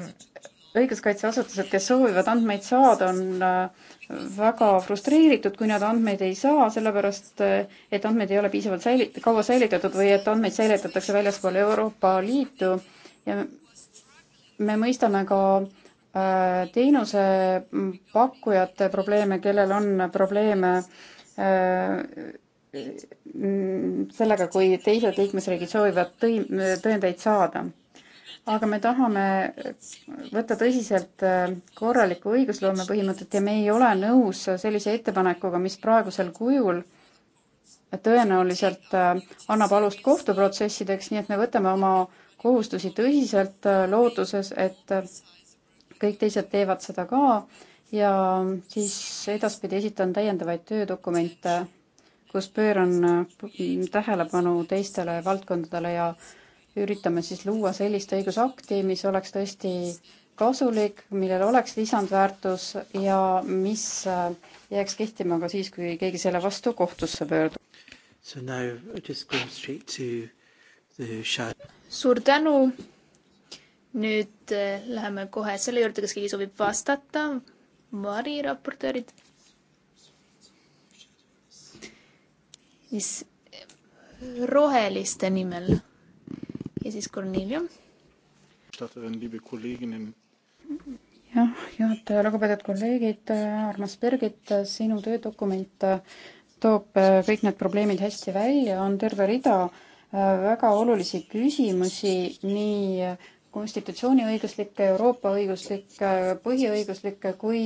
õiguskaitseasutused, kes soovivad andmeid saada, on äh, väga frustreeritud, kui nad andmeid ei saa, sellepärast et andmeid ei ole piisavalt säili-, kaua säilitatud või et andmeid säilitatakse väljaspool Euroopa Liitu ja me mõistame ka teenusepakkujate probleeme, kellel on probleeme Mm, sellega, kui teised liikmesriigid soovivad tõi-, tõendeid saada. aga me tahame võtta tõsiselt äh, korralikku õigusloome põhimõtet ja me ei ole nõus sellise ettepanekuga, mis praegusel kujul tõenäoliselt äh, annab alust kohtuprotsessideks, nii et me võtame oma kohustusi tõsiselt, äh, lootuses, et kõik teised teevad seda ka ja siis edaspidi esitan täiendavaid töödokumente kus pööran mm, tähelepanu teistele valdkondadele ja üritame siis luua sellist õigusakti, mis oleks tõesti kasulik, millel oleks lisandväärtus ja mis äh, jääks kehtima ka siis, kui keegi selle vastu kohtusse pöördub. suur tänu. nüüd äh, läheme kohe selle juurde, kas keegi soovib vastata. variraportöörid siis roheliste nimel ja siis Kornelia. jah, juhataja, lugupeetud kolleegid, äh, armas Birgit, äh, sinu töödokument äh, toob kõik need probleemid hästi välja, on terve rida väga olulisi küsimusi nii konstitutsiooniõiguslikke, Euroopa õiguslikke, põhiõiguslikke kui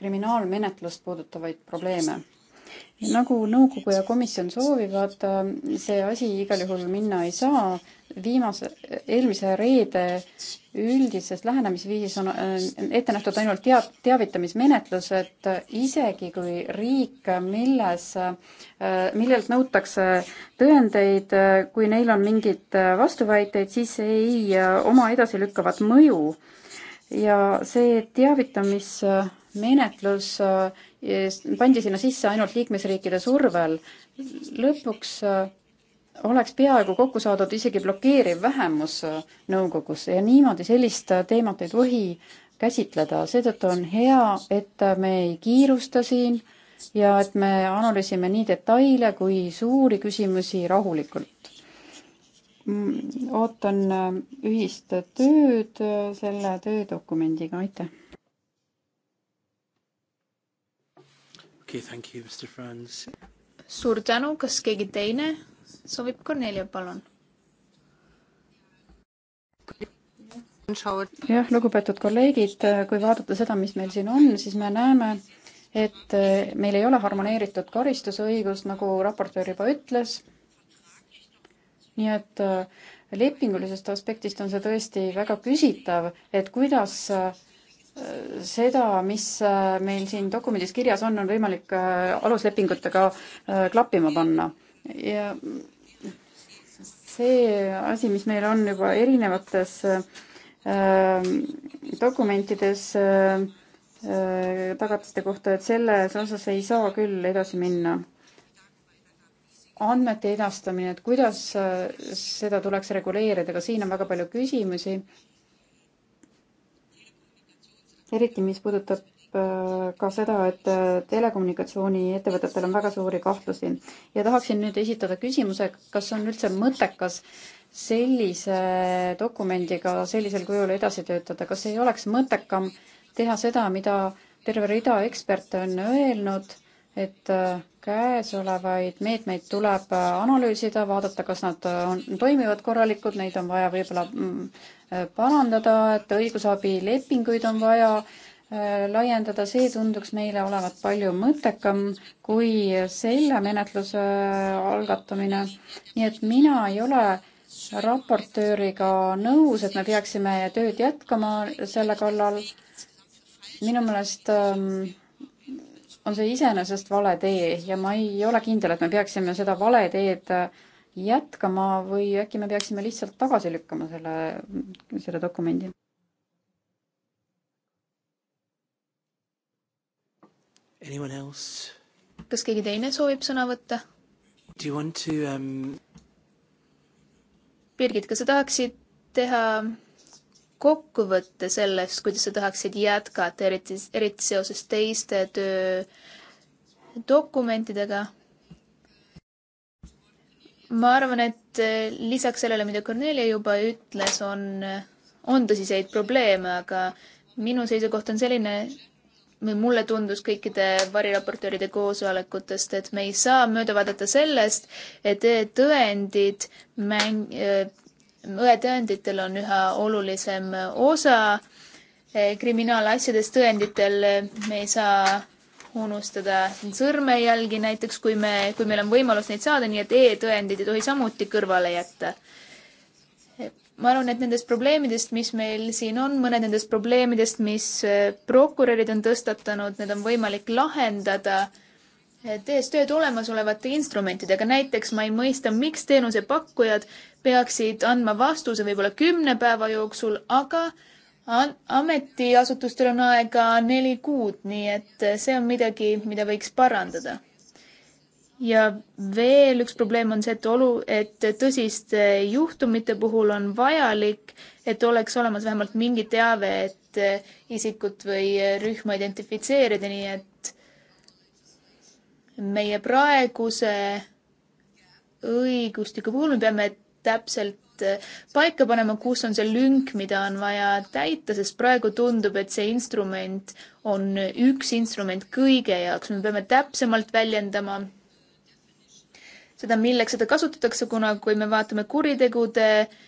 kriminaalmenetlust puudutavaid probleeme nagu nõukogu ja komisjon soovivad, see asi igal juhul minna ei saa. viimase, eelmise reede üldises lähenemisviisis on äh, ette nähtud ainult teav-, teavitamismenetlus, et isegi kui riik, milles, äh, millelt nõutakse tõendeid, kui neil on mingeid vastuväiteid, siis ei äh, oma edasilükkavat mõju. ja see teavitamis menetlus äh, pandi sinna sisse ainult liikmesriikide survel. lõpuks äh, oleks peaaegu kokku saadud isegi blokeeriv vähemus äh, nõukogus ja niimoodi sellist äh, teemat ei tohi käsitleda, seetõttu on hea, et me ei kiirusta siin ja et me analüüsime nii detaile kui suuri küsimusi rahulikult. Mm, ootan ühist tööd selle töödokumendiga, aitäh! okay,. suur tänu, kas keegi teine soovib? Kornelia, palun. jah, lugupeetud kolleegid, kui vaadata seda, mis meil siin on, siis me näeme, et meil ei ole harmoneeritud karistusõigust, nagu raportöör juba ütles. nii et äh, lepingulisest aspektist on see tõesti väga küsitav, et kuidas äh, seda, mis äh, meil siin dokumendis kirjas on, on võimalik äh, aluslepingutega äh, klappima panna. ja see asi, mis meil on juba erinevates dokumentides tagatiste kohta, et selles osas ei saa küll edasi minna. andmete edastamine, et kuidas seda tuleks reguleerida, ka siin on väga palju küsimusi eriti mis puudutab äh, ka seda, et äh, telekommunikatsiooniettevõtetel on väga suuri kahtlusi ja tahaksin nüüd esitada küsimuse, kas on üldse mõttekas sellise dokumendiga sellisel kujul edasi töötada, kas ei oleks mõttekam teha seda, mida terve rida eksperte on öelnud, et äh, käesolevaid meetmeid tuleb analüüsida, vaadata, kas nad on, toimivad korralikult, neid on vaja võib-olla mm, parandada, et õigusabilepinguid on vaja äh, laiendada, see tunduks meile olevat palju mõttekam kui selle menetluse äh, algatamine. nii et mina ei ole raportööriga nõus, et me peaksime tööd jätkama selle kallal. minu meelest ähm, on see iseenesest vale tee ja ma ei ole kindel, et me peaksime seda vale teed äh, jätkama või äkki me peaksime lihtsalt tagasi lükkama selle, selle dokumendi. kas keegi teine soovib sõna võtta? Um... Birgit, kas sa tahaksid teha kokkuvõtte sellest, kuidas sa tahaksid jätkata, eriti, eriti seoses teiste töödokumentidega? ma arvan, et eh, lisaks sellele, mida Kornelia juba ütles, on, on tõsiseid probleeme, aga minu seisukoht on selline, või mulle tundus kõikide variraportööride koosolekutest, et me ei saa mööda vaadata sellest, et tõendid mäng, e-, õetõenditel on üha olulisem osa eh, kriminaalasjades tõenditel. Eh, me ei saa unustada sõrmejälgi näiteks, kui me, kui meil on võimalus neid saada, nii et e-tõendid ei tohi samuti kõrvale jätta. Eh, ma arvan, et nendest probleemidest, mis meil siin on, mõned nendest probleemidest, mis prokurörid on tõstatanud, need on võimalik lahendada tehes tööd olemasolevate instrumentidega, näiteks ma ei mõista, miks teenusepakkujad peaksid andma vastuse võib-olla kümne päeva jooksul, aga ametiasutustel on aega neli kuud, nii et see on midagi, mida võiks parandada. ja veel üks probleem on see, et olu, et tõsiste juhtumite puhul on vajalik, et oleks olemas vähemalt mingi teave, et isikut või rühma identifitseerida, nii et meie praeguse õigustiku puhul me peame täpselt äh, paika panema, kus on see lünk, mida on vaja täita, sest praegu tundub, et see instrument on üks instrument kõige jaoks, me peame täpsemalt väljendama seda, milleks seda kasutatakse, kuna kui me vaatame kuritegude äh,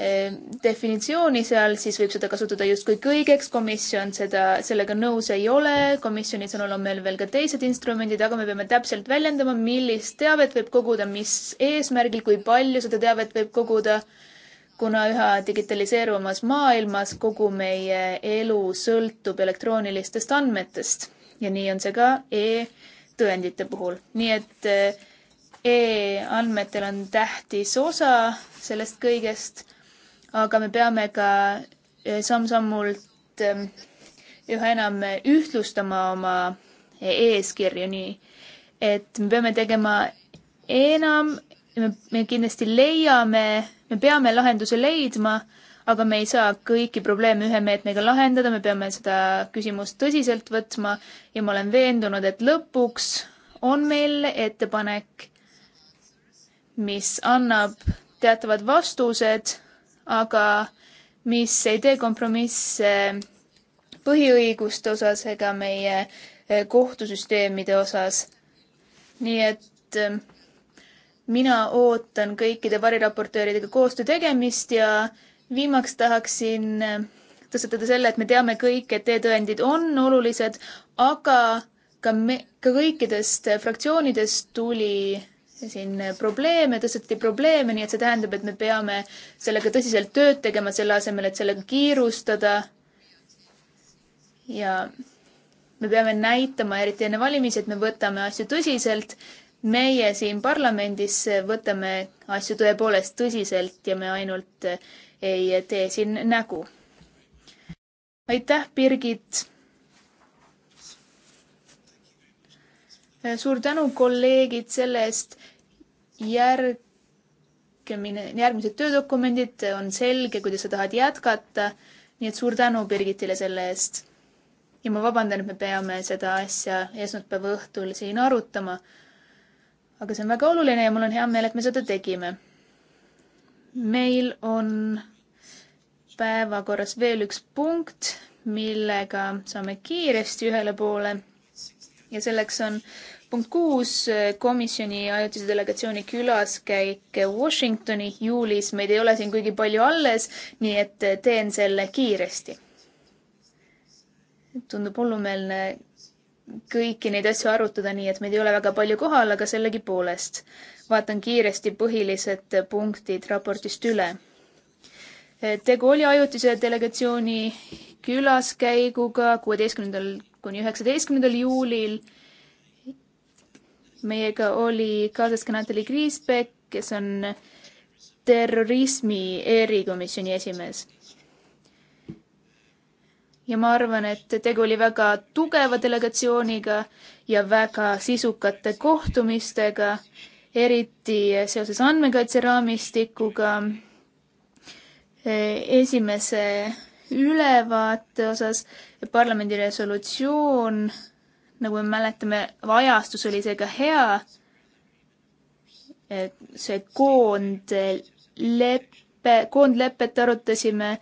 Ehm, definitsiooni seal, siis võib seda kasutada justkui kõigeks, komisjon seda, sellega nõus ei ole, komisjoni sõnul on meil veel ka teised instrumendid, aga me peame täpselt väljendama, millist teavet võib koguda, mis eesmärgil, kui palju seda teavet võib koguda, kuna üha digitaliseeruvas maailmas kogu meie elu sõltub elektroonilistest andmetest ja nii on see ka e-tõendite puhul, nii et eh, e-andmetel on tähtis osa sellest kõigest, aga me peame ka e, samm-sammult e, üha enam ühtlustama oma eeskirju, nii et me peame tegema enam, me kindlasti leiame, me peame lahenduse leidma, aga me ei saa kõiki probleeme ühe meetmega lahendada, me peame seda küsimust tõsiselt võtma ja ma olen veendunud, et lõpuks on meil ettepanek mis annab teatavad vastused, aga mis ei tee kompromisse põhiõiguste osas ega meie eh, kohtusüsteemide osas. nii et eh, mina ootan kõikide variraportööridega koostöö tegemist ja viimaks tahaksin eh, tõstatada selle, et me teame kõik, et e-tõendid on olulised, aga ka me, ka kõikidest fraktsioonidest tuli siin probleeme, tõsteti probleeme, nii et see tähendab, et me peame sellega tõsiselt tööd tegema, selle asemel, et sellega kiirustada. ja me peame näitama, eriti enne valimisi, et me võtame asju tõsiselt. meie siin parlamendis võtame asju tõepoolest tõsiselt ja me ainult ei tee siin nägu. aitäh, Birgit suur tänu, kolleegid, selle eest. järgmine, järgmised töödokumendid on selge, kuidas sa tahad jätkata. nii et suur tänu Birgitile selle eest. ja ma vabandan, et me peame seda asja esmaspäeva õhtul siin arutama. aga see on väga oluline ja mul on hea meel, et me seda tegime. meil on päevakorras veel üks punkt, millega saame kiiresti ühele poole ja selleks on punkt kuus, komisjoni ajutise delegatsiooni külaskäik Washingtoni juulis, meid ei ole siin kuigi palju alles, nii et teen selle kiiresti. tundub hullumeelne kõiki neid asju arutada, nii et meid ei ole väga palju kohal, aga sellegipoolest vaatan kiiresti põhilised punktid raportist üle. tegu oli ajutise delegatsiooni külaskäiguga kuueteistkümnendal kuni üheksateistkümnendal juulil meiega oli kaasas ka Natali Kriisbeck, kes on terrorismi erikomisjoni esimees. ja ma arvan, et tegu oli väga tugeva delegatsiooniga ja väga sisukate kohtumistega, eriti seoses andmekaitseraamistikuga, esimese ülevaate osas parlamendi resolutsioon nagu me mäletame, ajastus oli seega hea. see koondleppe, koondlepet arutasime,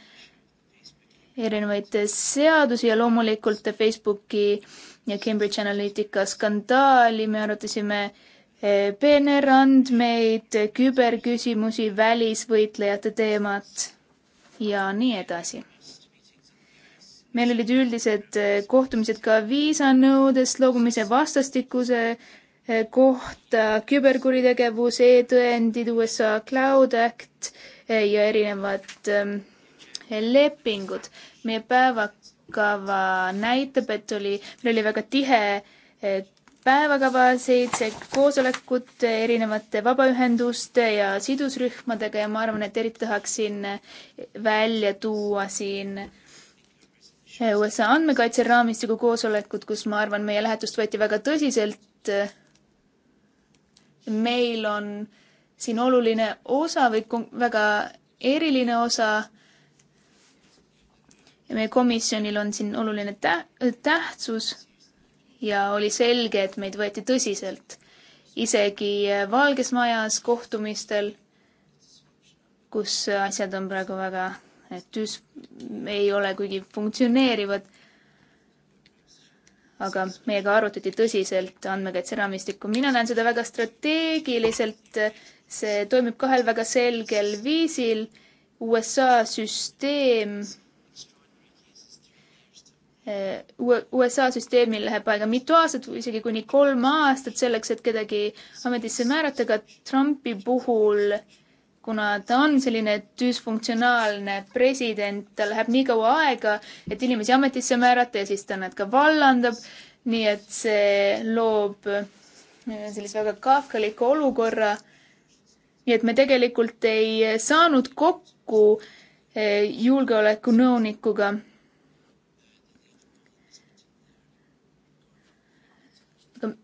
erinevaid seadusi ja loomulikult Facebooki ja Cambridge Analytica skandaali me arutasime eh, PNR andmeid, küberküsimusi, välisvõitlejate teemat ja nii edasi meil olid üldised eh, kohtumised ka viisanõudest loobumise vastastikuse eh, kohta, küberkuritegevus e, e-tõendid, USA Cloud Act eh, ja erinevad ehm, lepingud. meie päevakava näitab, et oli, meil oli väga tihe päevakava, seitse koosolekut erinevate vabaühenduste ja sidusrühmadega ja ma arvan, et eriti tahaksin välja tuua siin äh, USA andmekaitse raamistiku koosolekut, kus ma arvan, meie lähetust võeti väga tõsiselt. meil on siin oluline osa või väga eriline osa. ja meie komisjonil on siin oluline tähtsus ja oli selge, et meid võeti tõsiselt. isegi Valges Majas kohtumistel, kus asjad on praegu väga need tüüs ei ole kuigi funktsioneerivad. aga meiega arutati tõsiselt andmekaitseramistikku. mina näen seda väga strateegiliselt. see toimib kahel väga selgel viisil. USA süsteem eh, USA süsteemil läheb aega mitu aastat või isegi kuni kolm aastat selleks, et kedagi ametisse määrata, aga Trumpi puhul äh, kuna ta on selline düsfunktsionaalne president, tal läheb nii kaua aega, et inimesi ametisse määrata ja siis ta nad ka vallandab. nii et see loob äh, sellise väga kafkaliku olukorra. nii et me tegelikult ei saanud kokku äh, julgeolekunõunikuga.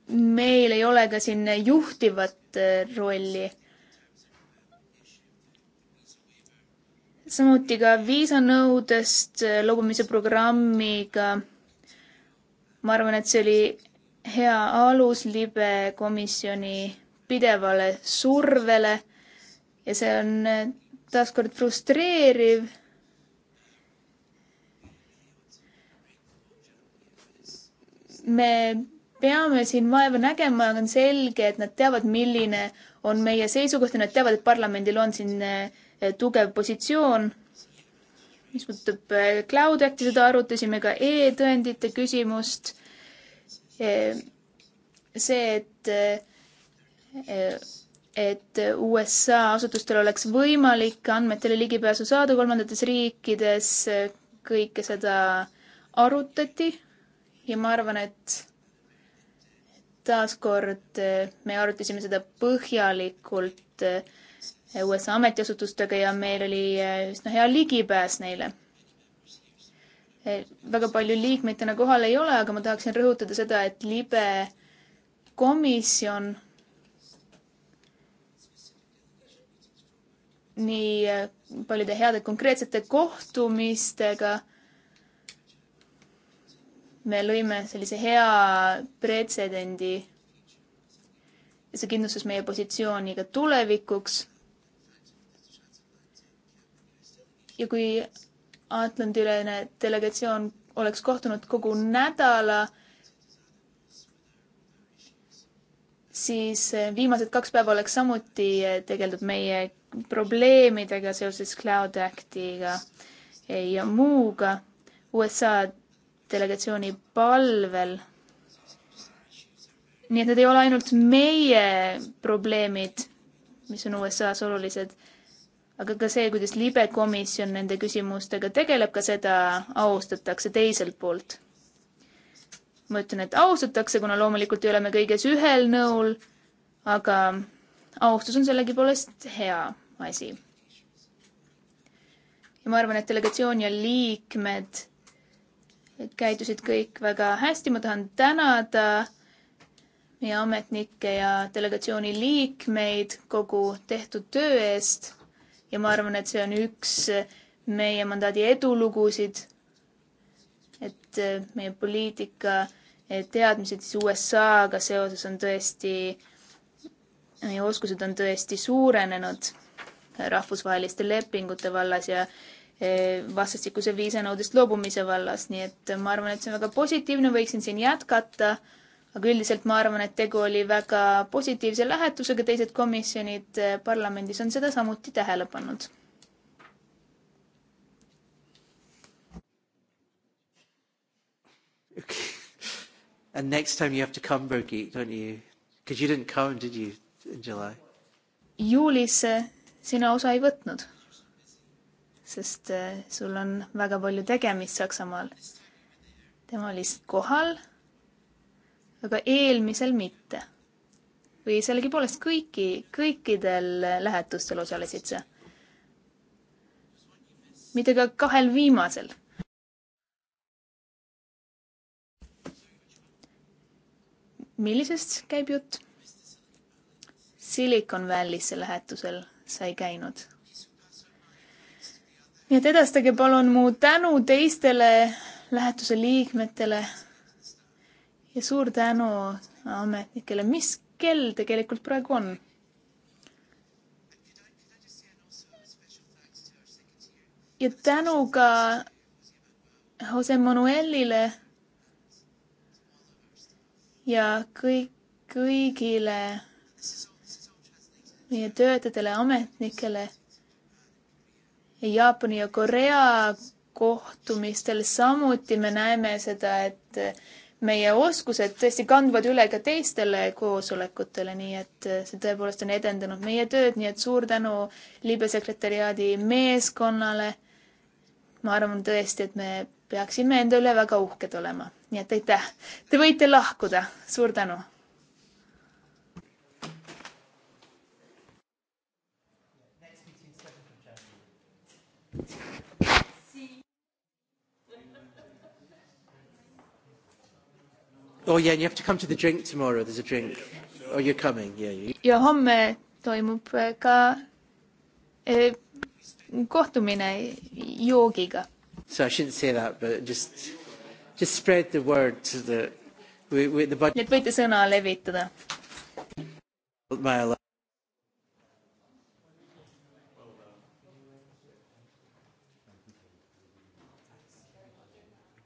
meil ei ole ka siin juhtivat äh, rolli samuti ka viisanõudest äh, loobumise programmiga. ma arvan, et see oli hea alus libe komisjoni pidevale survele ja see on äh, taaskord frustreeriv. me peame siin vaeva nägema, aga on selge, et nad teavad, milline on meie seisukoht ja nad teavad, et parlamendil on siin äh, Eh, tugev positsioon. mis puudutab eh, Cloud Acti, seda arutasime ka e-tõendite küsimust. Eh, see, et, et USA asutustel oleks võimalik andmetele ligipääsu saada kolmandates riikides, kõike seda arutati ja ma arvan, et taaskord me arutasime seda põhjalikult USA ametiasutustega ja meil oli eh, üsna hea ligipääs neile. Eh, väga palju liikmeid täna kohal ei ole, aga ma tahaksin rõhutada seda, et libe komisjon nii eh, paljude heade konkreetsete kohtumistega me lõime sellise hea pretsedendi see kindlustas meie positsiooni ka tulevikuks. ja kui Atlandi-ülene delegatsioon oleks kohtunud kogu nädala, siis viimased kaks päeva oleks samuti tegeldud meie probleemidega seoses Cloud Actiga ja muuga USA delegatsiooni palvel nii et need ei ole ainult meie probleemid, mis on USA-s olulised, aga ka see, kuidas libe komisjon nende küsimustega tegeleb, ka seda austatakse teiselt poolt. ma ütlen, et austatakse, kuna loomulikult ei ole me kõiges ühel nõul, aga austus on sellegipoolest hea asi. ja ma arvan, et delegatsiooni liikmed käidusid kõik väga hästi, ma tahan tänada meie ametnikke ja delegatsiooni liikmeid kogu tehtud töö eest. ja ma arvan, et see on üks meie mandaadi edulugusid. et meie poliitika teadmised siis USA-ga seoses on tõesti ja oskused on tõesti suurenenud rahvusvaheliste lepingute vallas ja eh, vastastikuse viisanõudest loobumise vallas, nii et ma arvan, et see on väga positiivne, võiksin siin jätkata aga üldiselt ma arvan, et tegu oli väga positiivse lähetusega, teised komisjonid eh, parlamendis on seda samuti tähele pannud okay.. And next time you have to come, Birgit, don't you? Because you didn't come, did you, in July? juulis eh, sina osa ei võtnud, sest eh, sul on väga palju tegemist Saksamaal. tema oli kohal aga eelmisel mitte. või sellegipoolest kõiki, kõikidel lähetustel osalesid sa? mitte ka kahel viimasel. millisest käib jutt? Silicon Valley'sse lähetusel sai käinud nii et edastage palun mu tänu teistele lähetuse liikmetele ja suur tänu ametnikele, mis kell tegelikult praegu on? ja tänu ka Jose Manuelile ja kõik, kõigile meie töötajatele, ametnikele ja Jaapani ja Korea kohtumistel samuti me näeme seda, et meie oskused tõesti kanduvad üle ka teistele koosolekutele, nii et eh, see tõepoolest on edendanud meie tööd, nii et suur tänu libesekretäriaadi meeskonnale. ma arvan tõesti, et me peaksime enda üle väga uhked olema, nii et aitäh. Te võite lahkuda, suur tänu Oh yeah, and you have to come to the drink tomorrow. There's a drink. Oh, you're coming. Yeah. You... ja homme toimub ka eh, kohtumine joogiga. So I shouldn't say that, but just just spread the word to the we, we, the budget. nii et võite sõna levitada.